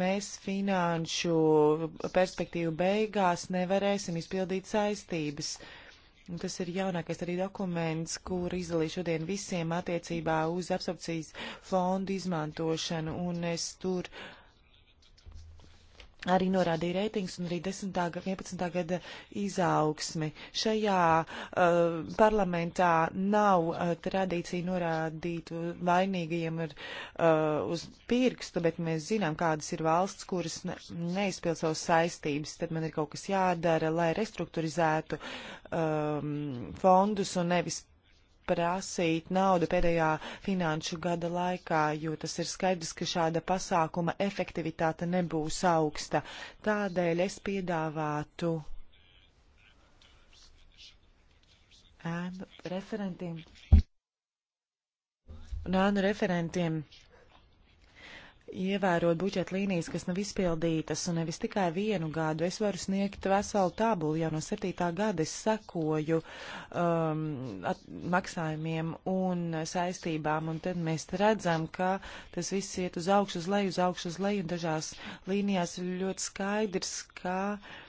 mēs finanšu perspektīvu beigās nevarēsim izpildīt saistības. Un tas ir jaunākais arī dokuments, kur izdalīju šodien visiem attiecībā uz absorpcijas fondu izmantošanu, un es tur uh, arī norādīja reitings un arī 10. un 11. gada izaugsmi. Šajā uh, parlamentā nav uh, tradīcija norādīt vainīgajiem ar, uh, uz pirkstu, bet mēs zinām, kādas ir valsts, kuras ne, neizpild savas saistības. Tad man ir kaut kas jādara, lai restruktūrizētu um, fondus un nevis prasīt naudu pēdējā finanšu gada laikā, jo tas ir skaidrs, ka šāda pasākuma efektivitāte nebūs augsta. Tādēļ es piedāvātu ēnu referentiem un ēnu referentiem ievērot budžeta līnijas, kas nav izpildītas, un nevis tikai vienu gadu. Es varu sniegt veselu tabulu, jau no 7. gada es sekoju um, at, maksājumiem un saistībām, un tad mēs redzam, ka tas viss iet uz augšu, uz leju, uz augšu, uz leju, un dažās līnijās ir ļoti skaidrs, ka. Uh,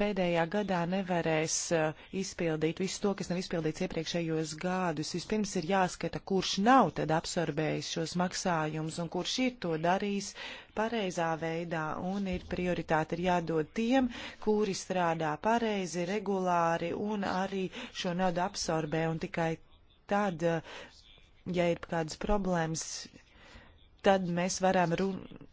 pēdējā gadā nevarēs uh, izpildīt visu to, kas nav izpildīts iepriekšējos gadus. Vispirms ir jāskata, kurš nav tad absorbējis šos maksājumus un kurš ir to darījis pareizā veidā. Un ir prioritāte ir jādod tiem, kuri strādā pareizi, regulāri un arī šo naudu absorbē. Un tikai tad, uh, ja ir kādas problēmas, tad mēs varam runāt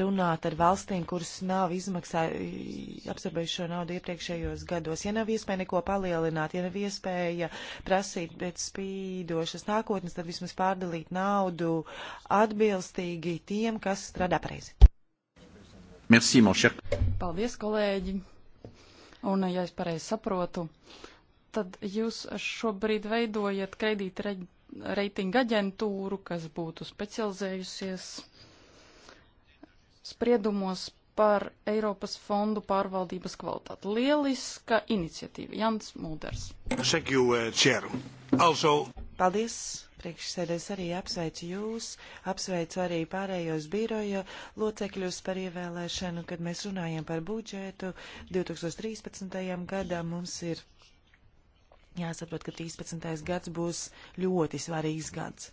runāt ar valstīm, kuras nav izmaksājuši, apsarbējuši šo naudu iepriekšējos gados. Ja nav iespēja neko palielināt, ja nav iespēja prasīt pēc spīdošas nākotnes, tad vismaz pārdalīt naudu atbilstīgi tiem, kas strādā pareizi. Merci, mon cher. Paldies, kolēģi. Un, ja es pareizi saprotu, tad jūs šobrīd veidojat kredīta reitinga aģentūru, kas būtu specializējusies spriedumos par Eiropas fondu pārvaldības kvalitāti. Lieliska iniciatīva. Jans Mulders. Thank you, uh, chair. Also... Paldies. Priekšsēdēs arī apsveicu jūs, apsveicu arī pārējos biroja locekļus par ievēlēšanu, kad mēs runājam par budžetu 2013. gadam. Mums ir jāsaprot, ka 13. gads būs ļoti svarīgs gads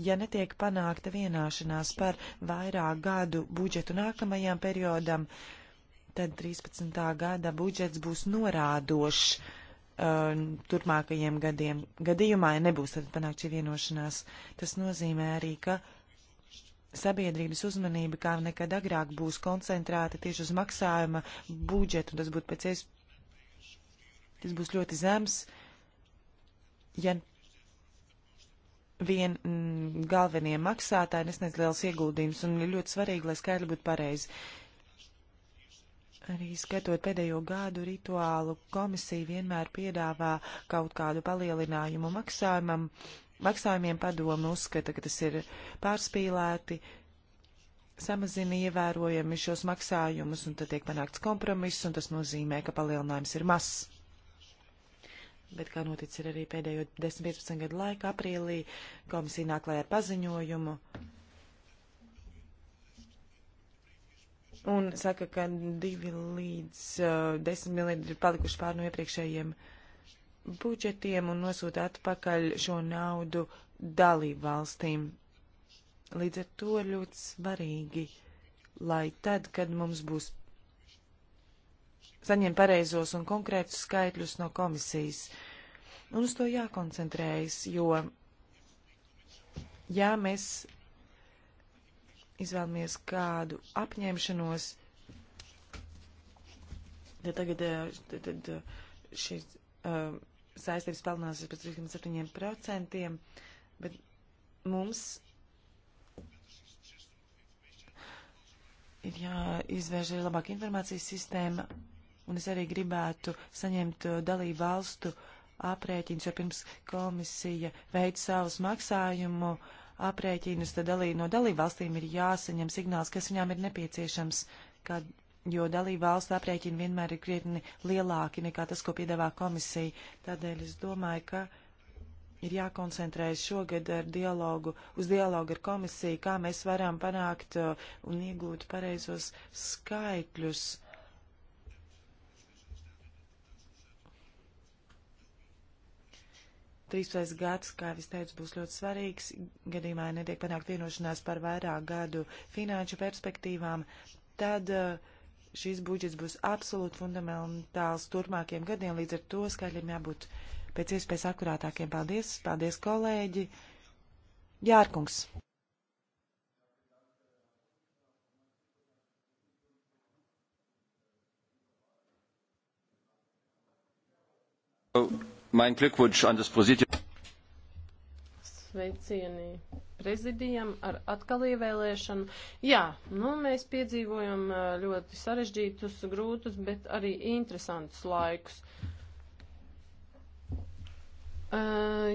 ja netiek panākta vienāšanās par vairāk gadu budžetu nākamajam periodam, tad 13. gada budžets būs norādošs uh, turpmākajiem gadiem. Gadījumā, ja nebūs tad panākt šī vienošanās, tas nozīmē arī, ka sabiedrības uzmanība kā nekad agrāk būs koncentrēta tieši uz maksājuma budžetu, un tas būtu pēc iespējas, tas būs ļoti zems, ja vien mm, galvenie maksātāji nesniedz liels ieguldījums, un ir ļoti svarīgi, lai skaidri būtu pareizi. Arī skatot pēdējo gadu rituālu, komisija vienmēr piedāvā kaut kādu palielinājumu maksājumam. Maksājumiem padomu uzskata, ka tas ir pārspīlēti, samazina ievērojami šos maksājumus, un tad tiek panākts kompromiss, un tas nozīmē, ka palielinājums ir mazs bet kā noticis arī pēdējo 10-15 gadu laikā, aprīlī komisija nāk klājā ar paziņojumu. Un saka, ka 2 līdz uh, 10 miljardi ir palikuši pār no iepriekšējiem budžetiem un nosūta atpakaļ šo naudu dalību valstīm. Līdz ar to ļoti svarīgi, lai tad, kad mums būs saņem pareizos un konkrētus skaitļus no komisijas. Un uz to jākoncentrējas, jo, ja mēs izvēlamies kādu apņemšanos, tad tagad eh, tad, tad eh, šīs uh, eh, saistības pelnāsies par 3,7%, bet mums ir jāizvērš arī labāka informācijas sistēma un es arī gribētu saņemt uh, dalību valstu aprēķinus, jo pirms komisija veic savus maksājumu aprēķinus, tad dalī, no dalību valstīm ir jāsaņem signāls, kas viņām ir nepieciešams, kā, jo dalību valstu aprēķini vienmēr ir krietni lielāki nekā tas, ko piedāvā komisija. Tādēļ es domāju, ka ir jākoncentrējas šogad ar dialogu, uz dialogu ar komisiju, kā mēs varam panākt uh, un iegūt pareizos skaitļus. Uh, 13. gads, kā es teicu, būs ļoti svarīgs. Gadījumā, ja netiek panākt vienošanās par vairāk gadu finanšu perspektīvām, tad eh, šis budžets būs absolūti fundamentāls turpmākiem gadiem. Līdz ar to skaļiem jābūt pēc iespējas akurātākiem. Paldies, paldies kolēģi. Jārkungs. Oh. Mein Glückwunsch an das Präsidium. Sveicieni prezidijam ar atkal ievēlēšanu. Jā, nu, mēs piedzīvojam ļoti sarežģītus, grūtus, bet arī interesantus laikus. Uh, Eh,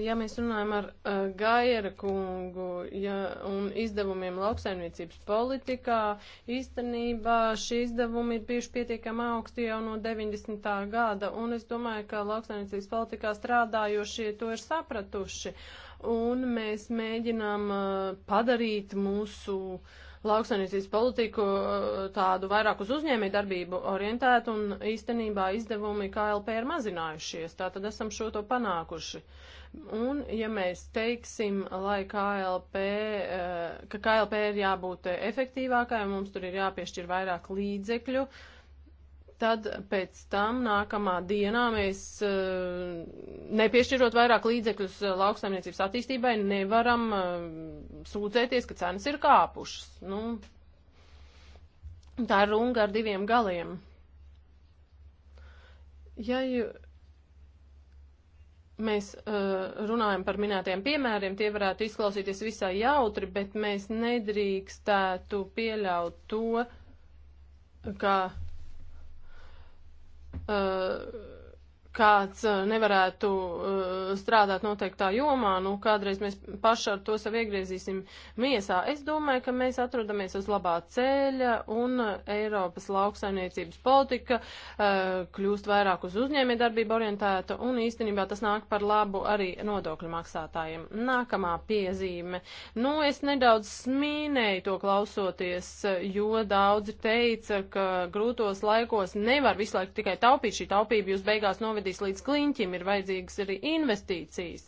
ja mēs runājam ar eh, Gaiera kungu ja, un izdevumiem lauksaimniecības politikā, īstenībā šie izdevumi ir bijuši pietiekami augsti jau no 90. gada, un es domāju, ka lauksaimniecības politikā strādājošie to ir sapratuši, un mēs mēģinām eh, padarīt mūsu uh, lauksainīcības politiku eh, tādu vairāk uz uzņēmēju darbību orientētu un īstenībā izdevumi KLP ir mazinājušies. Tātad esam šo to panākuši. Un, ja mēs teiksim, lai KLP, eh, ka KLP ir jābūt efektīvākai, mums tur ir jāpiešķir vairāk līdzekļu, uh, tad pēc tam nākamā dienā mēs eh, nepiešķirot vairāk līdzekļus eh, lauksaimniecības attīstībai nevaram eh, sūdzēties, ka cenas ir kāpušas. Nu, tā ir runga ar diviem galiem. Ja jū, mēs uh, runājam par minētiem piemēriem, tie varētu izklausīties visai jautri, bet mēs nedrīkstētu pieļaut to, ka. Kā uh, kāds eh, nevarētu uh, strādāt noteiktā jomā, nu kādreiz mēs paši ar to sev iegriezīsim miesā. Es domāju, ka mēs atrodamies uz labā ceļa un Eiropas lauksaimniecības politika uh, kļūst vairāk uz uzņēmē darbību orientēta un īstenībā tas nāk par labu arī nodokļu maksātājiem. Nākamā piezīme. Nu, es nedaudz smīnēju to klausoties, jo daudzi teica, ka grūtos laikos nevar visu laiku tikai taupīt šī taupība, jūs beigās noved novedīs līdz kliņķim, ir vajadzīgas arī investīcijas.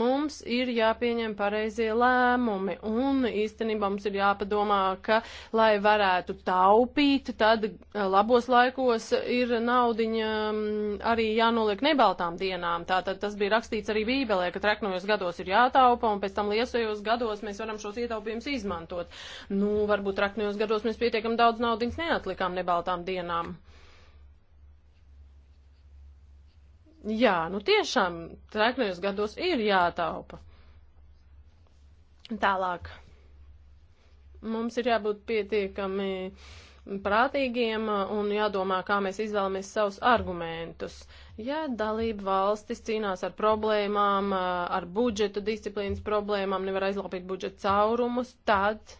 Mums ir jāpieņem pareizie lēmumi un īstenībā mums ir jāpadomā, ka, lai varētu taupīt, tad eh, labos laikos ir naudiņa mm, arī jānoliek nebaltām dienām. Tātad tas bija rakstīts arī Bībelē, ka treknojos gados ir jātaupa un pēc tam liesojos gados mēs varam šos ietaupījumus izmantot. Nu, varbūt treknojos gados mēs pietiekam daudz naudiņas neatlikām nebaltām dienām. Jā, nu tiešām traknējos gados ir jātaupa. Tālāk. Mums ir jābūt pietiekami prātīgiem un jādomā, kā mēs izvēlamies savus argumentus. Ja dalība valstis cīnās ar problēmām, ar budžeta disciplīnas problēmām, nevar aizlapīt budžeta caurumus, tad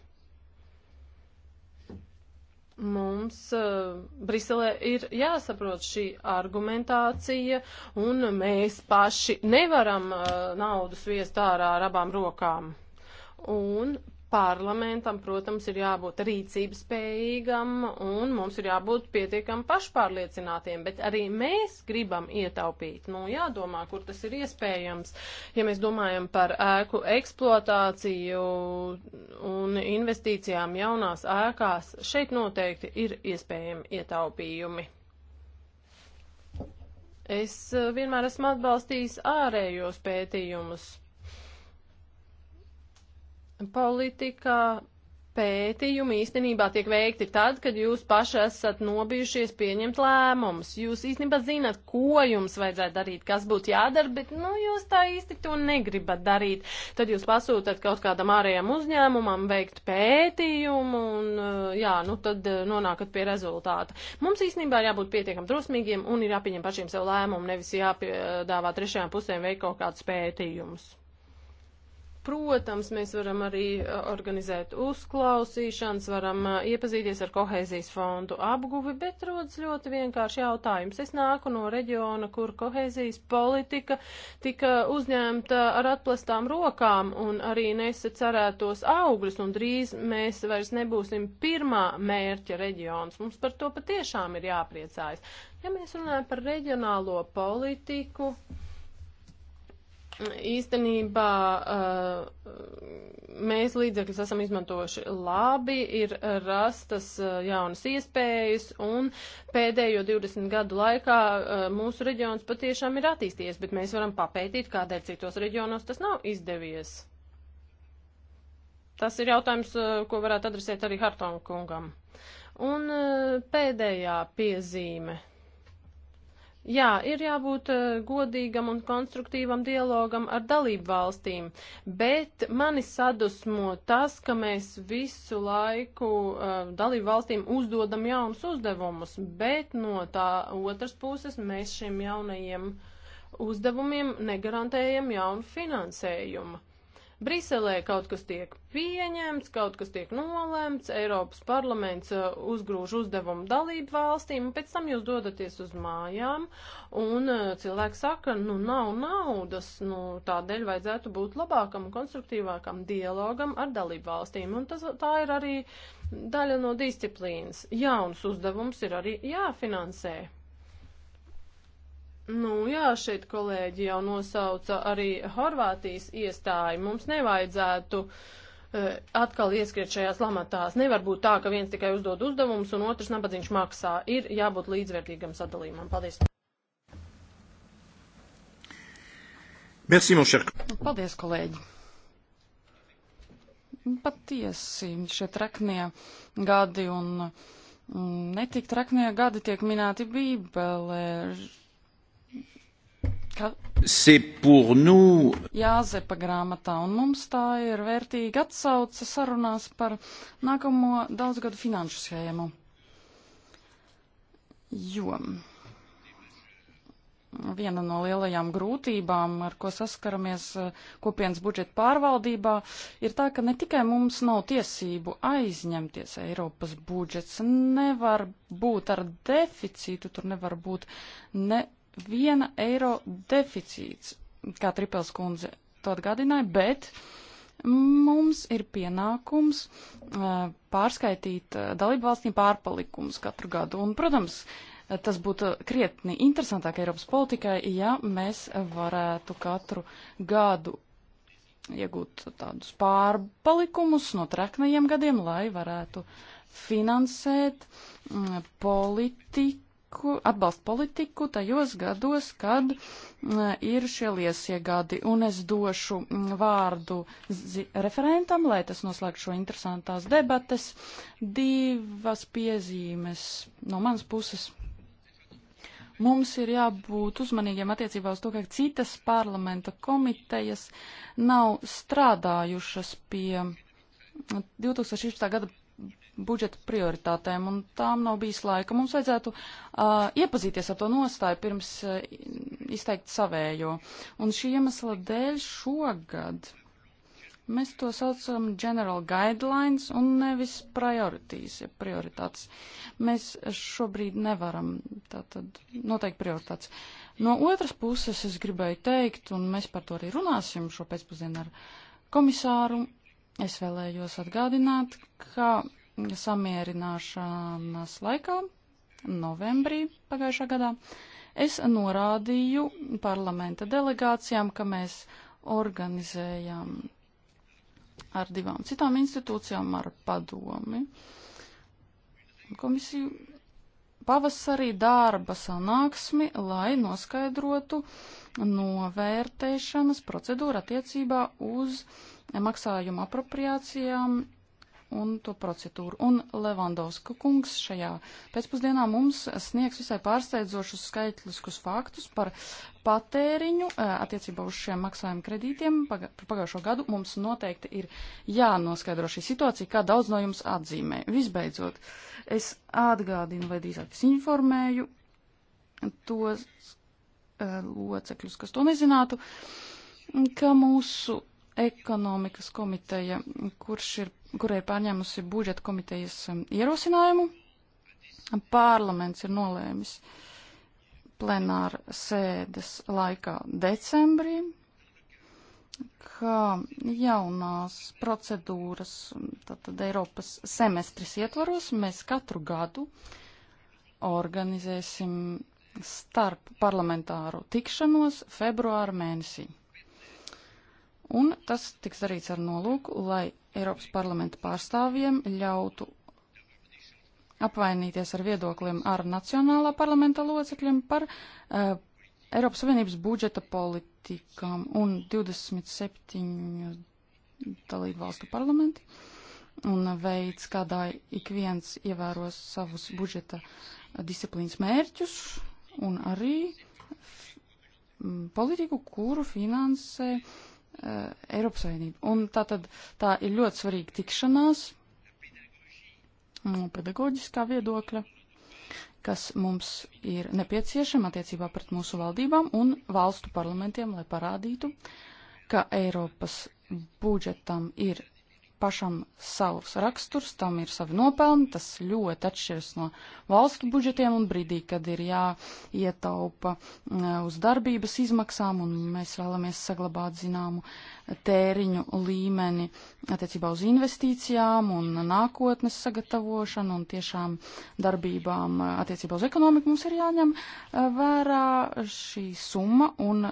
Mums uh, Briselē ir jāsaprot šī argumentācija, un mēs paši nevaram uh, naudu sviest ārā ar abām rokām. Un parlamentam, protams, ir jābūt rīcības spējīgam un mums ir jābūt pietiekam pašpārliecinātiem, bet arī mēs gribam ietaupīt. Nu, jādomā, kur tas ir iespējams. Ja mēs domājam par ēku eksploatāciju un investīcijām jaunās ēkās, šeit noteikti ir iespējami ietaupījumi. Es eh, vienmēr esmu atbalstījis ārējos pētījumus politikā pētījumi īstenībā tiek veikti tad, kad jūs paši esat nobijušies pieņemt lēmumus. Jūs īstenībā zinat, ko jums vajadzētu darīt, kas būtu jādara, bet, nu, jūs tā īsti to negribat darīt. Tad jūs pasūtat kaut kādam ārējam uzņēmumam veikt pētījumu un, eh, jā, nu, tad eh, nonākat pie rezultāta. Mums īstenībā ir jābūt pietiekam drosmīgiem un ir jāpieņem pašiem sev lēmumu, nevis jāpiedāvā trešajām pusēm veikt kaut kādus pētījumus. Protams, mēs varam arī uh, organizēt uzklausīšanas, varam uh, iepazīties ar kohēzijas fondu apguvi, bet rodas ļoti vienkārši jautājums. Es nāku no reģiona, kur kohēzijas politika tika uzņemta ar atplastām rokām un arī nesa cerētos augļus, un drīz mēs vairs nebūsim pirmā mērķa reģions. Mums par to patiešām ir jāpriecājas. Ja mēs runājam par reģionālo politiku, uh, īstenībā eh, mēs līdzekļus esam izmantojuši labi, ir rastas eh, jaunas iespējas, un pēdējo 20 gadu laikā eh, mūsu reģions patiešām ir attīstījies, bet mēs varam papētīt, kādēļ citos reģionos tas nav izdevies. Tas ir jautājums, ko varētu adresēt arī Hartonga kungam. Un pēdējā piezīme Jā, ir jābūt uh, godīgam un konstruktīvam dialogam ar dalību valstīm, bet mani sadusmo tas, ka mēs visu laiku uh, dalību valstīm uzdodam jaunus uzdevumus, bet no tā otras puses mēs šiem jaunajiem uzdevumiem negarantējam jaunu finansējumu. Briselē kaut kas tiek pieņemts, kaut kas tiek nolemts, Eiropas parlaments uh, uzgrūž uzdevumu dalību valstīm, un pēc tam jūs dodaties uz mājām, un uh, cilvēks saka, nu nav naudas, nu tādēļ vajadzētu būt labākam un konstruktīvākam dialogam ar dalību valstīm, un tas, tā ir arī daļa no disciplīnas. Jauns uzdevums ir arī jāfinansē. Nu jā, šeit kolēģi jau nosauca arī Horvātijas iestāju. Mums nevajadzētu uh, atkal ieskriet šajās lamatās. Nevar būt tā, ka viens tikai uzdod uzdevumus un otrs nabadzīgs maksā. Ir jābūt līdzvērtīgam sadalījumam. Paldies. Merci, mon cher. Paldies, kolēģi. Patiesi, šie traknie gadi un mm, netik traknie gadi tiek minēti Bībelē Ka... Nous... Jāzepa grāmatā, un mums tā ir vērtīga atsauce sarunās par nākamo daudzgadu finanšu schēmu. Jo viena no lielajām grūtībām, ar ko saskaramies eh, kopienas budžeta pārvaldībā, ir tā, ka ne tikai mums nav tiesību aizņemties Eiropas budžets, nevar būt ar deficītu, tur nevar būt ne viena eiro deficīts, kā Tripels kundze to atgādināja, bet mums ir pienākums pārskaitīt dalību valstīm pārpalikums katru gadu. Un, protams, tas būtu krietni interesantāk Eiropas politikai, ja mēs varētu katru gadu iegūt tādus pārpalikumus no traknajiem gadiem, lai varētu finansēt politiku politiku, atbalsta politiku tajos gados, kad ir šie liesiegādi. Un es došu vārdu referentam, lai tas noslēgtu šo interesantās debates. Divas piezīmes no manas puses mums ir jābūt uzmanīgiem attiecībā uz to, ka citas parlamenta komitejas nav strādājušas pie 2016. gada budžeta prioritātēm, un tām nav bijis laika. Mums vajadzētu uh, iepazīties ar to nostāju pirms uh, izteikt savējo. Un šī iemesla dēļ šogad mēs to saucam general guidelines un nevis priorities, ja prioritātes. Mēs šobrīd nevaram tātad noteikt prioritātes. No otras puses es gribēju teikt, un mēs par to arī runāsim šo pēcpusdienu ar komisāru, es vēlējos atgādināt, ka samierināšanas laikā, novembrī pagājušā gadā, es norādīju parlamenta delegācijām, ka mēs organizējam ar divām citām institūcijām, ar padomi, komisiju pavasarī darba sanāksmi, lai noskaidrotu novērtēšanas procedūru attiecībā uz maksājumu apropriācijām un to procedūru. Un Levandovska kungs šajā pēcpusdienā mums sniegs visai pārsteidzošus skaitliskus faktus par patēriņu eh, attiecībā uz šiem maksājumu kredītiem par pagājušo gadu. Mums noteikti ir jānoskaidro šī situācija, kā daudz no jums atzīmē. Visbeidzot, es atgādinu vai drīzāk es informēju tos eh, locekļus, kas to nezinātu, ka mūsu ekonomikas komiteja, kurš ir, kurai ir pārņēmusi budžeta komitejas um, ierosinājumu. Parlaments ir nolēmis plenāra sēdes laikā decembrī, ka jaunās procedūras, um, tātad Eiropas semestris ietvaros, mēs katru gadu organizēsim starp parlamentāru tikšanos februāra mēnesī. Un tas tiks darīts ar nolūku, lai Eiropas parlamenta pārstāvjiem ļautu apvainīties ar viedokliem ar nacionālā parlamenta locekļiem par uh, Eiropas Savienības budžeta politikām un 27 dalību valstu parlamenti un veids, kādā ik viens ievēros savus budžeta disciplīnas mērķus un arī mm, politiku, kuru finansē uh, Uh, Eiropas Savienību. Un tā tad tā ir ļoti svarīga tikšanās no pedagoģiskā viedokļa, kas mums ir nepieciešama attiecībā pret mūsu valdībām un valstu parlamentiem, lai parādītu, ka Eiropas budžetam ir pašam savs raksturs, tam ir savi nopelni, tas ļoti atšķiras no valstu budžetiem un brīdī, kad ir jāietaupa mm, uz darbības izmaksām un mēs vēlamies saglabāt zināmu tēriņu līmeni attiecībā uz investīcijām un nākotnes sagatavošanu un tiešām darbībām mm, attiecībā uz ekonomiku mums ir jāņem mm, vērā šī summa un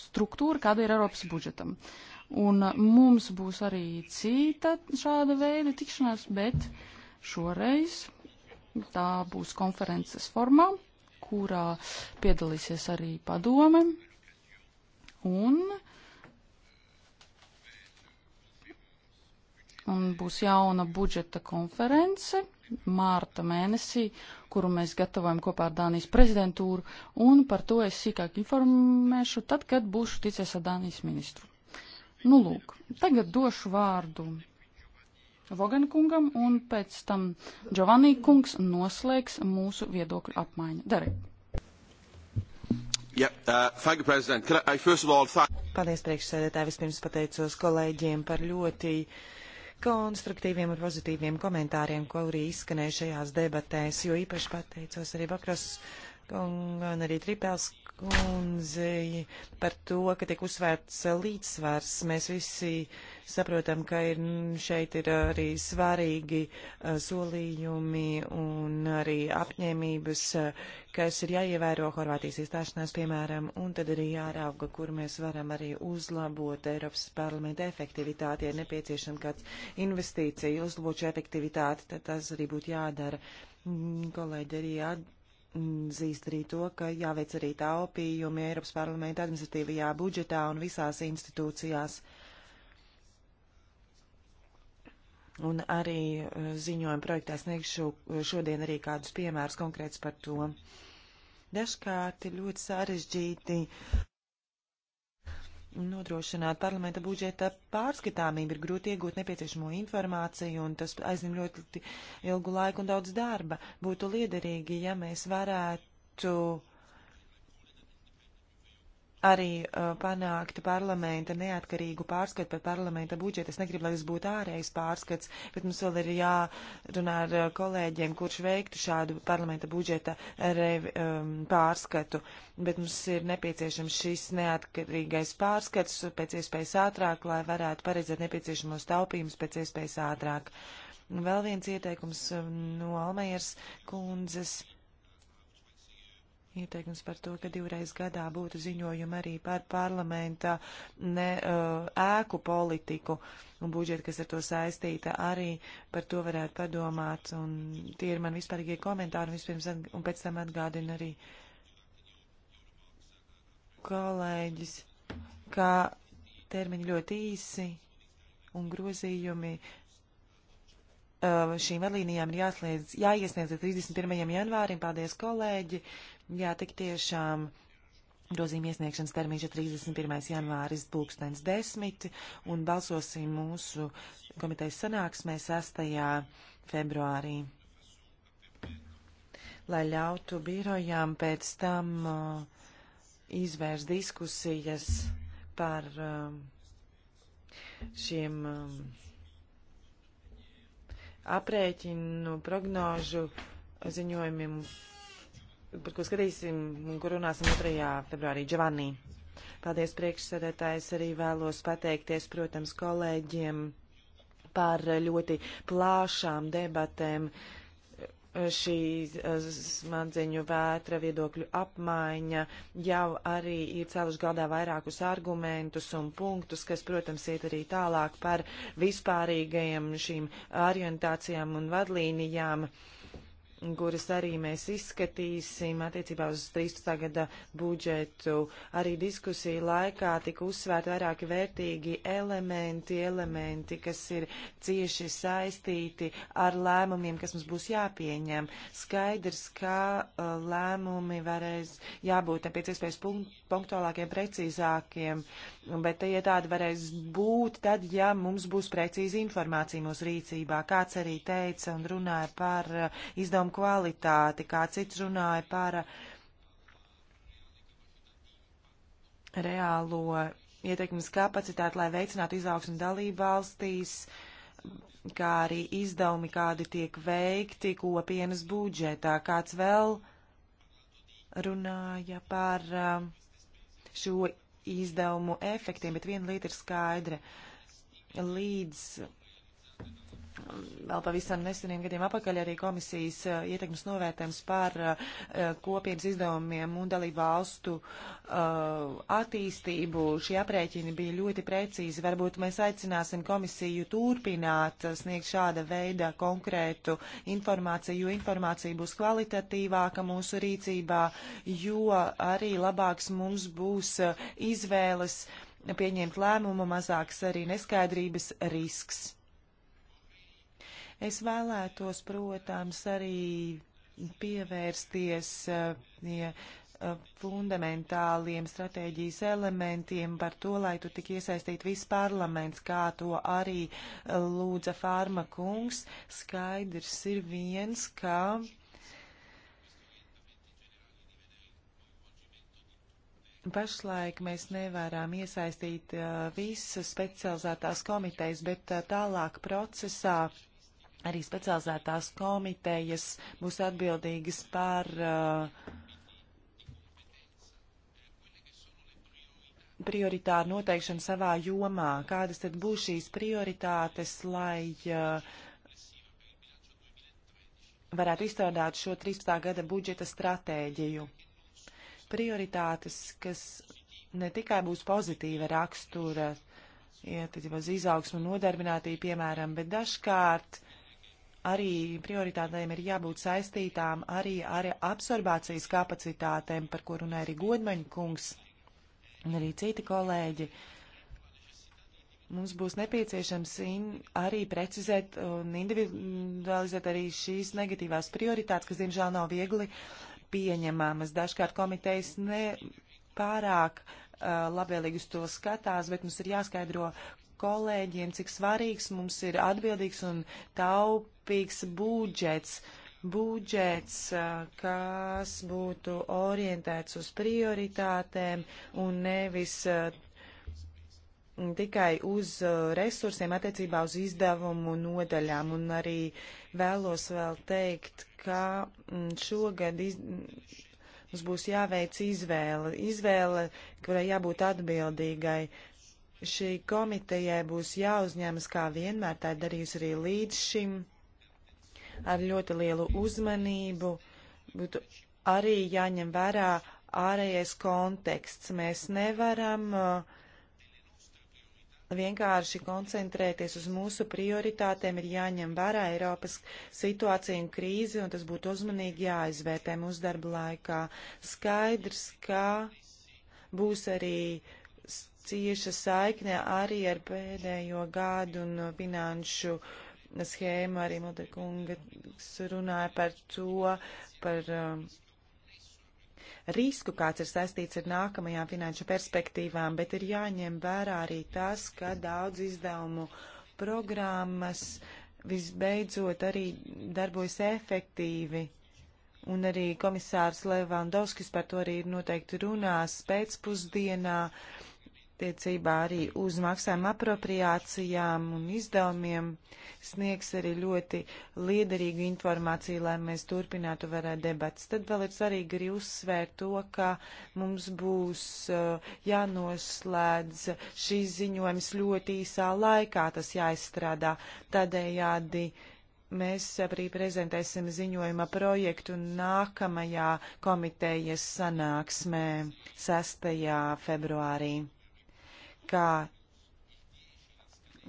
struktūra, kāda ir Eiropas budžetam. Uh, Un mums būs arī cita šāda veida tikšanās, bet šoreiz tā būs konferences formā, kurā piedalīsies arī padome. Un, un būs jauna budžeta konference mārta mēnesī, kuru mēs gatavojam kopā ar Dānijas prezidentūru, un par to es sīkāk informēšu tad, kad būšu ticies ar Dānijas ministru. Nu, lūk, tagad došu vārdu Vogan kungam, un pēc tam Giovanni kungs noslēgs mūsu viedokļu apmaiņu. Derek. Yeah, uh, you, I, all, Paldies, priekšsēdētāji. Vispirms pateicos kolēģiem par ļoti konstruktīviem un pozitīviem komentāriem, ko arī izskanēja šajās debatēs, jo īpaši pateicos arī Bakras un, un arī Tripels kundzi par to, ka tiek uzsvērts līdzsvars. Mēs visi saprotam, ka ir, šeit ir arī svarīgi eh, solījumi un arī apņēmības, eh, kas ir jāievēro Horvātijas iestāšanās, piemēram, un tad arī jārauga, kur mēs varam arī uzlabot Eiropas parlamenta efektivitāti, ja nepieciešama kāds investīcija, uzlabot šo efektivitāti, tad tas arī būtu jādara. Mm, kolēģi arī atbildēja Mm, zīst arī to, ka jāveic arī taupījumi Eiropas parlamenta administratīvajā budžetā un visās institūcijās. Un arī eh, ziņojuma projektā sniegšu eh, šodien arī kādus piemērus konkrēts par to. Dažkārt ir ļoti sarežģīti nodrošināt parlamenta budžeta pārskatāmību, ir grūti iegūt nepieciešamo informāciju, un tas aizņem ļoti ilgu laiku un daudz darba. Būtu liederīgi, ja mēs varētu arī uh, panākt parlamenta neatkarīgu pārskatu par parlamenta budžetu. Es negribu, lai tas būtu ārējs pārskats, bet mums vēl ir jārunā ar uh, kolēģiem, kurš veiktu šādu parlamenta budžeta revi, um, pārskatu. Bet mums ir nepieciešams šis neatkarīgais pārskats pēc iespējas ātrāk, lai varētu paredzēt nepieciešamos taupījumus pēc iespējas ātrāk. Vēl viens ieteikums um, no Almeiras kundzes Ieteikums par to, ka divreiz gadā būtu ziņojumi arī par parlamenta ne, uh, ēku politiku un budžetu, kas ar to saistīta, arī par to varētu padomāt. Un tie ir man vispārīgie komentāri, un, vispirms, un pēc tam atgādina arī kolēģis, ka termiņi ļoti īsi un grozījumi Uh, šīm vadlīnijām ir jāsliedz, jāiesniedz 31. janvārim. Paldies, kolēģi! Jā, tik tiešām. Grozījuma iesniegšanas termiņš ir 31. janvāris, pulkstens 10, un balsosim mūsu komitejas sanāksmē 6. februārī. Lai ļautu birojām pēc tam uh, izvērst diskusijas par uh, šiem. Uh, aprēķinu, prognožu ziņojumiem, par ko skatīsim un kur runāsim 2. februārī. Giovanni, paldies priekšsēdētājs, arī vēlos pateikties, protams, kolēģiem par ļoti plāšām debatēm. Uh, šī eh, smadzeņu vētra viedokļu apmaiņa jau arī ir cēluši galdā vairākus argumentus un punktus, kas, protams, iet arī tālāk par vispārīgajiem šīm orientācijām un vadlīnijām. Uh, kuras arī mēs izskatīsim attiecībā uz 13. gada budžetu. Arī diskusiju laikā tika uzsvērt vairāki vērtīgi elementi, elementi, kas ir cieši saistīti ar lēmumiem, kas mums būs jāpieņem. Skaidrs, ka uh, lēmumi varēs jābūt pēc iespējas punktuālākiem, precīzākiem. Uh, Bet tie tādi varēs būt tad, ja mums būs precīzi informācija mūsu rīcībā. Kāds arī teica un runāja par uh, izdevumu kvalitāti, kāds cits runāja par uh, reālo ietekmes kapacitāti, lai veicinātu izaugsmu dalību valstīs, kā arī izdevumi, kādi tiek veikti kopienas budžetā. Kāds vēl runāja par uh, šo izdevumu efektiem, bet viena lieta ir skaidra. Līdz Vēl pavisam neseniem gadiem apakaļ arī komisijas uh, ietekmes novērtējums par uh, kopienas izdevumiem un dalību valstu uh, attīstību. Šie aprēķini bija ļoti precīzi. Varbūt mēs aicināsim komisiju turpināt sniegt šāda veida konkrētu informāciju, jo informācija būs kvalitatīvāka mūsu rīcībā, jo arī labāks mums būs izvēles pieņemt lēmumu, mazāks arī neskaidrības risks. Es vēlētos, protams, arī pievērsties ja, eh, eh, fundamentāliem stratēģijas elementiem par to, lai tu tik iesaistīt viss parlaments, kā to arī eh, lūdza Fārma kungs. Skaidrs ir viens, ka. Pašlaik mēs nevaram iesaistīt uh, visas specializētās komitejas, bet uh, tālāk procesā uh, Arī specializētās komitejas būs atbildīgas par uh, prioritāru noteikšanu savā jomā. Kādas tad būs šīs prioritātes, lai uh, varētu izstrādāt šo 13. gada budžeta stratēģiju. Prioritātes, kas ne tikai būs pozitīva rakstura, ietiecībā uz izaugsmu un nodarbinātību, piemēram, bet dažkārt arī prioritātēm ir jābūt saistītām arī ar absorbācijas kapacitātēm, par ko runāja arī Godmaņa kungs un arī citi kolēģi. Mums būs nepieciešams arī precizēt un individualizēt arī šīs negatīvās prioritātes, kas, diemžēl, nav viegli pieņemamas. Dažkārt komitejas ne pārāk uh, labvēlīgi uz to skatās, bet mums ir jāskaidro kolēģiem, cik svarīgs mums ir atbildīgs un taup kopīgs budžets, budžets, kas būtu orientēts uz prioritātēm un nevis tikai uz resursiem attiecībā uz izdevumu nodaļām. Un arī vēlos vēl teikt, ka mm, šogad iz... mums būs jāveic izvēle, izvēle, kurai jābūt atbildīgai. Šī komitejai būs jāuzņemas, kā vienmēr tā darījusi arī līdz šim, ar ļoti lielu uzmanību. Būtu arī jāņem vērā ārējais konteksts. Mēs nevaram uh, vienkārši koncentrēties uz mūsu prioritātēm, ir jāņem vērā Eiropas situācija un krīze, un tas būtu uzmanīgi jāizvērtē mūsu darba laikā. Skaidrs, ka būs arī cieša saikne arī ar pēdējo gadu un finanšu uh, schēmu. Arī Muldekungs runāja par to, par um, risku, kāds ir saistīts ar nākamajām finanšu perspektīvām, bet ir jāņem vērā arī tas, ka daudz izdevumu programmas visbeidzot arī darbojas efektīvi. Un arī komisārs Levandovskis par to arī noteikti runās pēcpusdienā. Uh, tiecībā arī uz maksājuma apropriācijām un izdevumiem sniegs arī ļoti liederīgu informāciju, lai mēs turpinātu varētu debats. Tad vēl ir svarīgi arī uzsvērt to, ka mums būs uh, jānoslēdz šīs ziņojums ļoti īsā laikā, tas jāizstrādā. Tādējādi mēs arī prezentēsim ziņojuma projektu nākamajā komitejas sanāksmē 6. februārī ka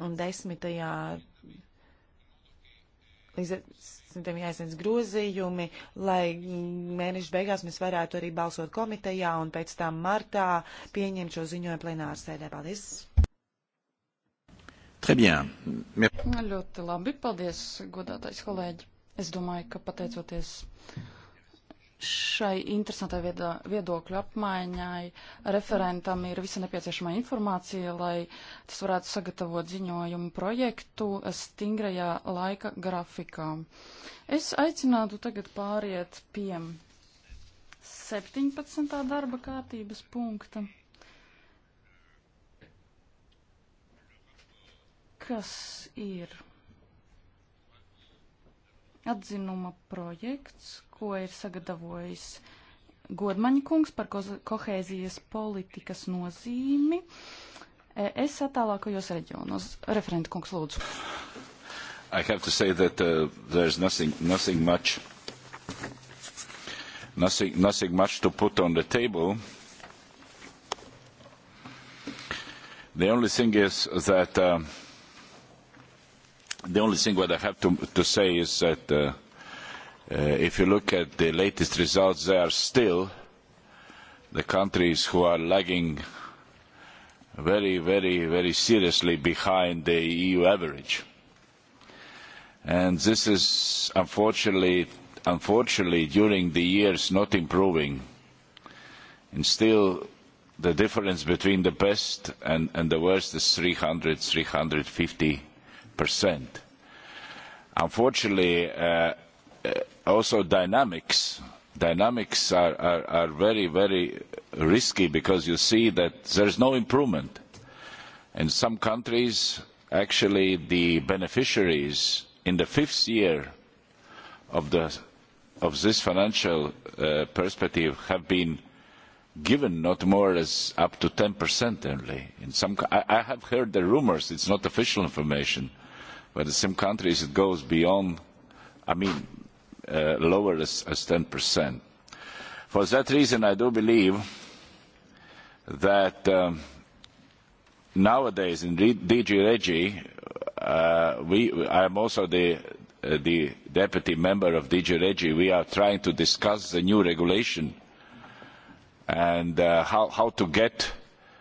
un desmitajā līdz simtiem jāiesniedz grozījumi, lai mēneša beigās mēs varētu arī balsot komitejā un pēc tam martā pieņemt šo ziņojumu plenāru sēdē. Paldies! Ļoti labi, paldies, godātais kolēģi. Es domāju, ka pateicoties šai interesantai viedo, viedokļu apmaiņai referentam ir visa nepieciešamā informācija, lai tas varētu sagatavot ziņojumu projektu stingrajā laika grafikā. Es aicinātu tagad pāriet pie 17. darba kārtības punkta, kas ir atzinuma projekts, ko ir sagatavojis Godmaņa kungs par ko kohēzijas politikas nozīmi. Es attālākajos reģionos. Referenta kungs, lūdzu. I have to say that uh, there's nothing, nothing much, nothing, nothing much to put on the table. The only thing is that uh, the only thing what I have to, to say is that uh, Uh, if you look at the latest results, they are still the countries who are lagging very, very, very seriously behind the EU average. And this is unfortunately, unfortunately during the years not improving. And still the difference between the best and, and the worst is 300, 350 percent. Unfortunately, uh, Uh, also dynamics dynamics are, are, are very, very risky because you see that there's no improvement. In some countries, actually, the beneficiaries in the fifth year of, the, of this financial uh, perspective have been given not more as up to 10% only. In some, I, I have heard the rumors, it's not official information, but in some countries it goes beyond, I mean, uh, lower as, as 10%. For that reason, I do believe that um, nowadays in DG Regi, uh, we, I am also the, uh, the deputy member of DG Regi. We are trying to discuss the new regulation and uh, how, how to get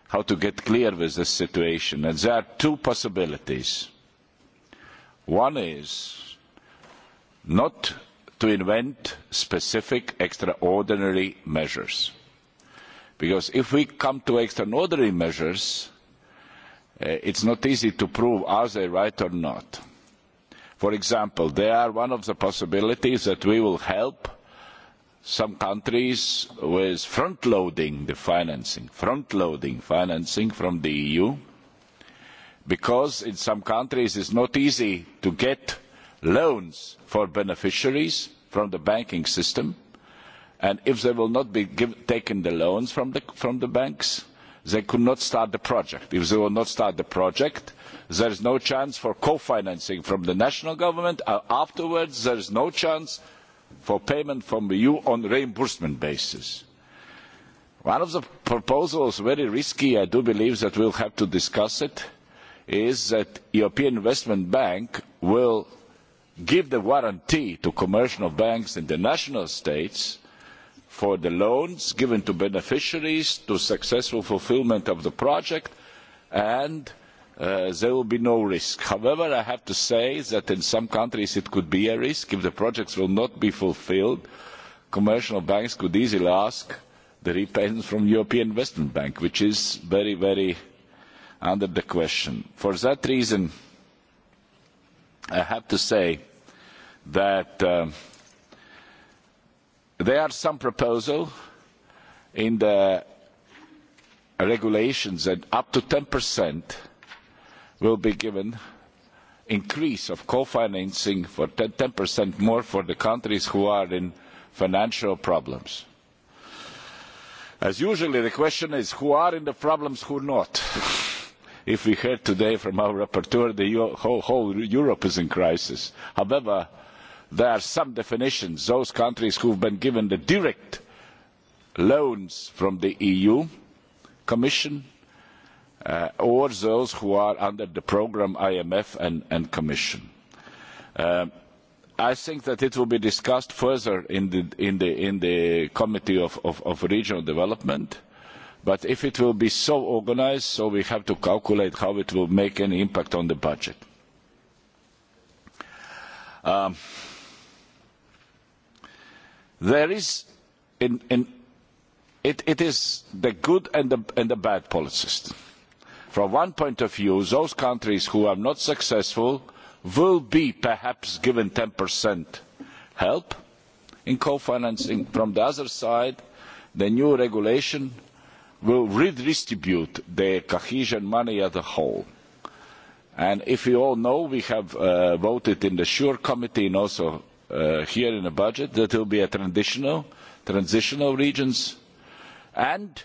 how to get clear with this situation. And there are two possibilities. One is not to invent specific extraordinary measures. Because if we come to extraordinary measures, uh, it's not easy to prove are they right or not. For example, they are one of the possibilities that we will help some countries with front-loading the financing, front-loading financing from the EU, because in some countries it's not easy to get loans for beneficiaries from the banking system. And if they will not be give, taken the loans from the, from the banks, they could not start the project. If they will not start the project, there is no chance for co-financing from the national government. Uh, afterwards, there is no chance for payment from the EU on reimbursement basis. One of the proposals, very risky, I do believe that we'll have to discuss it, is that European Investment Bank will give the warranty to commercial banks in the national states for the loans given to beneficiaries to successful fulfillment of the project and uh, there will be no risk. However, I have to say that in some countries it could be a risk. If the projects will not be fulfilled, commercial banks could easily ask the repayments from European Investment Bank, which is very, very under the question. For that reason, uh, I have to say that uh, there are some proposals in the regulations that up to 10% will be given increase of co-financing for 10% more for the countries who are in financial problems. As usually, the question is who are in the problems, who not. if we heard today from our rapporteur, the whole, whole Europe is in crisis. However, there are some definitions. Those countries who've been given the direct loans from the EU Commission uh, or those who are under the program IMF and, and Commission. Uh, I think that it will be discussed further in the, in the, in the Committee of, of, of Regional Development. Uh, But if it will be so organized, so we have to calculate how it will make any impact on the budget. Um, there is, in, in, it, it is the good and the, and the bad policies. From one point of view, those countries who are not successful will be perhaps given 10% help in co-financing. From the other side, the new regulation will redistribute the cohesion money as a whole. And if you all know, we have uh, voted in the SURE committee and also uh, here in the budget that there will be a transitional, transitional regions. And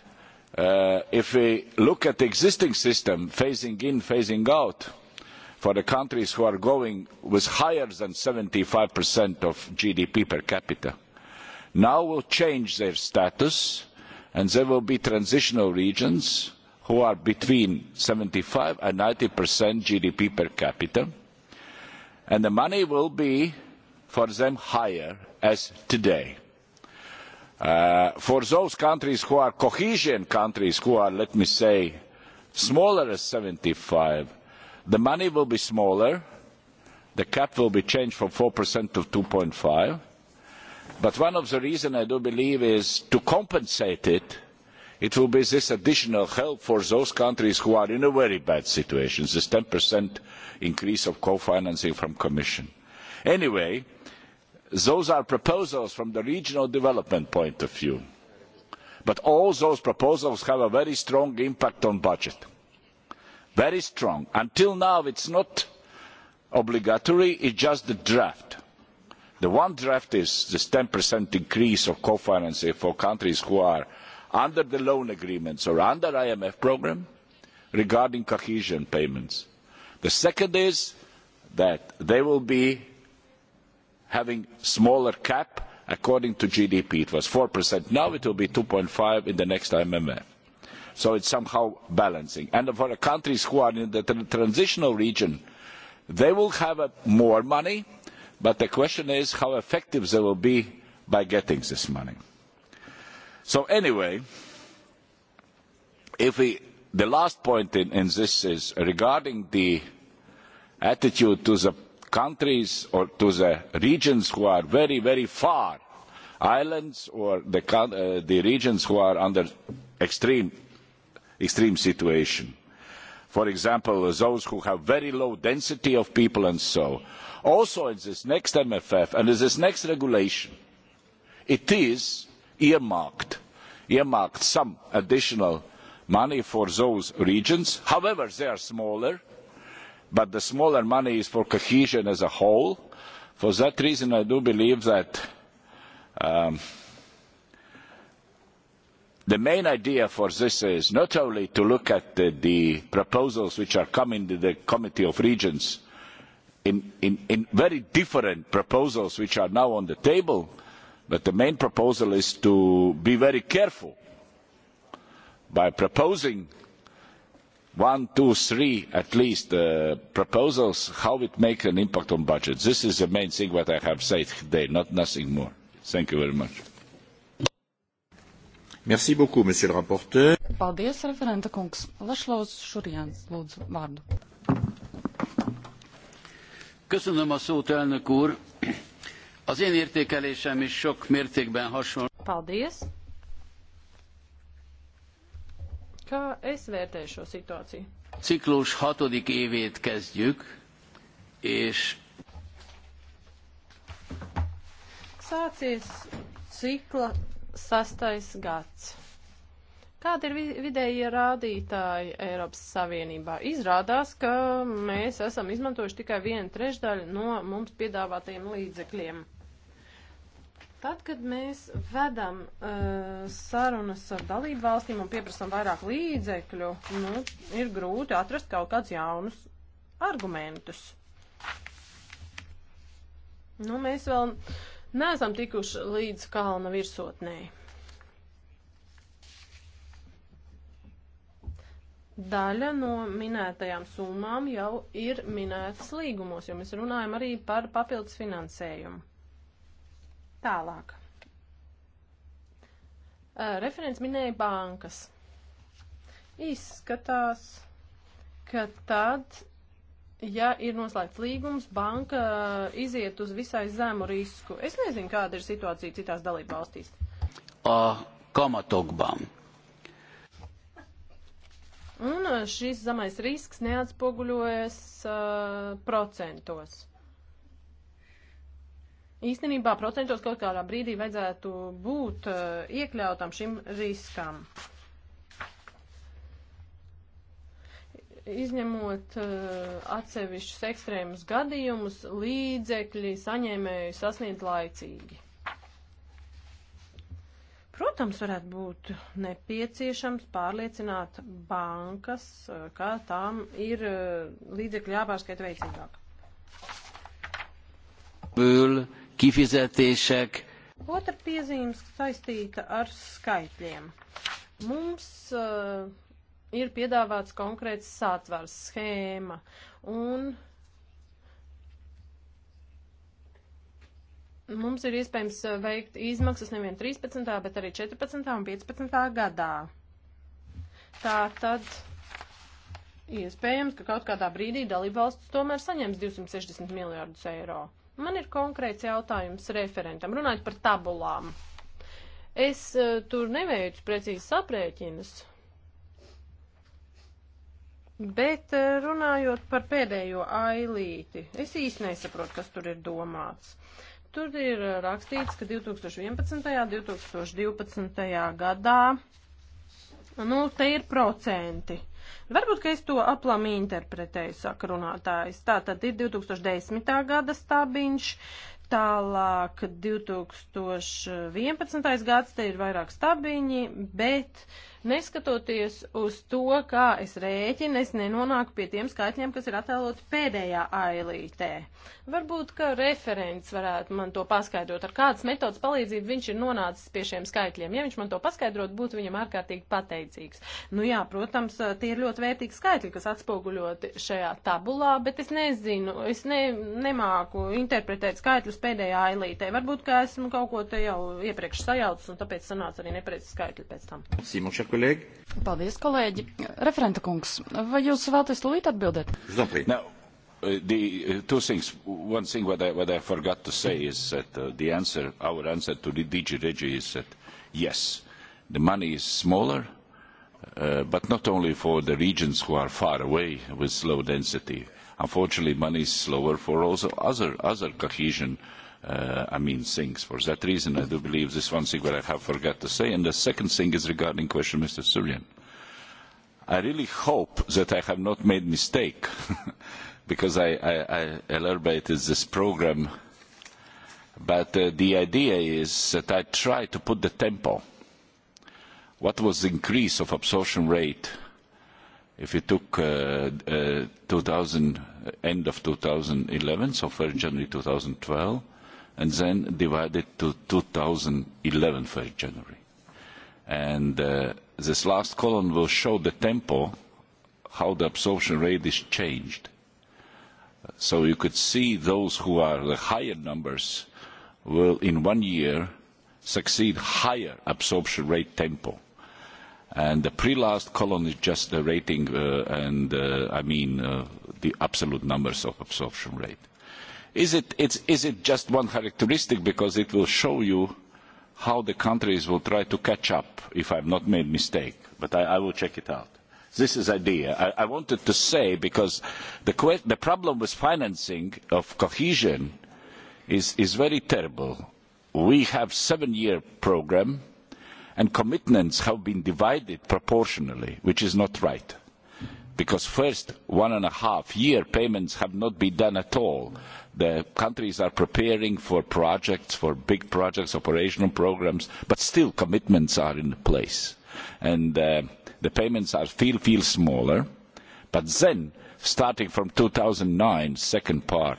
uh, if we look at the existing system, phasing in, phasing out, for the countries who are going with higher than 75% of GDP per capita, now will change their status uh, and there will be transitional regions who are between 75 and 90 percent GDP per capita, and the money will be for them higher as today. Uh, for those countries who are cohesion countries, who are, let me say, smaller as 75, the money will be smaller, the cap will be changed from 4% to 2.5, But one of the reasons I do believe is to compensate it, it will be this additional help for those countries who are in a very bad situation, this 10% increase of co-financing from Commission. Anyway, those are proposals from the regional development point of view. But all those proposals have a very strong impact on budget. Very strong. Until now, it's not obligatory, it's just the draft The one draft is this 10% increase of co-financing for countries who are under the loan agreements or under IMF program regarding cohesion payments. The second is that they will be having smaller cap according to GDP. It was 4%. Now it will be 2.5 in the next IMF. So it's somehow balancing. And for the countries who are in the transitional region, they will have more money But the question is how effective they will be by getting this money. So anyway, if we, the last point in, in this is regarding the attitude to the countries or to the regions who are very, very far, islands or the, uh, the regions who are under extreme, extreme situation. For example, those who have very low density of people and so on also in this next MFF and in this next regulation, it is earmarked, earmarked some additional money for those regions. However, they are smaller, but the smaller money is for cohesion as a whole. For that reason, I do believe that um, the main idea for this is not only to look at the, the proposals which are coming to the Committee of Regions in, in, in very different proposals which are now on the table, but the main proposal is to be very careful by proposing one, two, three at least uh, proposals, how it makes an impact on budget. This is the main thing what I have said today, not nothing more. Thank you very much. Merci beaucoup, monsieur le rapporteur. Paldies, referenta kungs. Lešlaus Šurjans, lūdzu, vārdu. Köszönöm a szót, elnök úr. Az én értékelésem is sok mértékben hasonló. Paldies. Kā es vērtēju šo situāciju? Ciklus hatodik évét kezdjük, és sācies cikla sastais gads. Kāda ir vidējie rādītāji Eiropas Savienībā? Izrādās, ka mēs esam izmantojuši tikai vienu trešdaļu no mums piedāvātajiem līdzekļiem. Tad, kad mēs vedam uh, sarunas ar dalību valstīm un pieprasam vairāk līdzekļu, nu, ir grūti atrast kaut kādus jaunus argumentus. Nu, mēs vēl neesam tikuši līdz kalna virsotnēji. Daļa no minētajām summām jau ir minētas līgumos, jo mēs runājam arī par papildus finansējumu. Tālāk. Referents minēja bankas. Izskatās, ka tad, ja ir noslēgts līgums, banka iziet uz visai zemu risku. Es nezinu, kāda ir situācija citās dalībvalstīs. A kamatokbām Un eh, šis zamais risks neatspoguļojas uh, procentos. Īstenībā procentos kaut kādā brīdī vajadzētu būt uh, iekļautam šim riskam. izņemot uh, atsevišķus ekstrēmus gadījumus, līdzekļi saņēmēju sasniedz laicīgi. Protams, varētu būt nepieciešams pārliecināt bankas, eh, ka tām ir eh, līdzekļi jāpārskaita veicīgāk. Ből, kifizetések. Otra piezīme saistīta ar skaitļiem. Mums uh, ir piedāvāts konkrēts sātvars schēma, un uh, mums ir iespējams uh, veikt izmaksas nevien 13., bet arī 14. un 15. gadā. Tā tad iespējams, ka kaut kādā brīdī dalībvalsts tomēr saņems 260 miljārdus eiro. Man ir konkrēts jautājums referentam, runājot par tabulām. Es uh, tur neveicu precīzi saprēķinus, Bet uh, runājot par pēdējo ailīti, es īsti nesaprotu, kas tur ir domāts. Tur ir rakstīts, ka 2011. un 2012. gadā, nu, te ir procenti. Varbūt, ka es to aplami interpretēju, saka runātājs. Tā tad ir 2010. gada stabiņš, tālāk 2011. gads, te ir vairāk stabiņi, bet uh, Neskatoties uz to, kā es rēķinu, es nenonāku pie tiem skaitļiem, kas ir attēlot pēdējā ailītē. Varbūt, ka referents varētu man to paskaidrot, ar kādas metodas palīdzību viņš ir nonācis pie šiem skaitļiem. Ja viņš man to paskaidrot, būtu viņam ārkārtīgi pateicīgs. Nu jā, protams, tie ir ļoti vērtīgi skaitļi, kas atspoguļoti šajā tabulā, bet es nezinu, es ne, nemāku interpretēt skaitļus pēdējā ailītē. Varbūt, ka esmu kaut ko te jau iepriekš sajaucis un tāpēc sanāca arī nepareizi skaitļi pēc tam. Simon, kolēģi. Paldies, kolēģi. Referenta kungs, vai jūs vēlaties tūlīt atbildēt? No, uh, the uh, two things, one thing what I, what I forgot to say is that uh, the answer, our answer to the DG Regi is that yes, the money is smaller, uh, but not only for the regions who are far away with low density. Unfortunately, money is slower for also other, other cohesion uh, uh, Amin Singh's. For that reason, I do believe this one thing what I have forgot to say. And the second thing is regarding question Mr. Surian. I really hope that I have not made mistake because I, I, I elaborated this program. But uh, the idea is that I try to put the tempo. What was the increase of absorption rate if you took uh, uh, 2000, end of 2011, so 1st January 2012, and then divided to 2011 first January. And uh, this last column will show the tempo, how the absorption rate is changed. So you could see those who are the higher numbers will in one year succeed higher absorption rate tempo. And the pre-last column is just the rating uh, and uh, I mean uh, the absolute numbers of absorption rate. Is it, it's, is it just one characteristic? Because it will show you how the countries will try to catch up, if I've not made mistake. But I, I will check it out. This is idea. I, I wanted to say, because the, que- the problem with financing of cohesion is, is very terrible. We have seven-year program, and commitments have been divided proportionally, which is not right because first one and a half year payments have not been done at all the countries are preparing for projects, for big projects, operational programs, but still commitments are in place. And uh, the payments are feel, feel smaller. But then, starting from 2009, second part,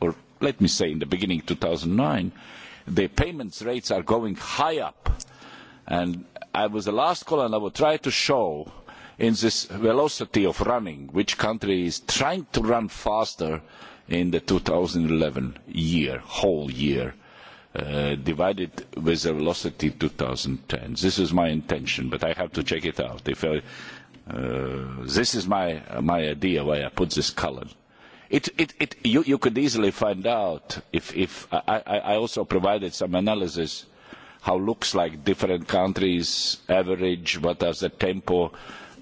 or let me say in the beginning 2009, the payments rates are going high up. And I was the last call, and I will try to show in this velocity of running, which country is trying to run faster in the 2011 year, whole year, uh, divided with the velocity 2010. This is my intention, but I have to check it out. If I, uh, uh, this is my my idea why I put this column. It, it, it, you, you could easily find out if, if I, I, I also provided some analysis how looks like different countries, average, what are the tempo,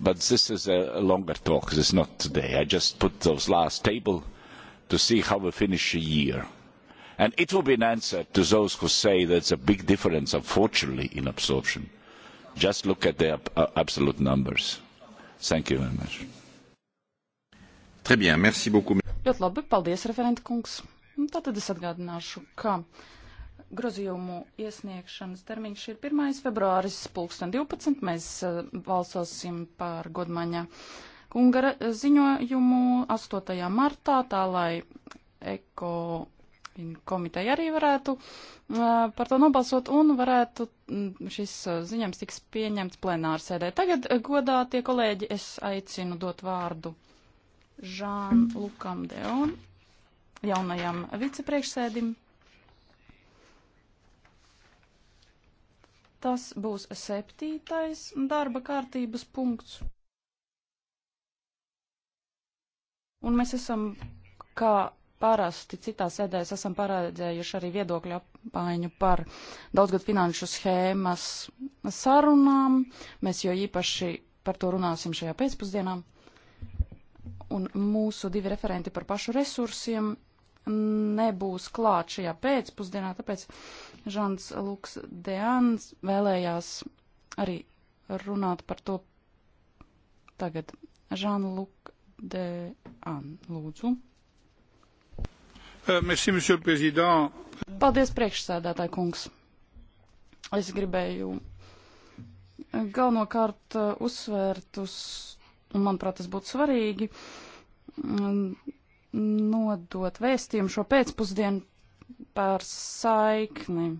but this is a longer talk. This is not today. I just put those last table. Uh, to see how we finish the year. And it will be an answer to those who say there's a big difference, unfortunately, in absorption. Just look at the uh, absolute numbers. Thank you very much. Très bien, merci beaucoup. Ļoti labi, paldies, referenta kungs. Tātad es atgādināšu, ka grozījumu iesniegšanas termiņš ir 1. februāris 2012. Mēs uh, balsosim par godmaņa uh, kunga ziņojumu 8. martā, tā lai eko komiteja arī varētu par to nobalsot un varētu šis ziņams tiks pieņemts plenāra sēdē. Tagad, godā tie kolēģi, es aicinu dot vārdu Žān Lukam Deon, jaunajam vicepriekšsēdim. Tas būs septītais darba kārtības punkts. Un mēs esam, kā parasti citās sēdēs, esam paredzējuši arī viedokļu apmaiņu par daudzgad finanšu schēmas sarunām. Mēs jau īpaši par to runāsim šajā pēcpusdienā. Un mūsu divi referenti par pašu resursiem nebūs klāt šajā pēcpusdienā, tāpēc Žants Luks Deans vēlējās arī runāt par to tagad. Žāna Luka de An. Lūdzu. Euh, merci, monsieur le président. Paldies, priekšsēdētāji kungs. Es gribēju galvenokārt uh, uzsvērt uz, un manuprāt, tas būtu svarīgi, mm, nodot vēstījumu šo pēcpusdienu par saikni,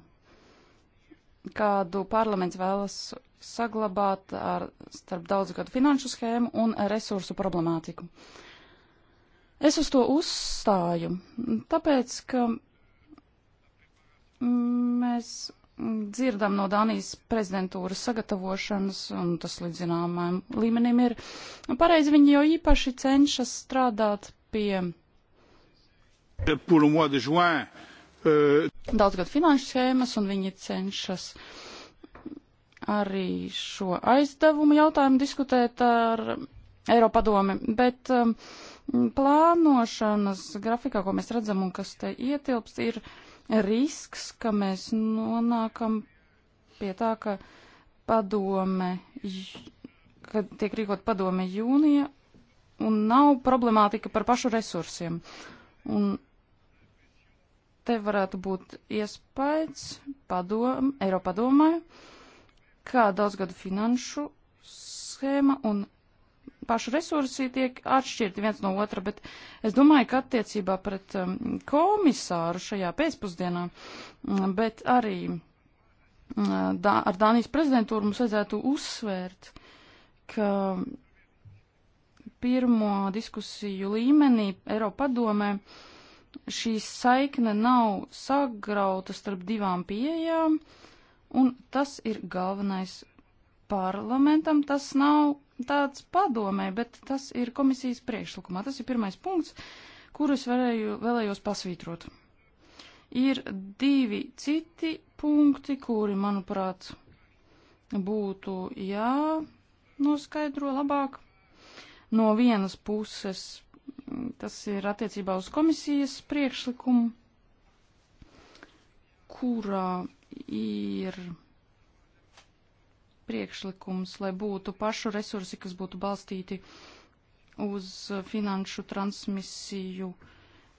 kādu parlaments vēlas saglabāt ar, starp daudzgadu finanšu schēmu un resursu problemātiku. Es uz to uzstāju, tāpēc, ka mēs dzirdam no Dānijas prezidentūras sagatavošanas, un tas līdz zināmajam līmenim ir pareizi, viņi jau īpaši cenšas strādāt pie. Euh, Daudzgad finanšu schēmas, un viņi cenšas uh, arī šo aizdevumu jautājumu diskutēt ar Eiropadomi, bet um, plānošanas grafikā, ko mēs redzam un kas te ietilps, ir risks, ka mēs nonākam pie tā, ka padome, kad tiek rīkot padome jūnija un nav problemātika par pašu resursiem. Un te varētu būt iespējas padom, Eiropadomai ka daudzgadu finanšu schēma un paši resursi tiek atšķirti viens no otra, bet es domāju, ka attiecībā pret um, komisāru šajā pēcpusdienā, mm, bet arī mm, da, ar Dānijas prezidentūru mums vajadzētu uzsvērt, ka pirmo diskusiju līmenī Eiropadomē šī saikne nav sagrauta starp divām pieejām. Uh, Un tas ir galvenais parlamentam, tas nav tāds padomē, bet tas ir komisijas priekšlikumā. Tas ir pirmais punkts, kurus varēju, vēlējos pasvītrot. Ir divi citi punkti, kuri, manuprāt, būtu jānoskaidro labāk. No vienas puses, tas ir attiecībā uz komisijas priekšlikumu, kurā ir priekšlikums, lai būtu pašu resursi, kas būtu balstīti uz finanšu transmisiju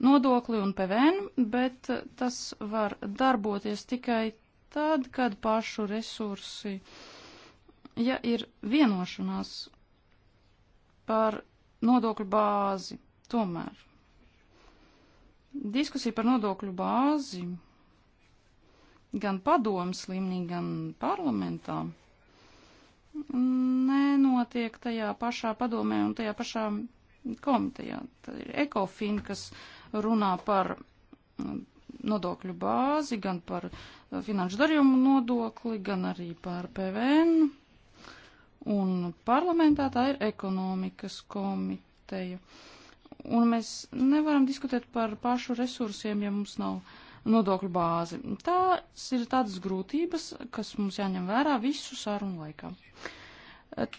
nodokli un PVN, bet tas var darboties tikai tad, kad pašu resursi, ja ir vienošanās par nodokļu bāzi, tomēr diskusija par nodokļu bāzi gan padomas līmenī, gan parlamentā nenotiek tajā pašā padomē un tajā pašā komitejā. Tad ir ekofin, kas runā par mm, nodokļu bāzi, gan par eh, finanšu darījumu nodokli, gan arī par PVN. Un parlamentā tā ir ekonomikas komiteja. Un mēs nevaram diskutēt par pašu resursiem, ja mums nav uh, nodokļu bāzi. Tās ir tādas grūtības, kas mums jāņem vērā visu sarunu laikā.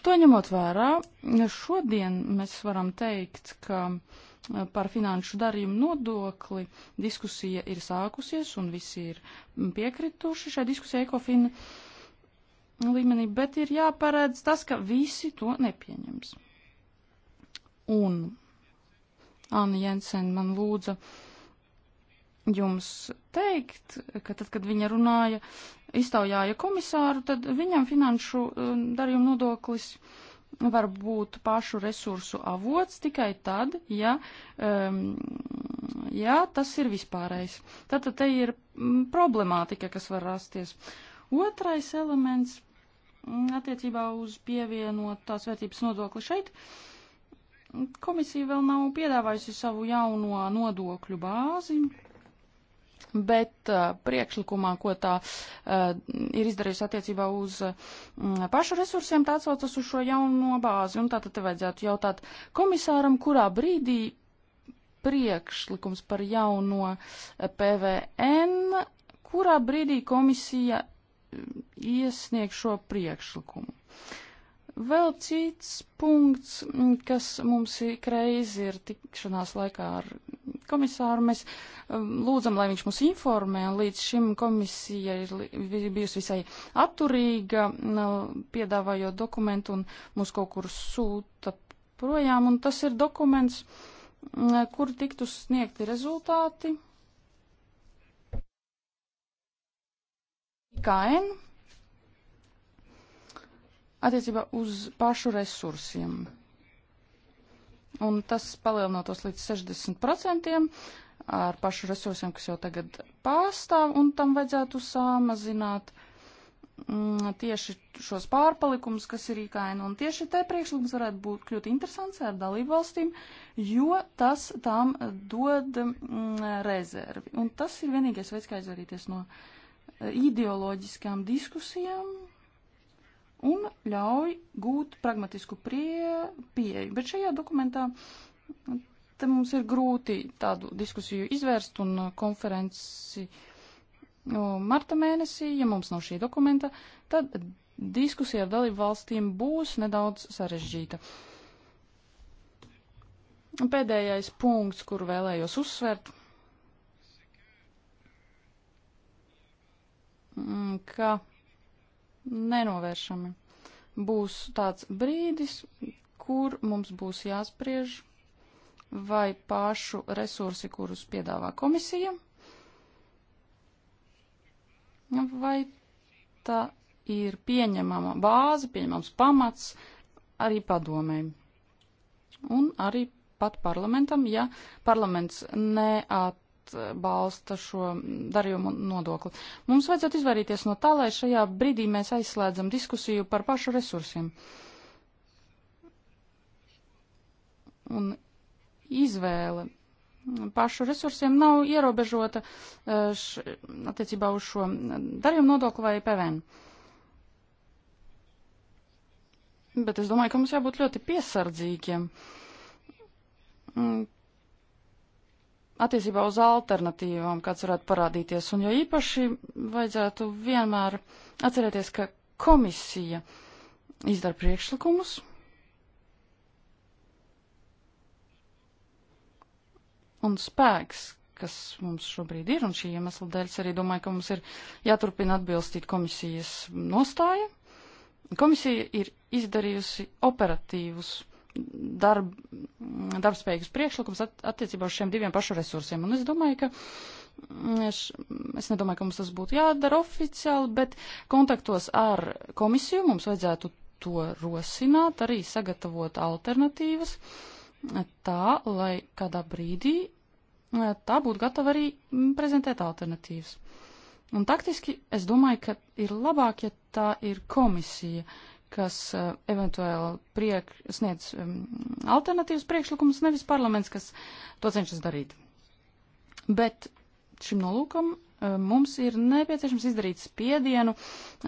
To ņemot vērā, šodien mēs varam teikt, ka par finanšu darījumu nodokli diskusija ir sākusies un visi ir piekrituši šai diskusijai ekofina līmenī, bet ir jāparedz tas, ka visi to nepieņems. Un Anna Jensen man lūdza uh, jums teikt, ka tad, kad viņa runāja, iztaujāja komisāru, tad viņam finanšu um, darījuma nodoklis var būt pašu resursu avots tikai tad, ja, um, ja tas ir vispārējs. Tātad te ir mm, problemātika, kas var rasties. Otrais elements mm, attiecībā uz pievienotās vērtības nodokli šeit. Mm, komisija vēl nav piedāvājusi savu jauno nodokļu bāzi, Bet uh, priekšlikumā, ko tā uh, ir izdarījusi attiecībā uz uh, pašu resursiem, tā atsaucas uz šo jauno bāzi. Un tātad te vajadzētu jautāt komisāram, kurā brīdī priekšlikums par jauno uh, PVN, kurā brīdī komisija uh, iesniegš šo priekšlikumu. Uh, Vēl cits punkts, mm, kas mums ik reizi ir tikšanās laikā ar komisāru, mēs mm, lūdzam, lai viņš mūs informē, un līdz šim komisija ir bijusi visai atturīga, mm, piedāvājot dokumentu, un mūs kaut kur sūta projām, un tas ir dokuments, kur tiktu sniegti rezultāti. IKN attiecībā uz pašu resursiem. Un tas palielinātos līdz 60% ar pašu resursiem, kas jau tagad pastāv, un tam vajadzētu samazināt mm, tieši šos pārpalikumus, kas ir īkaini. Un tieši te priekšlikums varētu būt kļūt interesants ar dalību valstīm, jo tas tām dod mm, rezervi. Un tas ir vienīgais veids, kā izvairīties no e, ideoloģiskām diskusijām un ļauj gūt pragmatisku prie, pieeju. Bet šajā dokumentā nu, te mums ir grūti tādu diskusiju izvērst un uh, konferenci nu, marta mēnesī, ja mums nav šī dokumenta, tad diskusija ar dalību valstīm būs nedaudz sarežģīta. Pēdējais punkts, kuru vēlējos uzsvērt, mm, ka nenovēršami. Būs tāds brīdis, kur mums būs jāspriež, vai pašu resursi, kurus piedāvā komisija, vai tā ir pieņemama bāze, pieņemams pamats arī padomēm. Un arī pat parlamentam, ja parlaments neat atbalsta šo darījumu nodokli. Mums vajadzētu izvairīties no tā, lai šajā brīdī mēs aizslēdzam diskusiju par pašu resursiem. Un izvēle pašu resursiem nav ierobežota e, š, attiecībā uz šo darījumu nodokli vai PVN. Bet es domāju, ka mums jābūt ļoti piesardzīgiem attiecībā uz alternatīvām, kāds varētu parādīties. Un jo īpaši vajadzētu vienmēr atcerēties, ka komisija izdara priekšlikumus. Un spēks, kas mums šobrīd ir, un šī iemesla dēļ es arī domāju, ka mums ir jāturpina atbilstīt komisijas nostāja. Komisija ir izdarījusi operatīvus darb, darbspējīgus priekšlikums at, attiecībā uz šiem diviem pašu resursiem. Un es domāju, ka. Mm, es, es nedomāju, ka mums tas būtu jādara oficiāli, bet kontaktos ar komisiju mums vajadzētu to rosināt, arī sagatavot alternatīvas tā, lai kādā brīdī eh, tā būtu gatava arī prezentēt alternatīvas. Un taktiski es domāju, ka ir labāk, ja tā ir komisija. Uh, kas uh, eventuāli priek, sniedz um, alternatīvas priekšlikumus, nevis parlaments, kas to cenšas darīt. Bet šim nolūkam uh, mums ir nepieciešams izdarīt spiedienu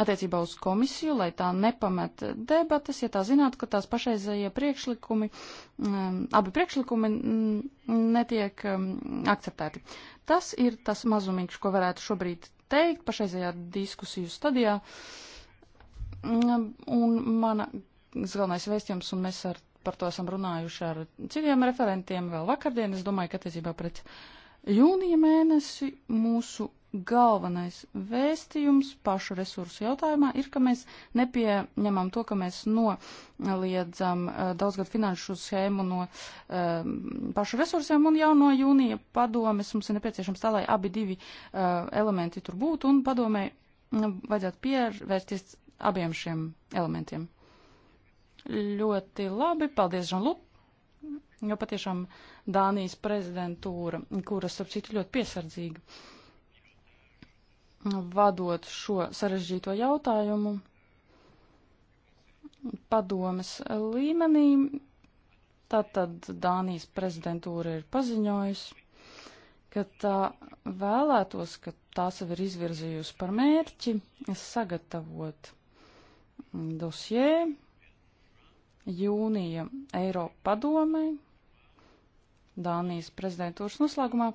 attiecībā uz komisiju, lai tā nepamet debatas, ja tā zinātu, ka tās pašreizējie priekšlikumi, um, abi priekšlikumi netiek um, akceptēti. Tas ir tas mazumīgs, ko varētu šobrīd teikt pašreizējā diskusiju stadijā. Uh, Un mana galvenais vēstījums, un mēs ar, par to esam runājuši ar citiem referentiem vēl vakardien, es domāju, ka attiecībā pret jūnija mēnesi mūsu galvenais vēstījums pašu resursu jautājumā ir, ka mēs nepieņemam to, ka mēs noliedzam uh, daudzgad finanšu schēmu no uh, pašu resursiem un jau no jūnija padomes mums ir nepieciešams tā, lai abi divi uh, elementi tur būtu un padomē mm, vajadzētu pievērties abiem šiem elementiem. Ļoti labi, paldies, Žanlup, jo patiešām Dānijas prezidentūra, kuras, ap citu, ļoti piesardzīga vadot šo sarežģīto jautājumu padomes līmenī, tātad Dānijas prezidentūra ir paziņojusi, ka tā vēlētos, ka tā sev ir izvirzījusi par mērķi sagatavot dosjē jūnija Eiropa padomē, Dānijas prezidentūras noslēgumā,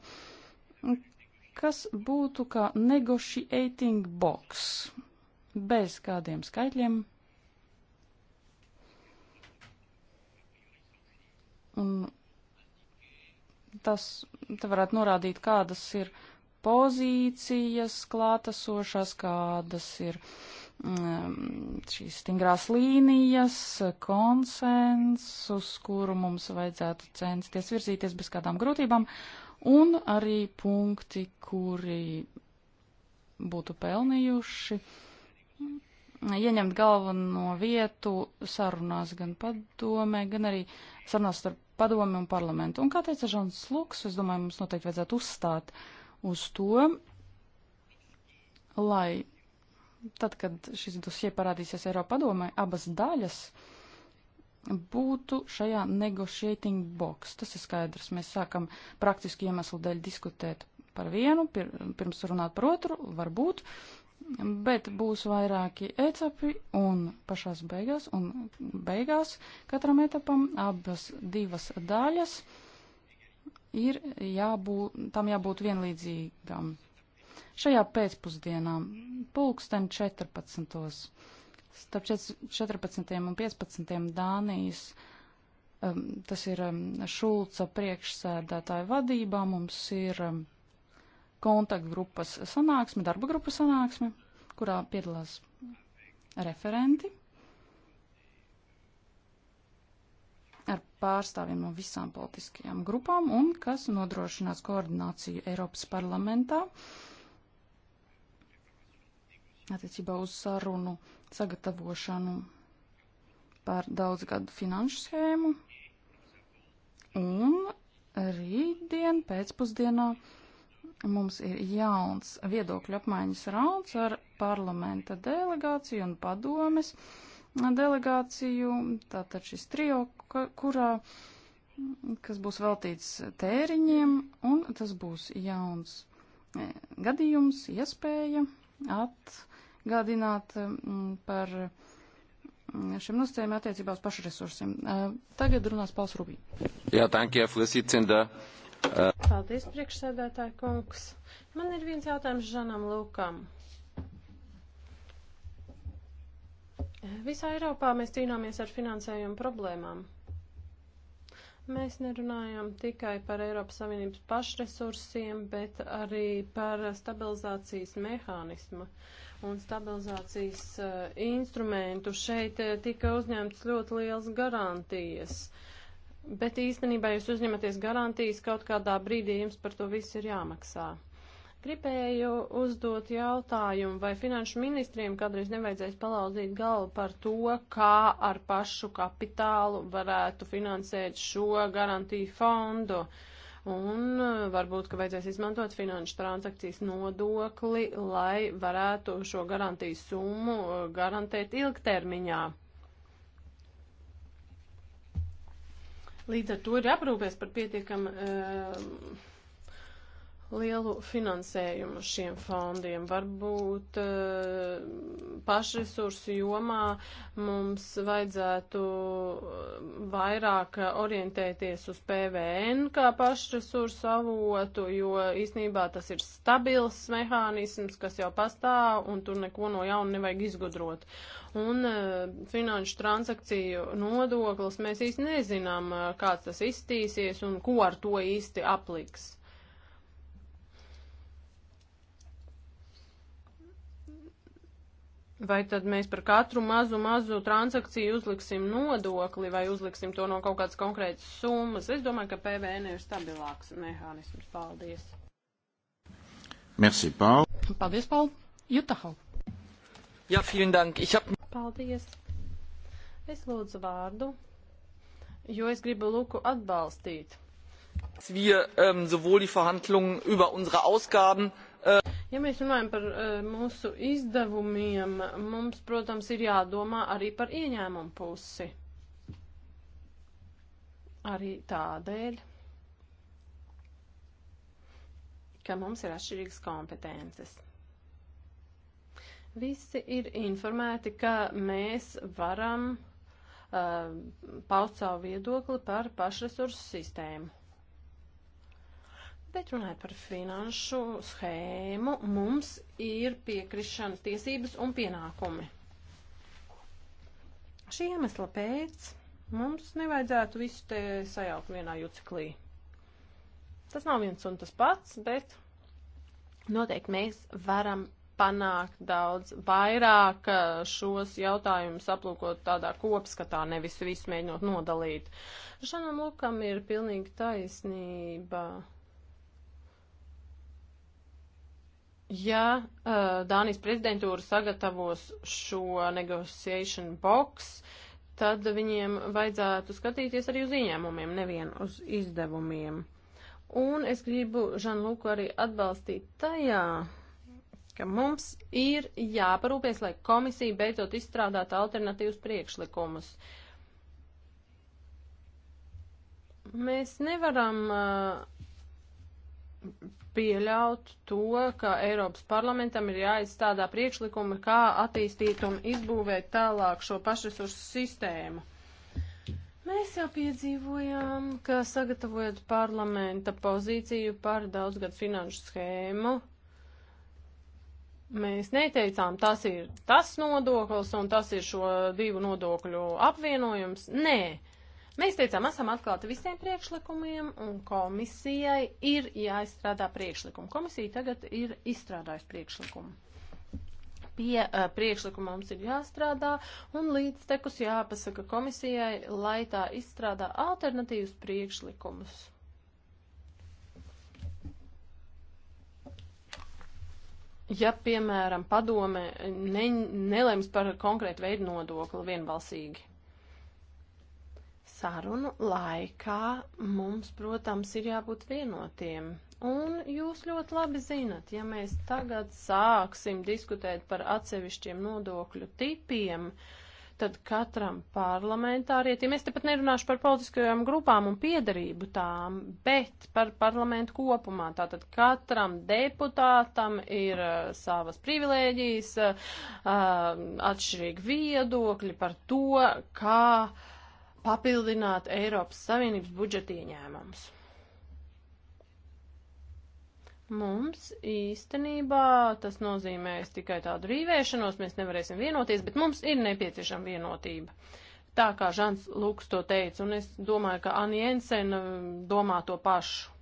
kas būtu kā negotiating box bez kādiem skaitļiem. Un tas te varētu norādīt, kādas ir pozīcijas klātesošās, kādas ir uh, šīs stingrās līnijas, konsensus, kuru mums vajadzētu censties virzīties bez kādām grūtībām, un arī punkti, kuri būtu pelnījuši ieņemt galveno vietu sarunās gan padomē, gan arī sarunās starp padomi un parlamentu. Un kā teica Žans Luks, es domāju, mums noteikti vajadzētu uzstāt uz to, lai tad, kad šis dosie parādīsies Eiropa padomē, abas daļas būtu šajā negotiating box. Tas ir skaidrs. Mēs sākam praktiski iemeslu dēļ diskutēt par vienu, pir, pirms runāt par otru, varbūt, bet būs vairāki etapi un pašās beigās, un beigās katram etapam abas divas daļas ir jābūt, tam jābūt vienlīdzīgam šajā pēcpusdienā, pulksten 14. Starp 14. un 15. Dānijas, um, tas ir um, Šulca priekšsēdētāja vadībā, mums ir um, kontaktgrupas sanāksme, darba grupas sanāksme, kurā piedalās referenti ar pārstāvjiem no visām politiskajām grupām un kas nodrošinās koordināciju Eiropas parlamentā. Uh, attiecībā uz sarunu sagatavošanu par daudzgadu finanšu schēmu. Un rītdien pēcpusdienā mums ir jauns viedokļu apmaiņas rauns ar parlamenta delegāciju un padomes delegāciju. Tātad šis trio, kurā, kas būs veltīts tēriņiem, un tas būs jauns e, gadījums, iespēja at atgādināt mm, par mm, šiem nosacījumiem attiecībā uz pašresursiem. Tagad runās Pauls Rubī. Jā, tankie, flesīcinda. Paldies, priekšsēdētāji kungs. Man ir viens jautājums Žanam Lūkam. Visā Eiropā mēs cīnāmies ar finansējumu problēmām. Mēs nerunājam tikai par Eiropas Savienības pašresursiem, bet arī par stabilizācijas mehānismu. Uh, un stabilizācijas uh, instrumentu. Šeit uh, tika uzņemts ļoti liels garantijas. Bet īstenībā jūs uzņematies garantijas, kaut kādā brīdī jums par to viss ir jāmaksā. Gribēju uzdot jautājumu, vai finanšu ministriem kādreiz nevajadzēs palauzīt galvu par to, kā ar pašu kapitālu varētu finansēt šo garantiju fondu. Uh, Un eh, varbūt, ka vajadzēs izmantot finanšu transakcijas nodokli, lai varētu šo garantiju summu eh, garantēt ilgtermiņā. Līdz ar to ir aprūpēs par pietiekam uh, lielu finansējumu šiem fondiem. Varbūt eh, pašresursu jomā mums vajadzētu eh, vairāk orientēties uz PVN kā pašresursu avotu, jo īsnībā tas ir stabils mehānisms, kas jau pastāv un tur neko no jauna nevajag izgudrot. Un eh, finanšu transakciju nodoklis mēs īsti nezinām, kāds tas iztīsies un ko ar to īsti apliks. Vai tad mēs par katru mazu, mazu transakciju uzliksim nodokli vai uzliksim to no kaut kādas konkrētas summas? Es domāju, ka PVN ir stabilāks mehānisms. Paldies. Merci, Paul. Paldies, Paul. Jutahau. Jā, ja, vielen dank. Ich hab... Paldies. Es lūdzu vārdu, jo es gribu Luku atbalstīt. Wir ähm, sowohl die Verhandlungen über unsere Ausgaben Ja mēs runājam par uh, mūsu izdevumiem, mums, protams, ir jādomā arī par ieņēmumu pusi. Arī tādēļ, ka mums ir atšķirīgas kompetences visi ir informēti, ka mēs varam uh, paust savu viedokli par pašresursu sistēmu. Bet runājot par finanšu schēmu, mums ir piekrišanas tiesības un pienākumi. Šī iemesla pēc mums nevajadzētu visu te sajaukt vienā juciklī. Tas nav viens un tas pats, bet noteikti mēs varam panākt daudz vairāk šos jautājumus aplūkot tādā kopskatā, nevis visu mēģinot nodalīt. Šanam Lukam ir pilnīgi taisnība. Ja uh, Dānijas prezidentūra sagatavos šo negotiation box, tad viņiem vajadzētu skatīties arī uz ieņēmumiem, nevien uz izdevumiem. Un es gribu Žanluku arī atbalstīt tajā, ka mums ir jāparūpēs, lai komisija beidzot izstrādātu alternatīvus priekšlikumus. Mēs nevaram uh, pieļaut to, ka Eiropas parlamentam ir jāizstādā priekšlikumi, kā attīstīt un izbūvēt tālāk šo pašresursu sistēmu. Mēs jau piedzīvojām, ka sagatavojot parlamenta pozīciju par daudzgadu finanšu schēmu, mēs neteicām, tas ir tas nodoklis un tas ir šo divu nodokļu apvienojums. Nē, Mēs teicām, esam atklāti visiem priekšlikumiem, un komisijai ir jāizstrādā priekšlikumi. Komisija tagad ir izstrādājusi priekšlikumu. Pie uh, priekšlikuma mums ir jāstrādā, un līdz tekus jāpasaka komisijai, lai tā izstrādā alternatīvus priekšlikumus. Ja, piemēram, padome ne, nelems par konkrētu veidu nodokli vienbalsīgi, sarunu laikā mums, protams, ir jābūt vienotiem. Un jūs ļoti labi zinat, ja mēs tagad sāksim diskutēt par atsevišķiem nodokļu tipiem, tad katram parlamentārietim, es tepat nerunāšu par politiskajām grupām un piedarību tām, bet par parlamentu kopumā. Tātad katram deputātam ir uh, savas privilēģijas, uh, uh atšķirīgi viedokļi par to, kā uh, papildināt Eiropas Savienības budžeta ieņēmumus. Mums īstenībā tas nozīmēs tikai tādu rīvēšanos, mēs nevarēsim vienoties, bet mums ir nepieciešama vienotība. Tā kā Žants Lūks to teica, un es domāju, ka Anni Jensen uh, domā to pašu.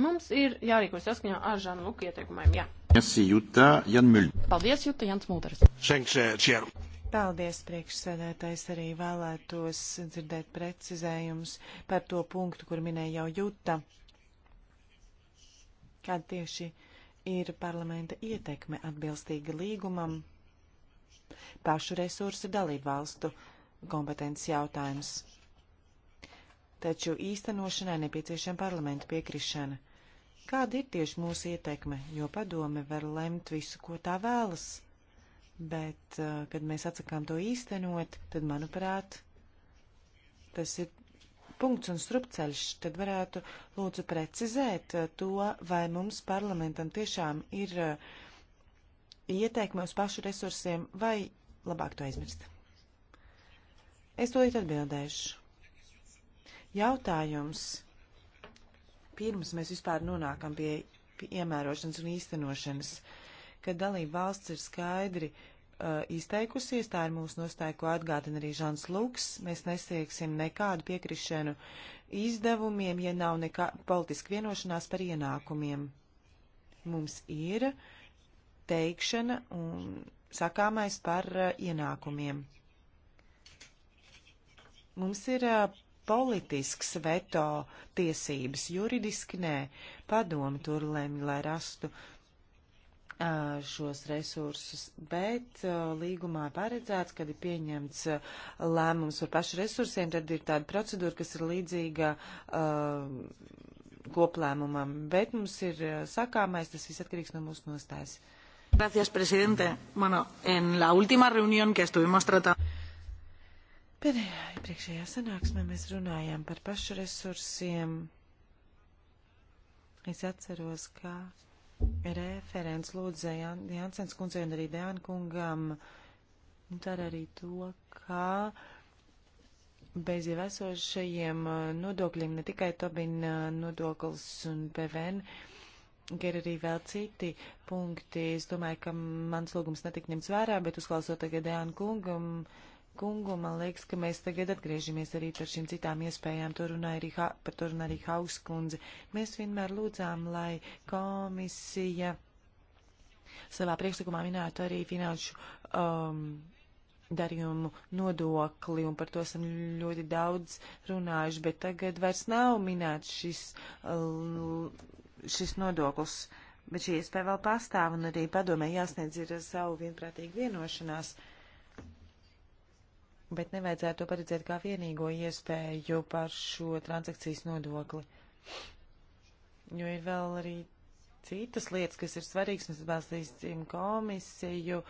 Mums ir jārīkojas saskaņā ar Žanu Luku ieteikumiem, jā. Merci, Juta. Jan Mulder. Paldies, Juta Jans Mulders. Uh, Paldies, priekšsēdētājs. Arī vēlētos dzirdēt precizējumus par to punktu, kur minēja jau Juta. Kāda tieši ir parlamenta ietekme atbilstīga līgumam? Pašu resursu dalību valstu kompetences jautājums. Taču īstenošanai nepieciešama parlamenta piekrišana. Kāda ir tieši mūsu ietekme, jo padome var lemt visu, ko tā vēlas, bet, eh, kad mēs atsakām to īstenot, tad, manuprāt, tas ir punkts un strupceļš, tad varētu lūdzu precizēt eh, to, vai mums parlamentam tiešām ir eh, ieteikme uz pašu resursiem, vai labāk to aizmirst. Es tūlīt atbildēšu. Jautājums pirms mēs vispār nonākam pie, pie iemērošanas un īstenošanas, kad dalība valsts ir skaidri uh, izteikusies, tā ir mūsu nostāja, ko atgādina arī Žans Luks, mēs nesieksim nekādu piekrišanu izdevumiem, ja nav nekā politiska vienošanās par ienākumiem. Mums ir teikšana un sakāmais par uh, ienākumiem. Mums ir uh, politisks veto tiesības, juridiski nē. Padomi tur lemj, lai rastu šos resursus, bet līgumā paredzēts, kad ir pieņemts lēmums par pašu resursiem, tad ir tāda procedūra, kas ir līdzīga uh, koplēmumam, bet mums ir sakāmais, tas viss atkarīgs no mūsu nostājas. Gracias, presidente. Bueno, en la última reunión que estuvimos tratando. Pēdējā iepriekšējā sanāksmē mēs runājām par pašu resursiem. Es atceros, ka referents lūdzēja Jānsens kundzei un arī Dēna kungam dar arī to, ka bez jau esošajiem uh, nodokļiem ne tikai Tobina uh, nodoklis un PVN, ka ir arī vēl citi punkti. Es domāju, ka mans lūgums netika ņemts vērā, bet uzklausot tagad Dēna kungam, kungu. Man liekas, ka mēs tagad atgriežamies arī par šīm citām iespējām. To runāja arī, ha, par to runāja arī Hauskundze. Mēs vienmēr lūdzām, lai komisija savā priekšlikumā minētu arī finanšu um, darījumu nodokli, un par to esam ļoti daudz runājuši, bet tagad vairs nav minēts šis, uh, šis nodoklis. Bet šī iespēja vēl pastāv, un arī padomē jāsniedz ir savu vienprātīgu vienošanās. Uh, bet nevajadzētu to paredzēt kā vienīgo iespēju par šo transakcijas nodokli. Jo ir vēl arī citas lietas, kas ir svarīgas. Mēs atbalstīsim komisiju,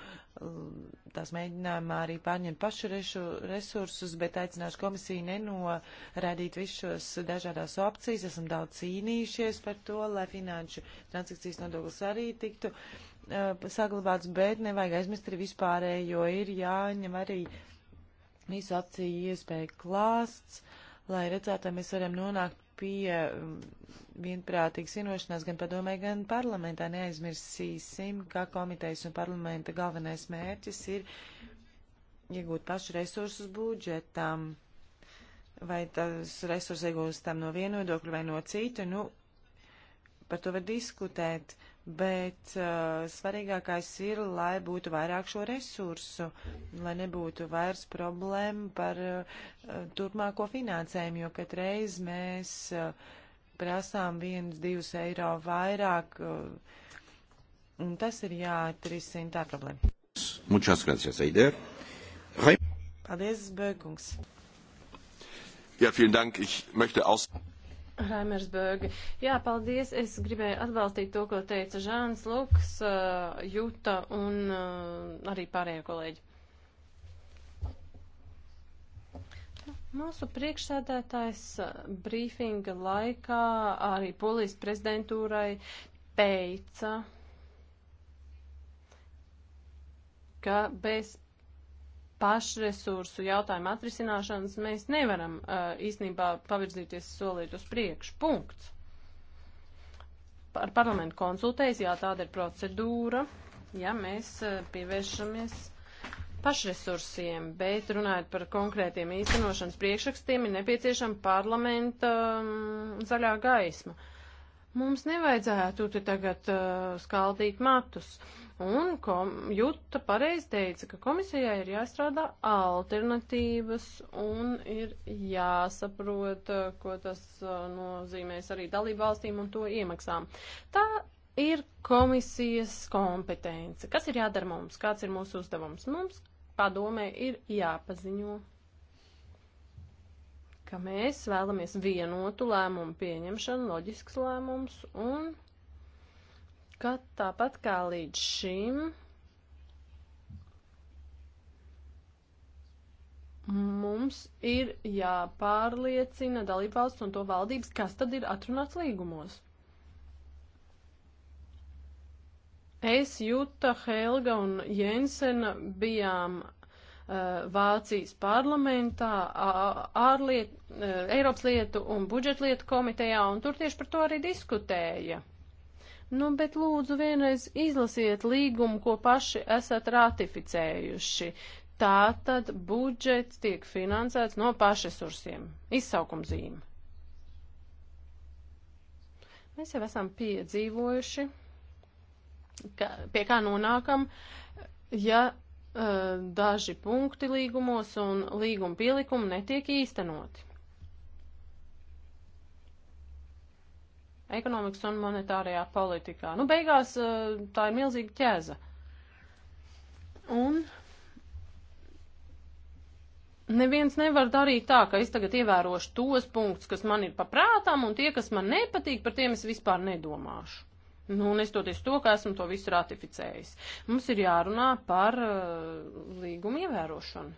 tās mēģinājumā arī pārņemt pašu rešu, resursus, bet aicināšu komisiju nenorādīt visus šos dažādās opcijas. Esam daudz cīnījušies par to, lai finanšu transakcijas nodoklis arī tiktu uh, saglabāts, bet nevajag aizmirst arī vispārējo, ir jāņem arī. Uh, visu akciju iespēju klāsts, lai redzētu, vai mēs varam nonākt pie um, vienprātīgas vienošanās gan padomē, gan parlamentā. Neaizmirsīsim, ka komitejas un parlamenta galvenais mērķis ir iegūt pašu resursus budžetam. Vai tas resursi iegūstam no vienodokļu vai no citu, nu, par to var diskutēt. Uh, bet uh, svarīgākais ir, lai būtu vairāk šo resursu, lai nebūtu vairs problēma par uh, turpmāko finansējumu, jo katreiz mēs uh, prasām 1-2 eiro vairāk, uh, un tas ir jāatrisina tā problēma. Muchas gracias, Eider. Paldies, Bökungs. Ja, vielen Dank. Ich möchte aus. Raimersbergi. Jā, paldies. Es gribēju atbalstīt to, ko teica Žāns Luks, eh, Juta un eh, arī pārējie kolēģi. Mūsu priekšsēdētājs eh, brīfinga laikā arī polijas prezidentūrai teica, ka bez pašresursu jautājumu atrisināšanas mēs nevaram uh, īstenībā pavirzīties solīt uz priekšu. Punkts. Ar parlamentu konsultējas, jā, tāda ir procedūra, ja mēs uh, pievēršamies pašresursiem, bet runājot par konkrētiem īstenošanas priekšrakstiem, ir nepieciešama parlamenta um, zaļā gaisma. Uh, Mums nevajadzētu te tagad uh, skaldīt matus. Un kom, Juta pareiz teica, ka komisijai ir jāstrādā alternatīvas un ir jāsaprot, uh, ko tas uh, nozīmēs arī dalībvalstīm un to iemaksām. Tā ir komisijas kompetence. Kas ir jādara mums? Kāds ir mūsu uzdevums? Mums padomē ir jāpaziņo ka mēs vēlamies vienotu lēmumu pieņemšanu, loģisks lēmums, un ka tāpat kā līdz šim mums ir jāpārliecina dalībvalsts un to valdības, kas tad ir atrunāts līgumos. Es, Juta, Helga un Jensena bijām Uh, Vācijas parlamentā, uh, ārliet, uh, Eiropas lietu un budžetlietu komitejā, un tur tieši par to arī diskutēja. Nu, bet lūdzu vienreiz izlasiet līgumu, ko paši esat ratificējuši. Tā tad budžets tiek finansēts no pašresursiem. Izsaukumzīme. Mēs jau esam piedzīvojuši, ka, pie kā nonākam, ja Eh, daži punkti līgumos un līguma pielikumi netiek īstenoti. Ekonomikas un monetārajā politikā. Nu, beigās eh, tā ir milzīga ķēza. Un neviens nevar darīt tā, ka es tagad ievērošu tos punktus, kas man ir paprātām, un tie, kas man nepatīk, par tiem es vispār nedomāšu. Nu, nestoties to, ka esmu to visu ratificējis. Mums ir jārunā par uh, līgumu ievērošanu.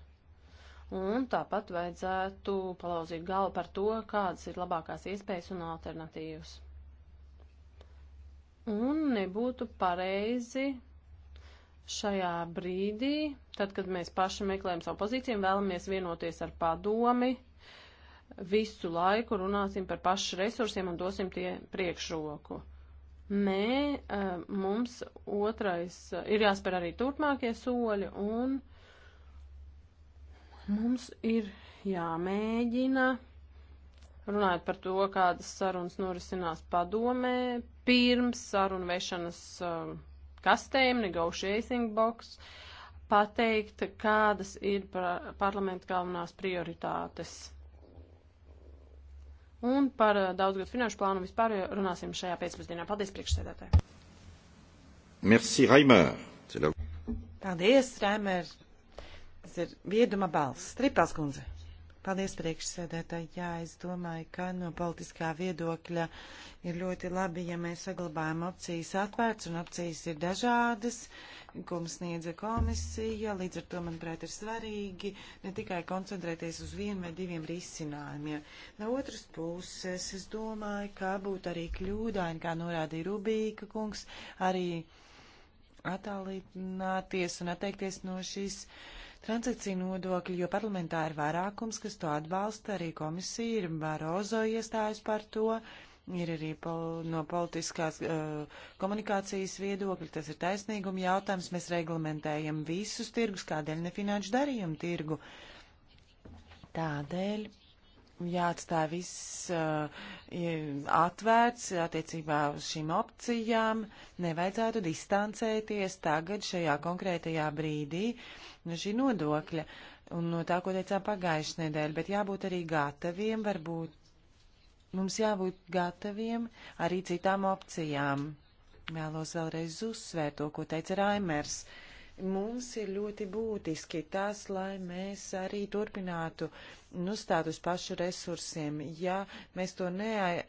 Un tāpat vajadzētu palauzīt galvu par to, kādas ir labākās iespējas un alternatīvas. Un nebūtu pareizi šajā brīdī, tad, kad mēs paši meklējam savu pozīciju, vēlamies vienoties ar padomi, visu laiku runāsim par pašu resursiem un dosim tie priekšroku. Mē, mums otrais ir jāspēr arī turpmākie soļi un mums ir jāmēģina, runājot par to, kādas sarunas norisinās padomē, pirms sarunu vešanas kastēm, negotiating box, pateikt, kādas ir parlamenta galvenās prioritātes. Un par eh, daudzgad finanšu plānu vispār eh, runāsim šajā pēcpusdienā. Paldies, priekšsēdētāji. Merci, Raimer. Paldies, Raimer. Tas ir vieduma balss. Stripels kundze. Paldies, priekšsēdētāji. Jā, es domāju, ka no politiskā viedokļa ir ļoti labi, ja mēs saglabājam opcijas atvērts, un opcijas ir dažādas, ko mums sniedza komisija. Līdz ar to, manuprāt, ir svarīgi ne tikai koncentrēties uz vienu vai diviem risinājumiem. No otras puses, es domāju, ka būtu arī kļūdaini, kā norādīja Rubīka kungs, arī attālināties un atteikties no šīs. Uh, transakciju nodokļu, jo parlamentā ir vairākums, kas to atbalsta, arī komisija ir Barozo iestājas par to. Ir arī pol, no politiskās uh, komunikācijas viedokļa, tas ir taisnīguma jautājums, mēs reglamentējam visus tirgus, kādēļ ne finanšu darījumu tirgu. Tādēļ jāatstāj viss uh, atvērts attiecībā uz šīm opcijām. Nevajadzētu distancēties tagad šajā konkrētajā brīdī no šī nodokļa un no tā, ko teicām pagājušajā nedēļā, bet jābūt arī gataviem, varbūt mums jābūt gataviem arī citām opcijām. Vēlos vēlreiz uzsvērt to, ko teica Raimers. Uh, mums ir ļoti būtiski tas, lai mēs arī turpinātu nustāt uz pašu resursiem. Ja mēs to neai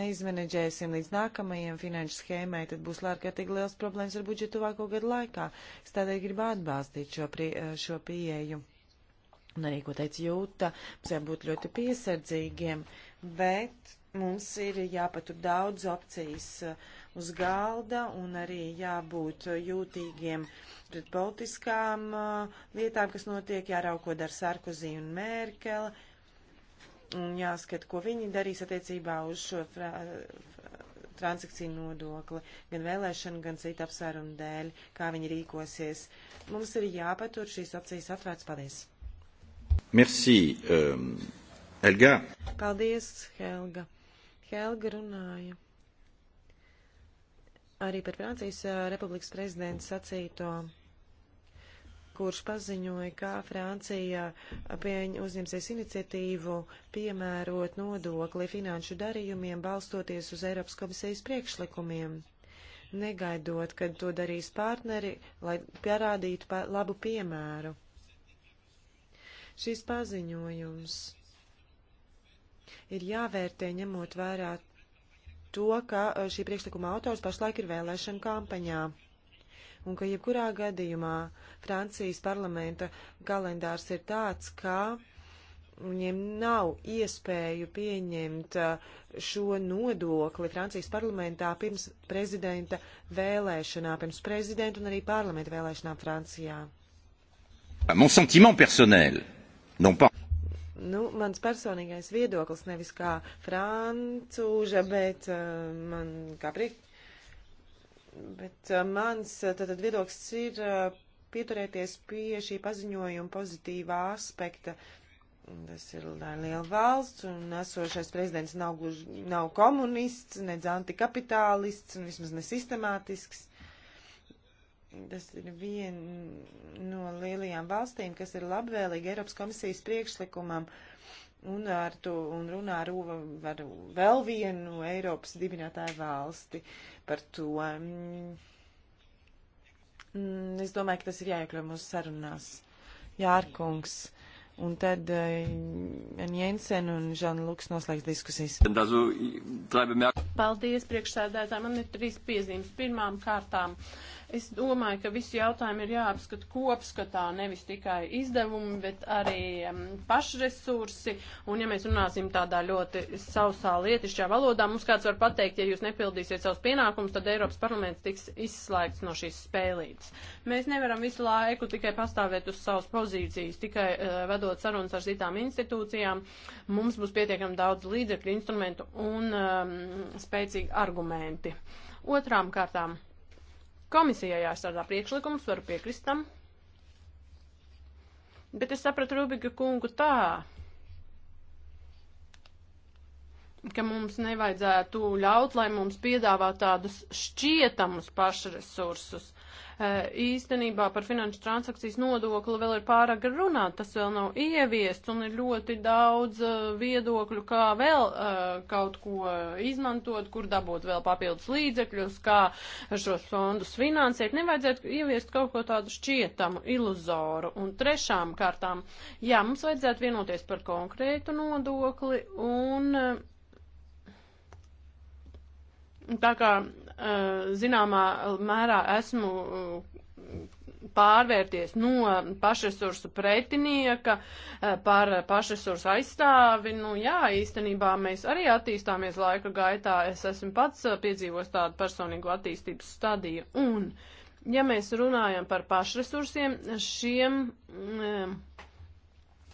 neizmenedžēsim līdz nākamajiem finanšu schēmai, tad būs lārkārtīgi liels problēmas ar budžetu tuvāko gadu laikā. Es tādēļ gribu atbalstīt šo, prie, šo pieeju. Un arī, ko teica Jūta, mums jābūt ļoti piesardzīgiem, bet mums ir jāpatur daudz opcijas uz galda un arī jābūt jūtīgiem pret politiskām uh, lietām, kas notiek, jāraukot ar Sarkozī un Merkeli. Un jāskat, ko viņi darīs attiecībā uz šo fra, fra, uh, transakciju nodokli, gan vēlēšanu, gan citu apsvērumu dēļ, kā viņi rīkosies. Mums ir jāpatur šīs opcijas atvērts. Paldies! Merci, um, Helga! Paldies, Helga! Helga runāja arī par Francijas republikas prezidentu sacīto, kurš paziņoja, ka Francija pieņ uzņemsies iniciatīvu piemērot nodokli finanšu darījumiem balstoties uz Eiropas komisijas priekšlikumiem, negaidot, kad to darīs partneri, lai parādītu pa labu piemēru. Šis paziņojums ir jāvērtē ņemot vērā to, ka e, šī priekšlikuma autors pašlaik ir vēlēšana kampaņā. Un ka jebkurā gadījumā Francijas parlamenta kalendārs ir tāds, ka viņiem nav iespēju pieņemt e, šo nodokli Francijas parlamentā pirms prezidenta vēlēšanā, pirms prezidenta un arī parlamenta vēlēšanām Francijā. Mon sentiment personnel, non pas nu, mans personīgais viedoklis nevis kā francūža, bet uh, man kā priek. Bet uh, mans tātad uh, viedoklis ir uh, pieturēties pie šī paziņojuma pozitīvā aspekta. Tas ir liela valsts, un esošais prezidents nav, gluži, nav komunists, nedz antikapitālists, un vismaz nesistemātisks. Tas ir viena no lielajām valstīm, kas ir labvēlīga Eiropas komisijas priekšlikumam un, ar to, un runā ar, ar vēl vienu Eiropas dibinātāju valsti par to. Mm, es domāju, ka tas ir jāiekļauj mūsu sarunās. Jārkungs. Un tad uh, Jensen un Žana Luks noslēgs diskusijas. Paldies, priekšsēdētāji. Man ir trīs piezīmes. Pirmām kārtām. Uh, Es domāju, ka visi jautājumi ir jāapskata kopskatā, nevis tikai izdevumi, bet arī um, pašresursi. Un, ja mēs runāsim tādā ļoti sausā lietišķā valodā, mums kāds var pateikt, ja jūs nepildīsiet savus pienākumus, tad Eiropas parlaments tiks izslēgts no šīs spēlītes. Mēs nevaram visu laiku tikai pastāvēt uz savas pozīcijas, tikai uh, vedot sarunas ar citām institūcijām. Mums būs pietiekami daudz līdzekļu, instrumentu un um, spēcīgi argumenti. Otrām kārtām Komisijai jāstrādā priekšlikums, varu piekrist tam. Bet es sapratu Rubiga kungu tā, ka mums nevajadzētu ļaut, lai mums piedāvā tādus šķietamus pašresursus. Eh, īstenībā par finanšu transakcijas nodokli vēl ir pārāk runāt, tas vēl nav ieviests un ir ļoti daudz eh, viedokļu, kā vēl eh, kaut ko izmantot, kur dabūt vēl papildus līdzekļus, kā šos fondus finansēt. Nevajadzētu ieviest kaut ko tādu šķietamu, iluzoru. Un trešām kārtām, jā, mums vajadzētu vienoties par konkrētu nodokli un. Tā kā Eh, zināmā mērā esmu eh, pārvērties no pašresursu pretinieka eh, par pašresursu aizstāvi. Nu, jā, īstenībā mēs arī attīstāmies laika gaitā. Es esmu pats piedzīvos tādu personīgu attīstības stadiju. Un, ja mēs runājam par pašresursiem, šiem. Mm,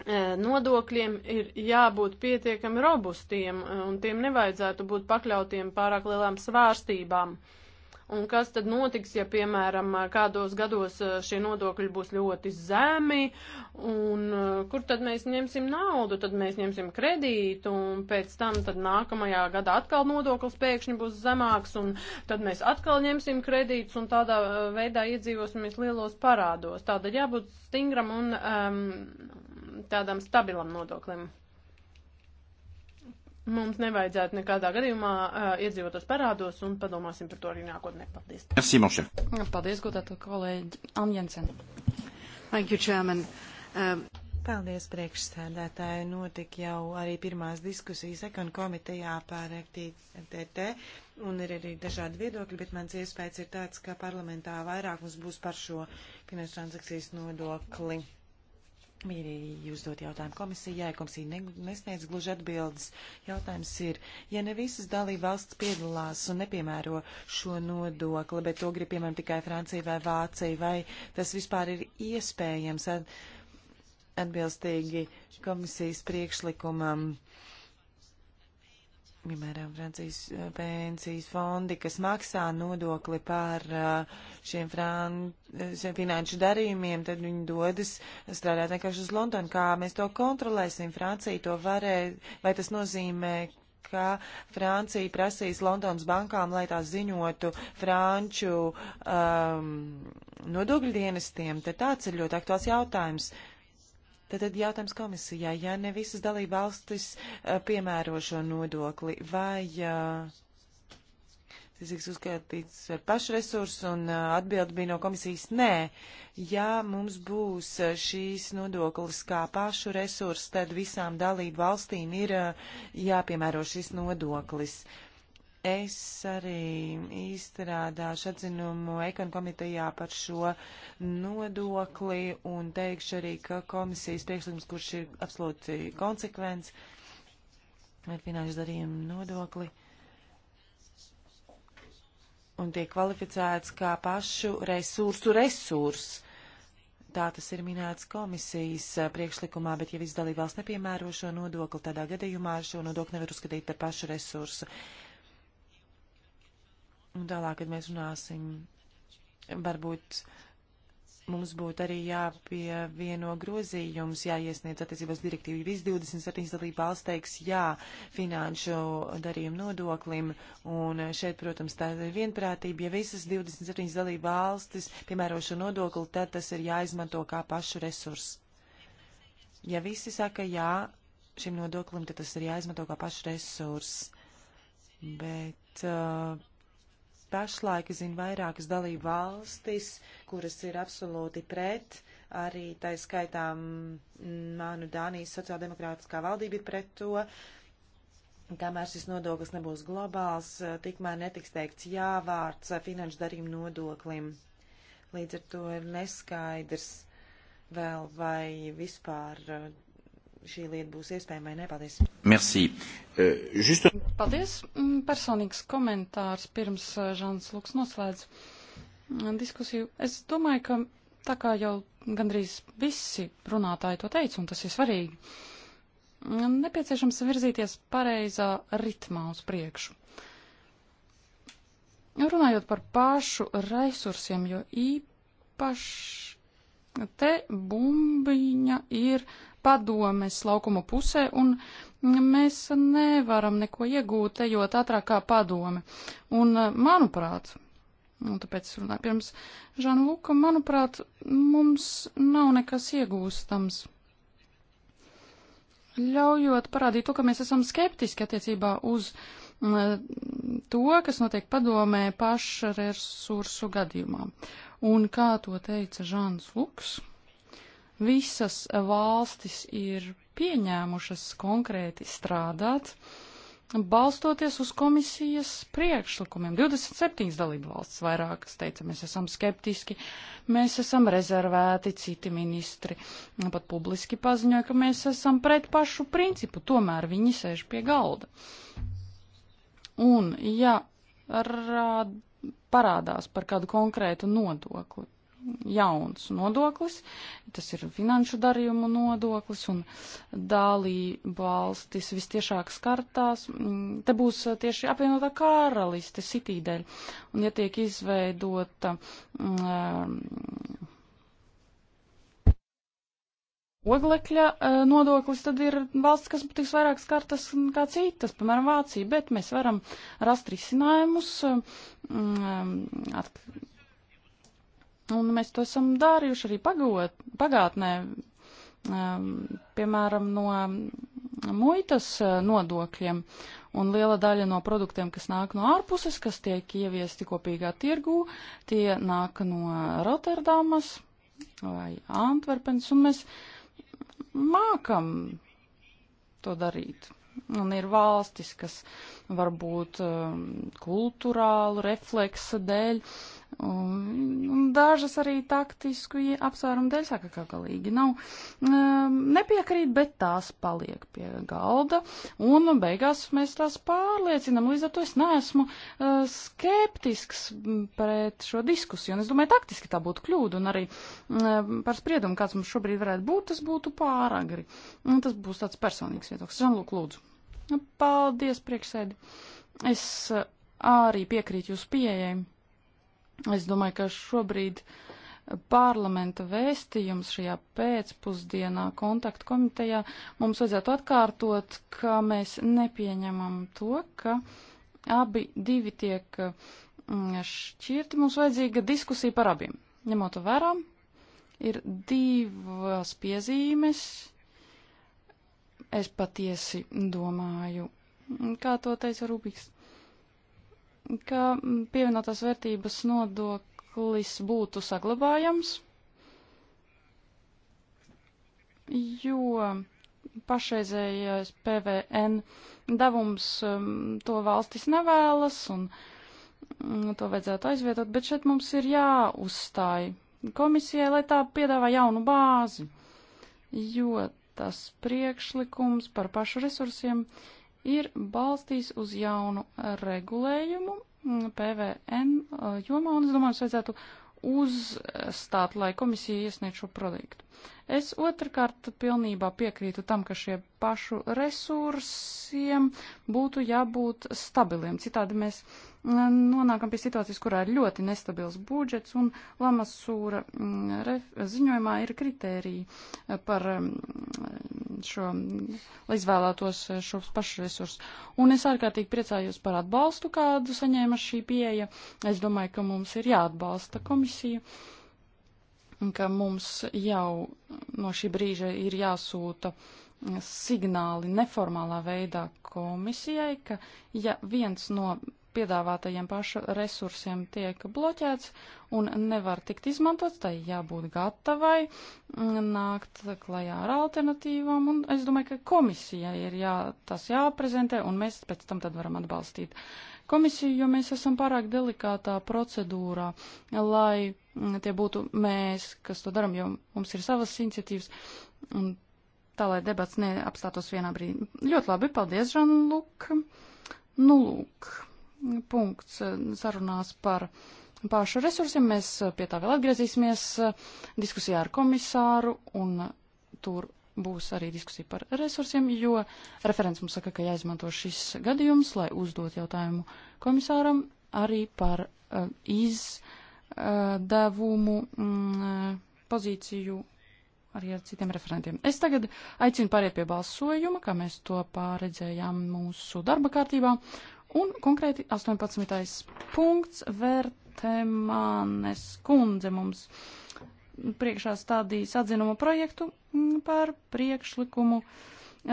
E, nodokļiem ir jābūt pietiekami robustiem e, un tiem nevajadzētu būt pakļautiem pārāk lielām svārstībām. Un kas tad notiks, ja, piemēram, e, kādos gados šie nodokļi būs ļoti zemi, un kur tad mēs ņemsim naudu, tad mēs ņemsim kredītu, un pēc tam tad nākamajā gadā atkal nodoklis pēkšņi būs zemāks, un tad mēs atkal ņemsim kredītus, un tādā veidā iedzīvosimies lielos parādos. Tāda jābūt stingram un um, tādam stabilam nodoklim. Mums nevajadzētu nekādā gadījumā uh, iedzīvotos parādos un padomāsim par to arī nākotnē. Paldies. Merci, mon cher. Paldies, godāto kolēģi Amjensen. Thank you, Chairman. Um... Paldies, priekšsēdētāji. Notik jau arī pirmās diskusijas ekon komitejā par FTT un ir arī dažādi viedokļi, bet mans iespējas ir tāds, ka parlamentā vairāk mums būs par šo finanšu transakcijas nodokli. Mm. Mīrīgi jūs dot jautājumu komisijai, komisija ne, nesniedz gluži atbildes. Jautājums ir, ja ne visas dalība valsts piedalās un nepiemēro šo nodokli, bet to grib piemēram tikai Francija vai Vācija, vai tas vispār ir iespējams at, atbilstīgi komisijas priekšlikumam? Uh, piemēram, Francijas eh, pensijas fondi, kas maksā nodokli par eh, šiem, fran... Eh, šiem finanšu darījumiem, tad viņi dodas strādāt vienkārši uz Londonu. Kā mēs to kontrolēsim? Francija to varē, vai tas nozīmē, ka Francija prasīs Londonas bankām, lai tās ziņotu franču um, nodokļu dienestiem? Tad tāds ir ļoti aktuāls jautājums. Uh, Tātad jautājums komisijai, ja ne visas dalība valstis eh, piemēro šo nodokli, vai tas eh, tiks uzskatīts ar pašresursu un eh, atbildi bija no komisijas nē. Ja mums būs šīs nodoklis kā pašu resurs, tad visām dalību valstīm ir jāpiemēro šis nodoklis. Uh, Es arī izstrādāšu atzinumu ekonkomitejā par šo nodokli un teikšu arī, ka komisijas priekšlikums, kurš ir absolūti konsekvents ar finanšu darījumu nodokli un tiek kvalificēts kā pašu resursu resurs. Tā tas ir minēts komisijas priekšlikumā, bet ja viss dalībvalsts nepiemēro šo nodokli, tādā gadījumā šo nodokli nevar uzskatīt par pašu resursu. Uh, Un tālāk, kad mēs runāsim, varbūt mums būtu arī jāpievieno grozījums, jāiesniedz attiecībās direktīvu. Viss 27 dalība valsts teiks jā finanšu darījumu nodoklim, un šeit, protams, tā ir vienprātība. Ja visas 27 dalība valstis piemēro šo nodokli, tad tas ir jāizmanto kā pašu resursu. Ja visi saka jā šim nodoklim, tad tas ir jāizmanto kā pašu resursu. Bet. Uh, pašlaik zinu vairākas dalību valstis, kuras ir absolūti pret, arī tā skaitā manu Dānijas sociāldemokrātiskā valdība ir pret to. Kamēr šis nodoklis nebūs globāls, tikmēr netiks teikts jā vārds finanšu darījumu nodoklim. Līdz ar to ir neskaidrs vēl vai vispār šī lieta būs iespējama vai nepaldies. Merci. Uh, just... Paldies. Mm, personīgs komentārs pirms eh, Žants Luks noslēdz mm, diskusiju. Es domāju, ka tā kā jau gandrīz visi runātāji to teica, un tas ir svarīgi, mm, nepieciešams virzīties pareizā ritmā uz priekšu. Runājot par pašu resursiem, jo īpaši te bumbiņa ir padomes laukuma pusē, un mēs nevaram neko iegūt, ejot ātrāk kā padome. Un, eh, manuprāt, un tāpēc es runāju pirms Žana Luka, manuprāt, mums nav nekas iegūstams. Ļaujot parādīt to, ka mēs esam skeptiski attiecībā uz mm, to, kas notiek padomē paša resursu gadījumā. Un kā to teica Žāns Luks, visas valstis ir pieņēmušas konkrēti strādāt, balstoties uz komisijas priekšlikumiem. 27 dalību valsts vairākas teica, mēs esam skeptiski, mēs esam rezervēti, citi ministri pat publiski paziņoja, ka mēs esam pret pašu principu, tomēr viņi sēž pie galda. Un, ja ar, parādās par kādu konkrētu nodokli, jauns nodoklis, tas ir finanšu darījumu nodoklis, un dālī valstis vistiešāk skartās. Mm, te būs tieši apvienotā karaliste sitī dēļ, un ja tiek izveidota. Um, Oglekļa uh, nodoklis tad ir valsts, kas tiks vairāk skartas kā citas, piemēram, Vācija, bet mēs varam rast risinājumus um, mm, e, at, Un mēs to esam darījuši arī pagot, pagātnē, um, piemēram, no muitas uh, nodokļiem. Un liela daļa no produktiem, kas nāk no ārpuses, kas tiek ieviesti kopīgā tirgū, tie nāk no Rotterdamas vai Antverpens, un mēs mākam to darīt. Un ir valstis, kas varbūt um, kultūrālu refleksu dēļ Un, un dažas arī taktisku apsvērumu dēļ saka, ka galīgi nav um, nepiekrīt, bet tās paliek pie galda, un beigās mēs tās pārliecinam. Līdz ar to es neesmu uh, skeptisks pret šo diskusiju, un es domāju, taktiski tā būtu kļūda, un arī um, par spriedumu, kāds mums šobrīd varētu būt, tas būtu pāragri. Un tas būs tāds personīgs viedoklis. Žanlūk, lūdzu. Paldies, prieksēdi. Es uh, arī piekrītu jūsu pieejai Es domāju, ka šobrīd parlamenta vēstījums šajā pēcpusdienā kontaktu komitejā mums vajadzētu atkārtot, ka mēs nepieņemam to, ka abi divi tiek mm, šķirti. Mums vajadzīga diskusija par abiem. Ņemot vērā, ir divas piezīmes. Es patiesi domāju, kā to teica Rubiks ka pievienotās vērtības nodoklis būtu saglabājams, jo pašreizējais PVN devums um, to valstis nevēlas un mm, to vajadzētu aizvietot, bet šeit mums ir jāuzstāj komisijai, lai tā piedāvā jaunu bāzi, jo tas priekšlikums par pašu resursiem ir balstīs uz jaunu regulējumu mm, PVN jomā, un es domāju, es vajadzētu uzstāt, lai komisija iesniedz šo projektu. Es otrkārt pilnībā piekrītu tam, ka šie pašu resursiem būtu jābūt stabiliem, citādi mēs uh, nonākam pie situācijas, kurā ir ļoti nestabils budžets, un Lamasūra mm, ziņojumā ir kritērija eh, par mm, šo, lai izvēlētos eh, šos pašu resursus. Un es ārkārtīgi priecājos par atbalstu, kādu saņēma šī pieeja. Es domāju, ka mums ir jāatbalsta komisija ka mums jau no šī brīža ir jāsūta mm, signāli neformālā veidā komisijai, ka ja viens no piedāvātajiem pašu resursiem tiek bloķēts un nevar tikt izmantots, tai jābūt gatavai mm, nākt klajā ar alternatīvām, un es domāju, ka komisijai ir jā, tas jāprezentē, un mēs pēc tam tad varam atbalstīt komisiju, jo mēs esam pārāk delikātā procedūrā, lai mm, tie būtu mēs, kas to daram, jo mums ir savas iniciatīvas, un tā, lai debats neapstātos vienā brīdī. Ļoti labi, paldies, Žanluk. Nu, lūk punkts eh, sarunās par pašu resursiem. Mēs eh, pie tā vēl atgriezīsimies eh, diskusijā ar komisāru, un tur būs arī diskusija par resursiem, jo referents mums saka, ka jāizmanto šis gadījums, lai uzdot jautājumu komisāram arī par uh, izdevumu mm, pozīciju arī ar citiem referentiem. Es tagad aicinu pāriet pie balsojuma, kā mēs to pārredzējām mūsu darba kārtībā, Un konkrēti 18. punkts Vertemānes kundze mums priekšā stādīs atzinumu projektu par priekšlikumu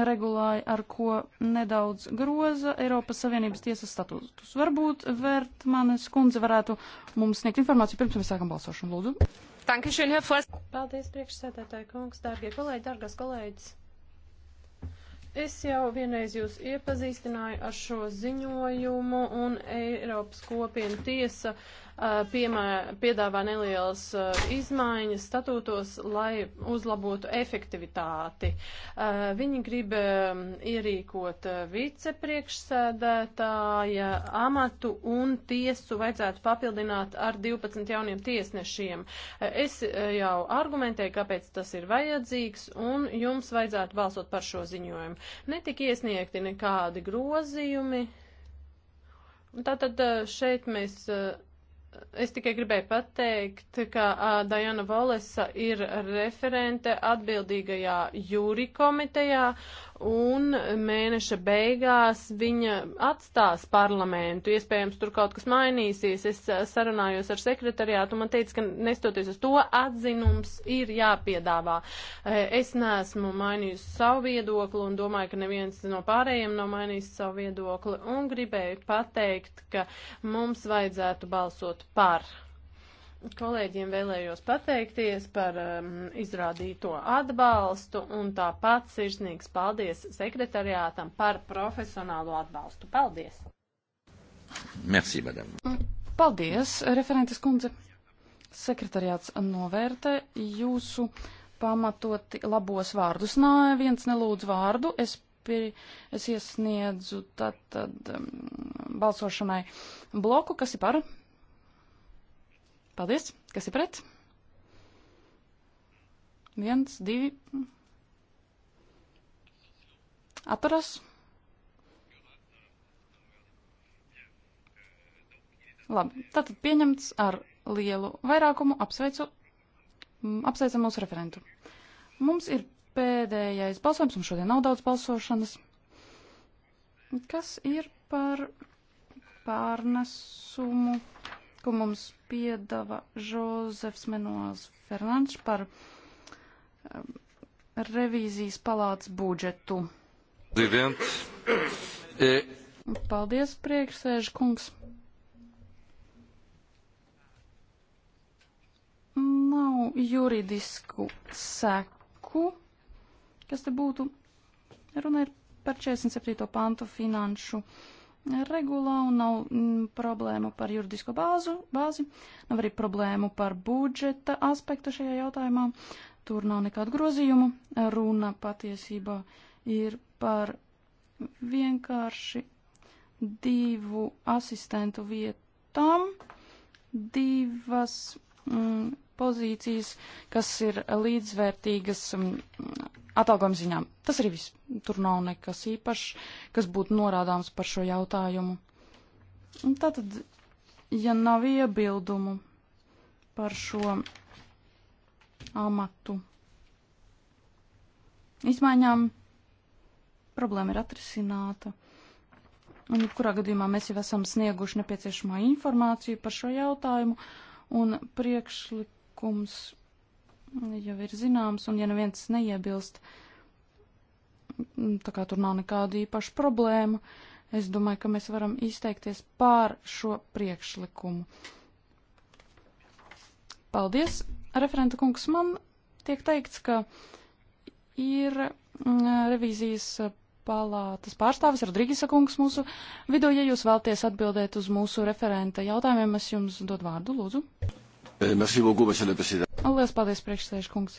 regulāri, ar ko nedaudz groza Eiropas Savienības tiesas statūtus. Varbūt Vertmanes kundze varētu mums sniegt informāciju pirms mēs sākam balsošanu. Lūdzu. Paldies, priekšsēdētāji kungs, dārgie kolēģi, dārgās kolēģis. Es jau vienreiz jūs iepazīstināju ar šo ziņojumu un Eiropas kopienu tiesa uh, piemēr, piedāvā nelielas izmaiņas statūtos, lai uzlabotu efektivitāti. Viņi grib ierīkot vicepriekšsēdētāja amatu un tiesu vajadzētu papildināt ar 12 jauniem tiesnešiem. Es jau argumentēju, kāpēc tas ir vajadzīgs, un jums vajadzētu balsot par šo ziņojumu. Netika iesniegti nekādi grozījumi. Tātad šeit mēs uh, Es tikai gribēju pateikt, ka uh, Dajana Volesa ir referente atbildīgajā jūri komitejā, un mēneša beigās viņa atstās parlamentu. Iespējams, tur kaut kas mainīsies. Es eh, sarunājos ar sekretariātu, man teica, ka nestoties uz to, atzinums ir jāpiedāvā. Eh, es neesmu mainījusi savu viedokli un domāju, ka neviens no pārējiem nav mainījis savu viedokli un gribēju pateikt, ka mums vajadzētu balsot par kolēģiem vēlējos pateikties par um, izrādīto atbalstu un tāpat sirsnīgs paldies sekretariātam par profesionālo atbalstu. Paldies! Merci, madam. Mm, paldies, referentes kundze. Sekretariāts novērtē jūsu pamatoti labos vārdus. Nā, viens nelūdz vārdu. Es pie, es iesniedzu tad, tad um, balsošanai bloku, kas ir par Paldies. Kas ir pret? Viens, divi. Atturas. Labi, tātad pieņemts ar lielu vairākumu. Apsveicu, apsveicam mūsu referentu. Mums ir pēdējais balsojums, un šodien nav daudz balsošanas. Kas ir par pārnesumu, ko mums piedāvā Žozefs Menos Fernandes par um, revīzijas palātas budžetu. Divient. E. Paldies, priekšsēžu kungs. Nav juridisku seku, kas te būtu. Runa ir par 47. pantu finanšu regulā un nav mm, problēmu par juridisko bāzu, bāzi, nav arī problēmu par budžeta aspektu šajā jautājumā. Tur nav nekādu grozījumu. Runa patiesībā ir par vienkārši divu asistentu vietām, divas mm, pozīcijas, kas ir līdzvērtīgas mm, atalgojuma ziņām. Tas arī viss. Tur nav nekas īpašs, kas būtu norādāms par šo jautājumu. Un tātad, ja nav iebildumu par šo amatu izmaiņām, problēma ir atrisināta. Un, kurā gadījumā mēs jau esam snieguši nepieciešamā informāciju par šo jautājumu, un priekšlikums jau ir zināms, un ja neviens neiebilst, tā kā tur nav nekāda īpaša problēma, es domāju, ka mēs varam izteikties pār šo priekšlikumu. Paldies, referenta kungs, man tiek teikts, ka ir mm, revīzijas palātas pārstāvis Rodrīgisa kungs mūsu vidū. Ja jūs vēlties atbildēt uz mūsu referenta jautājumiem, es jums dod vārdu, lūdzu. Eh, merci beaucoup, monsieur le président. Lielas paldies, priekšsēžkungs.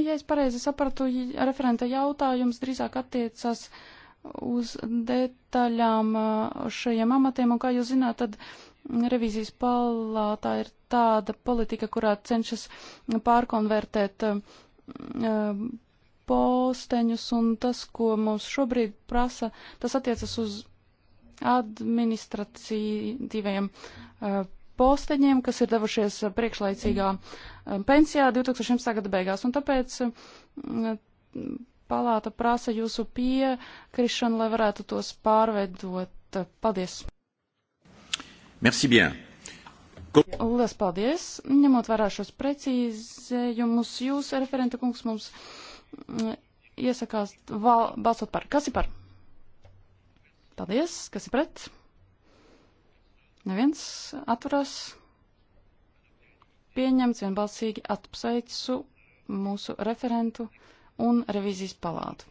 Ja es pareizi sapratu, referenta jautājums drīzāk attiecas uz detaļām uh, šajiem amatiem, un kā jūs zināt, tad revīzijas palātā ir tāda politika, kurā cenšas pārkonvertēt uh, uh, posteņus, un tas, ko mums šobrīd prasa, tas attiecas uz administratīvajiem uh, posteņiem, kas ir devušies eh, priekšlaicīgā eh, pensijā 2016. gada beigās. Un tāpēc mm, palāta prasa jūsu piekrišanu, lai varētu tos pārveidot. Paldies! Merci bien! Lielas paldies! Ņemot vērā šos precīzējumus, jūs, referenta kungs, mums mm, iesakās val, balsot par. Kas ir par? Paldies! Kas ir pret? Neviens atturās. Pieņemts vienbalsīgi apsveicu mūsu referentu un revīzijas palātu.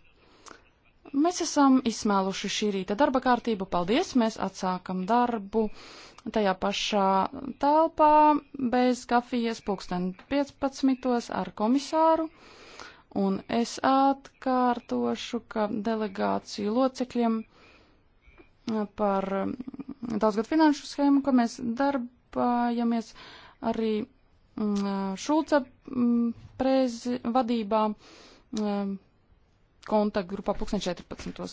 Mēs esam izsmēluši šī rīta darba kārtību. Paldies! Mēs atsākam darbu tajā pašā telpā bez kafijas pulksten 15. ar komisāru. Un es atkārtošu, ka delegāciju locekļiem par um, daudzgad finanšu schēmu, ka mēs darbājamies arī um, Šulca um, prezi vadībā kontaktgrupā 2014.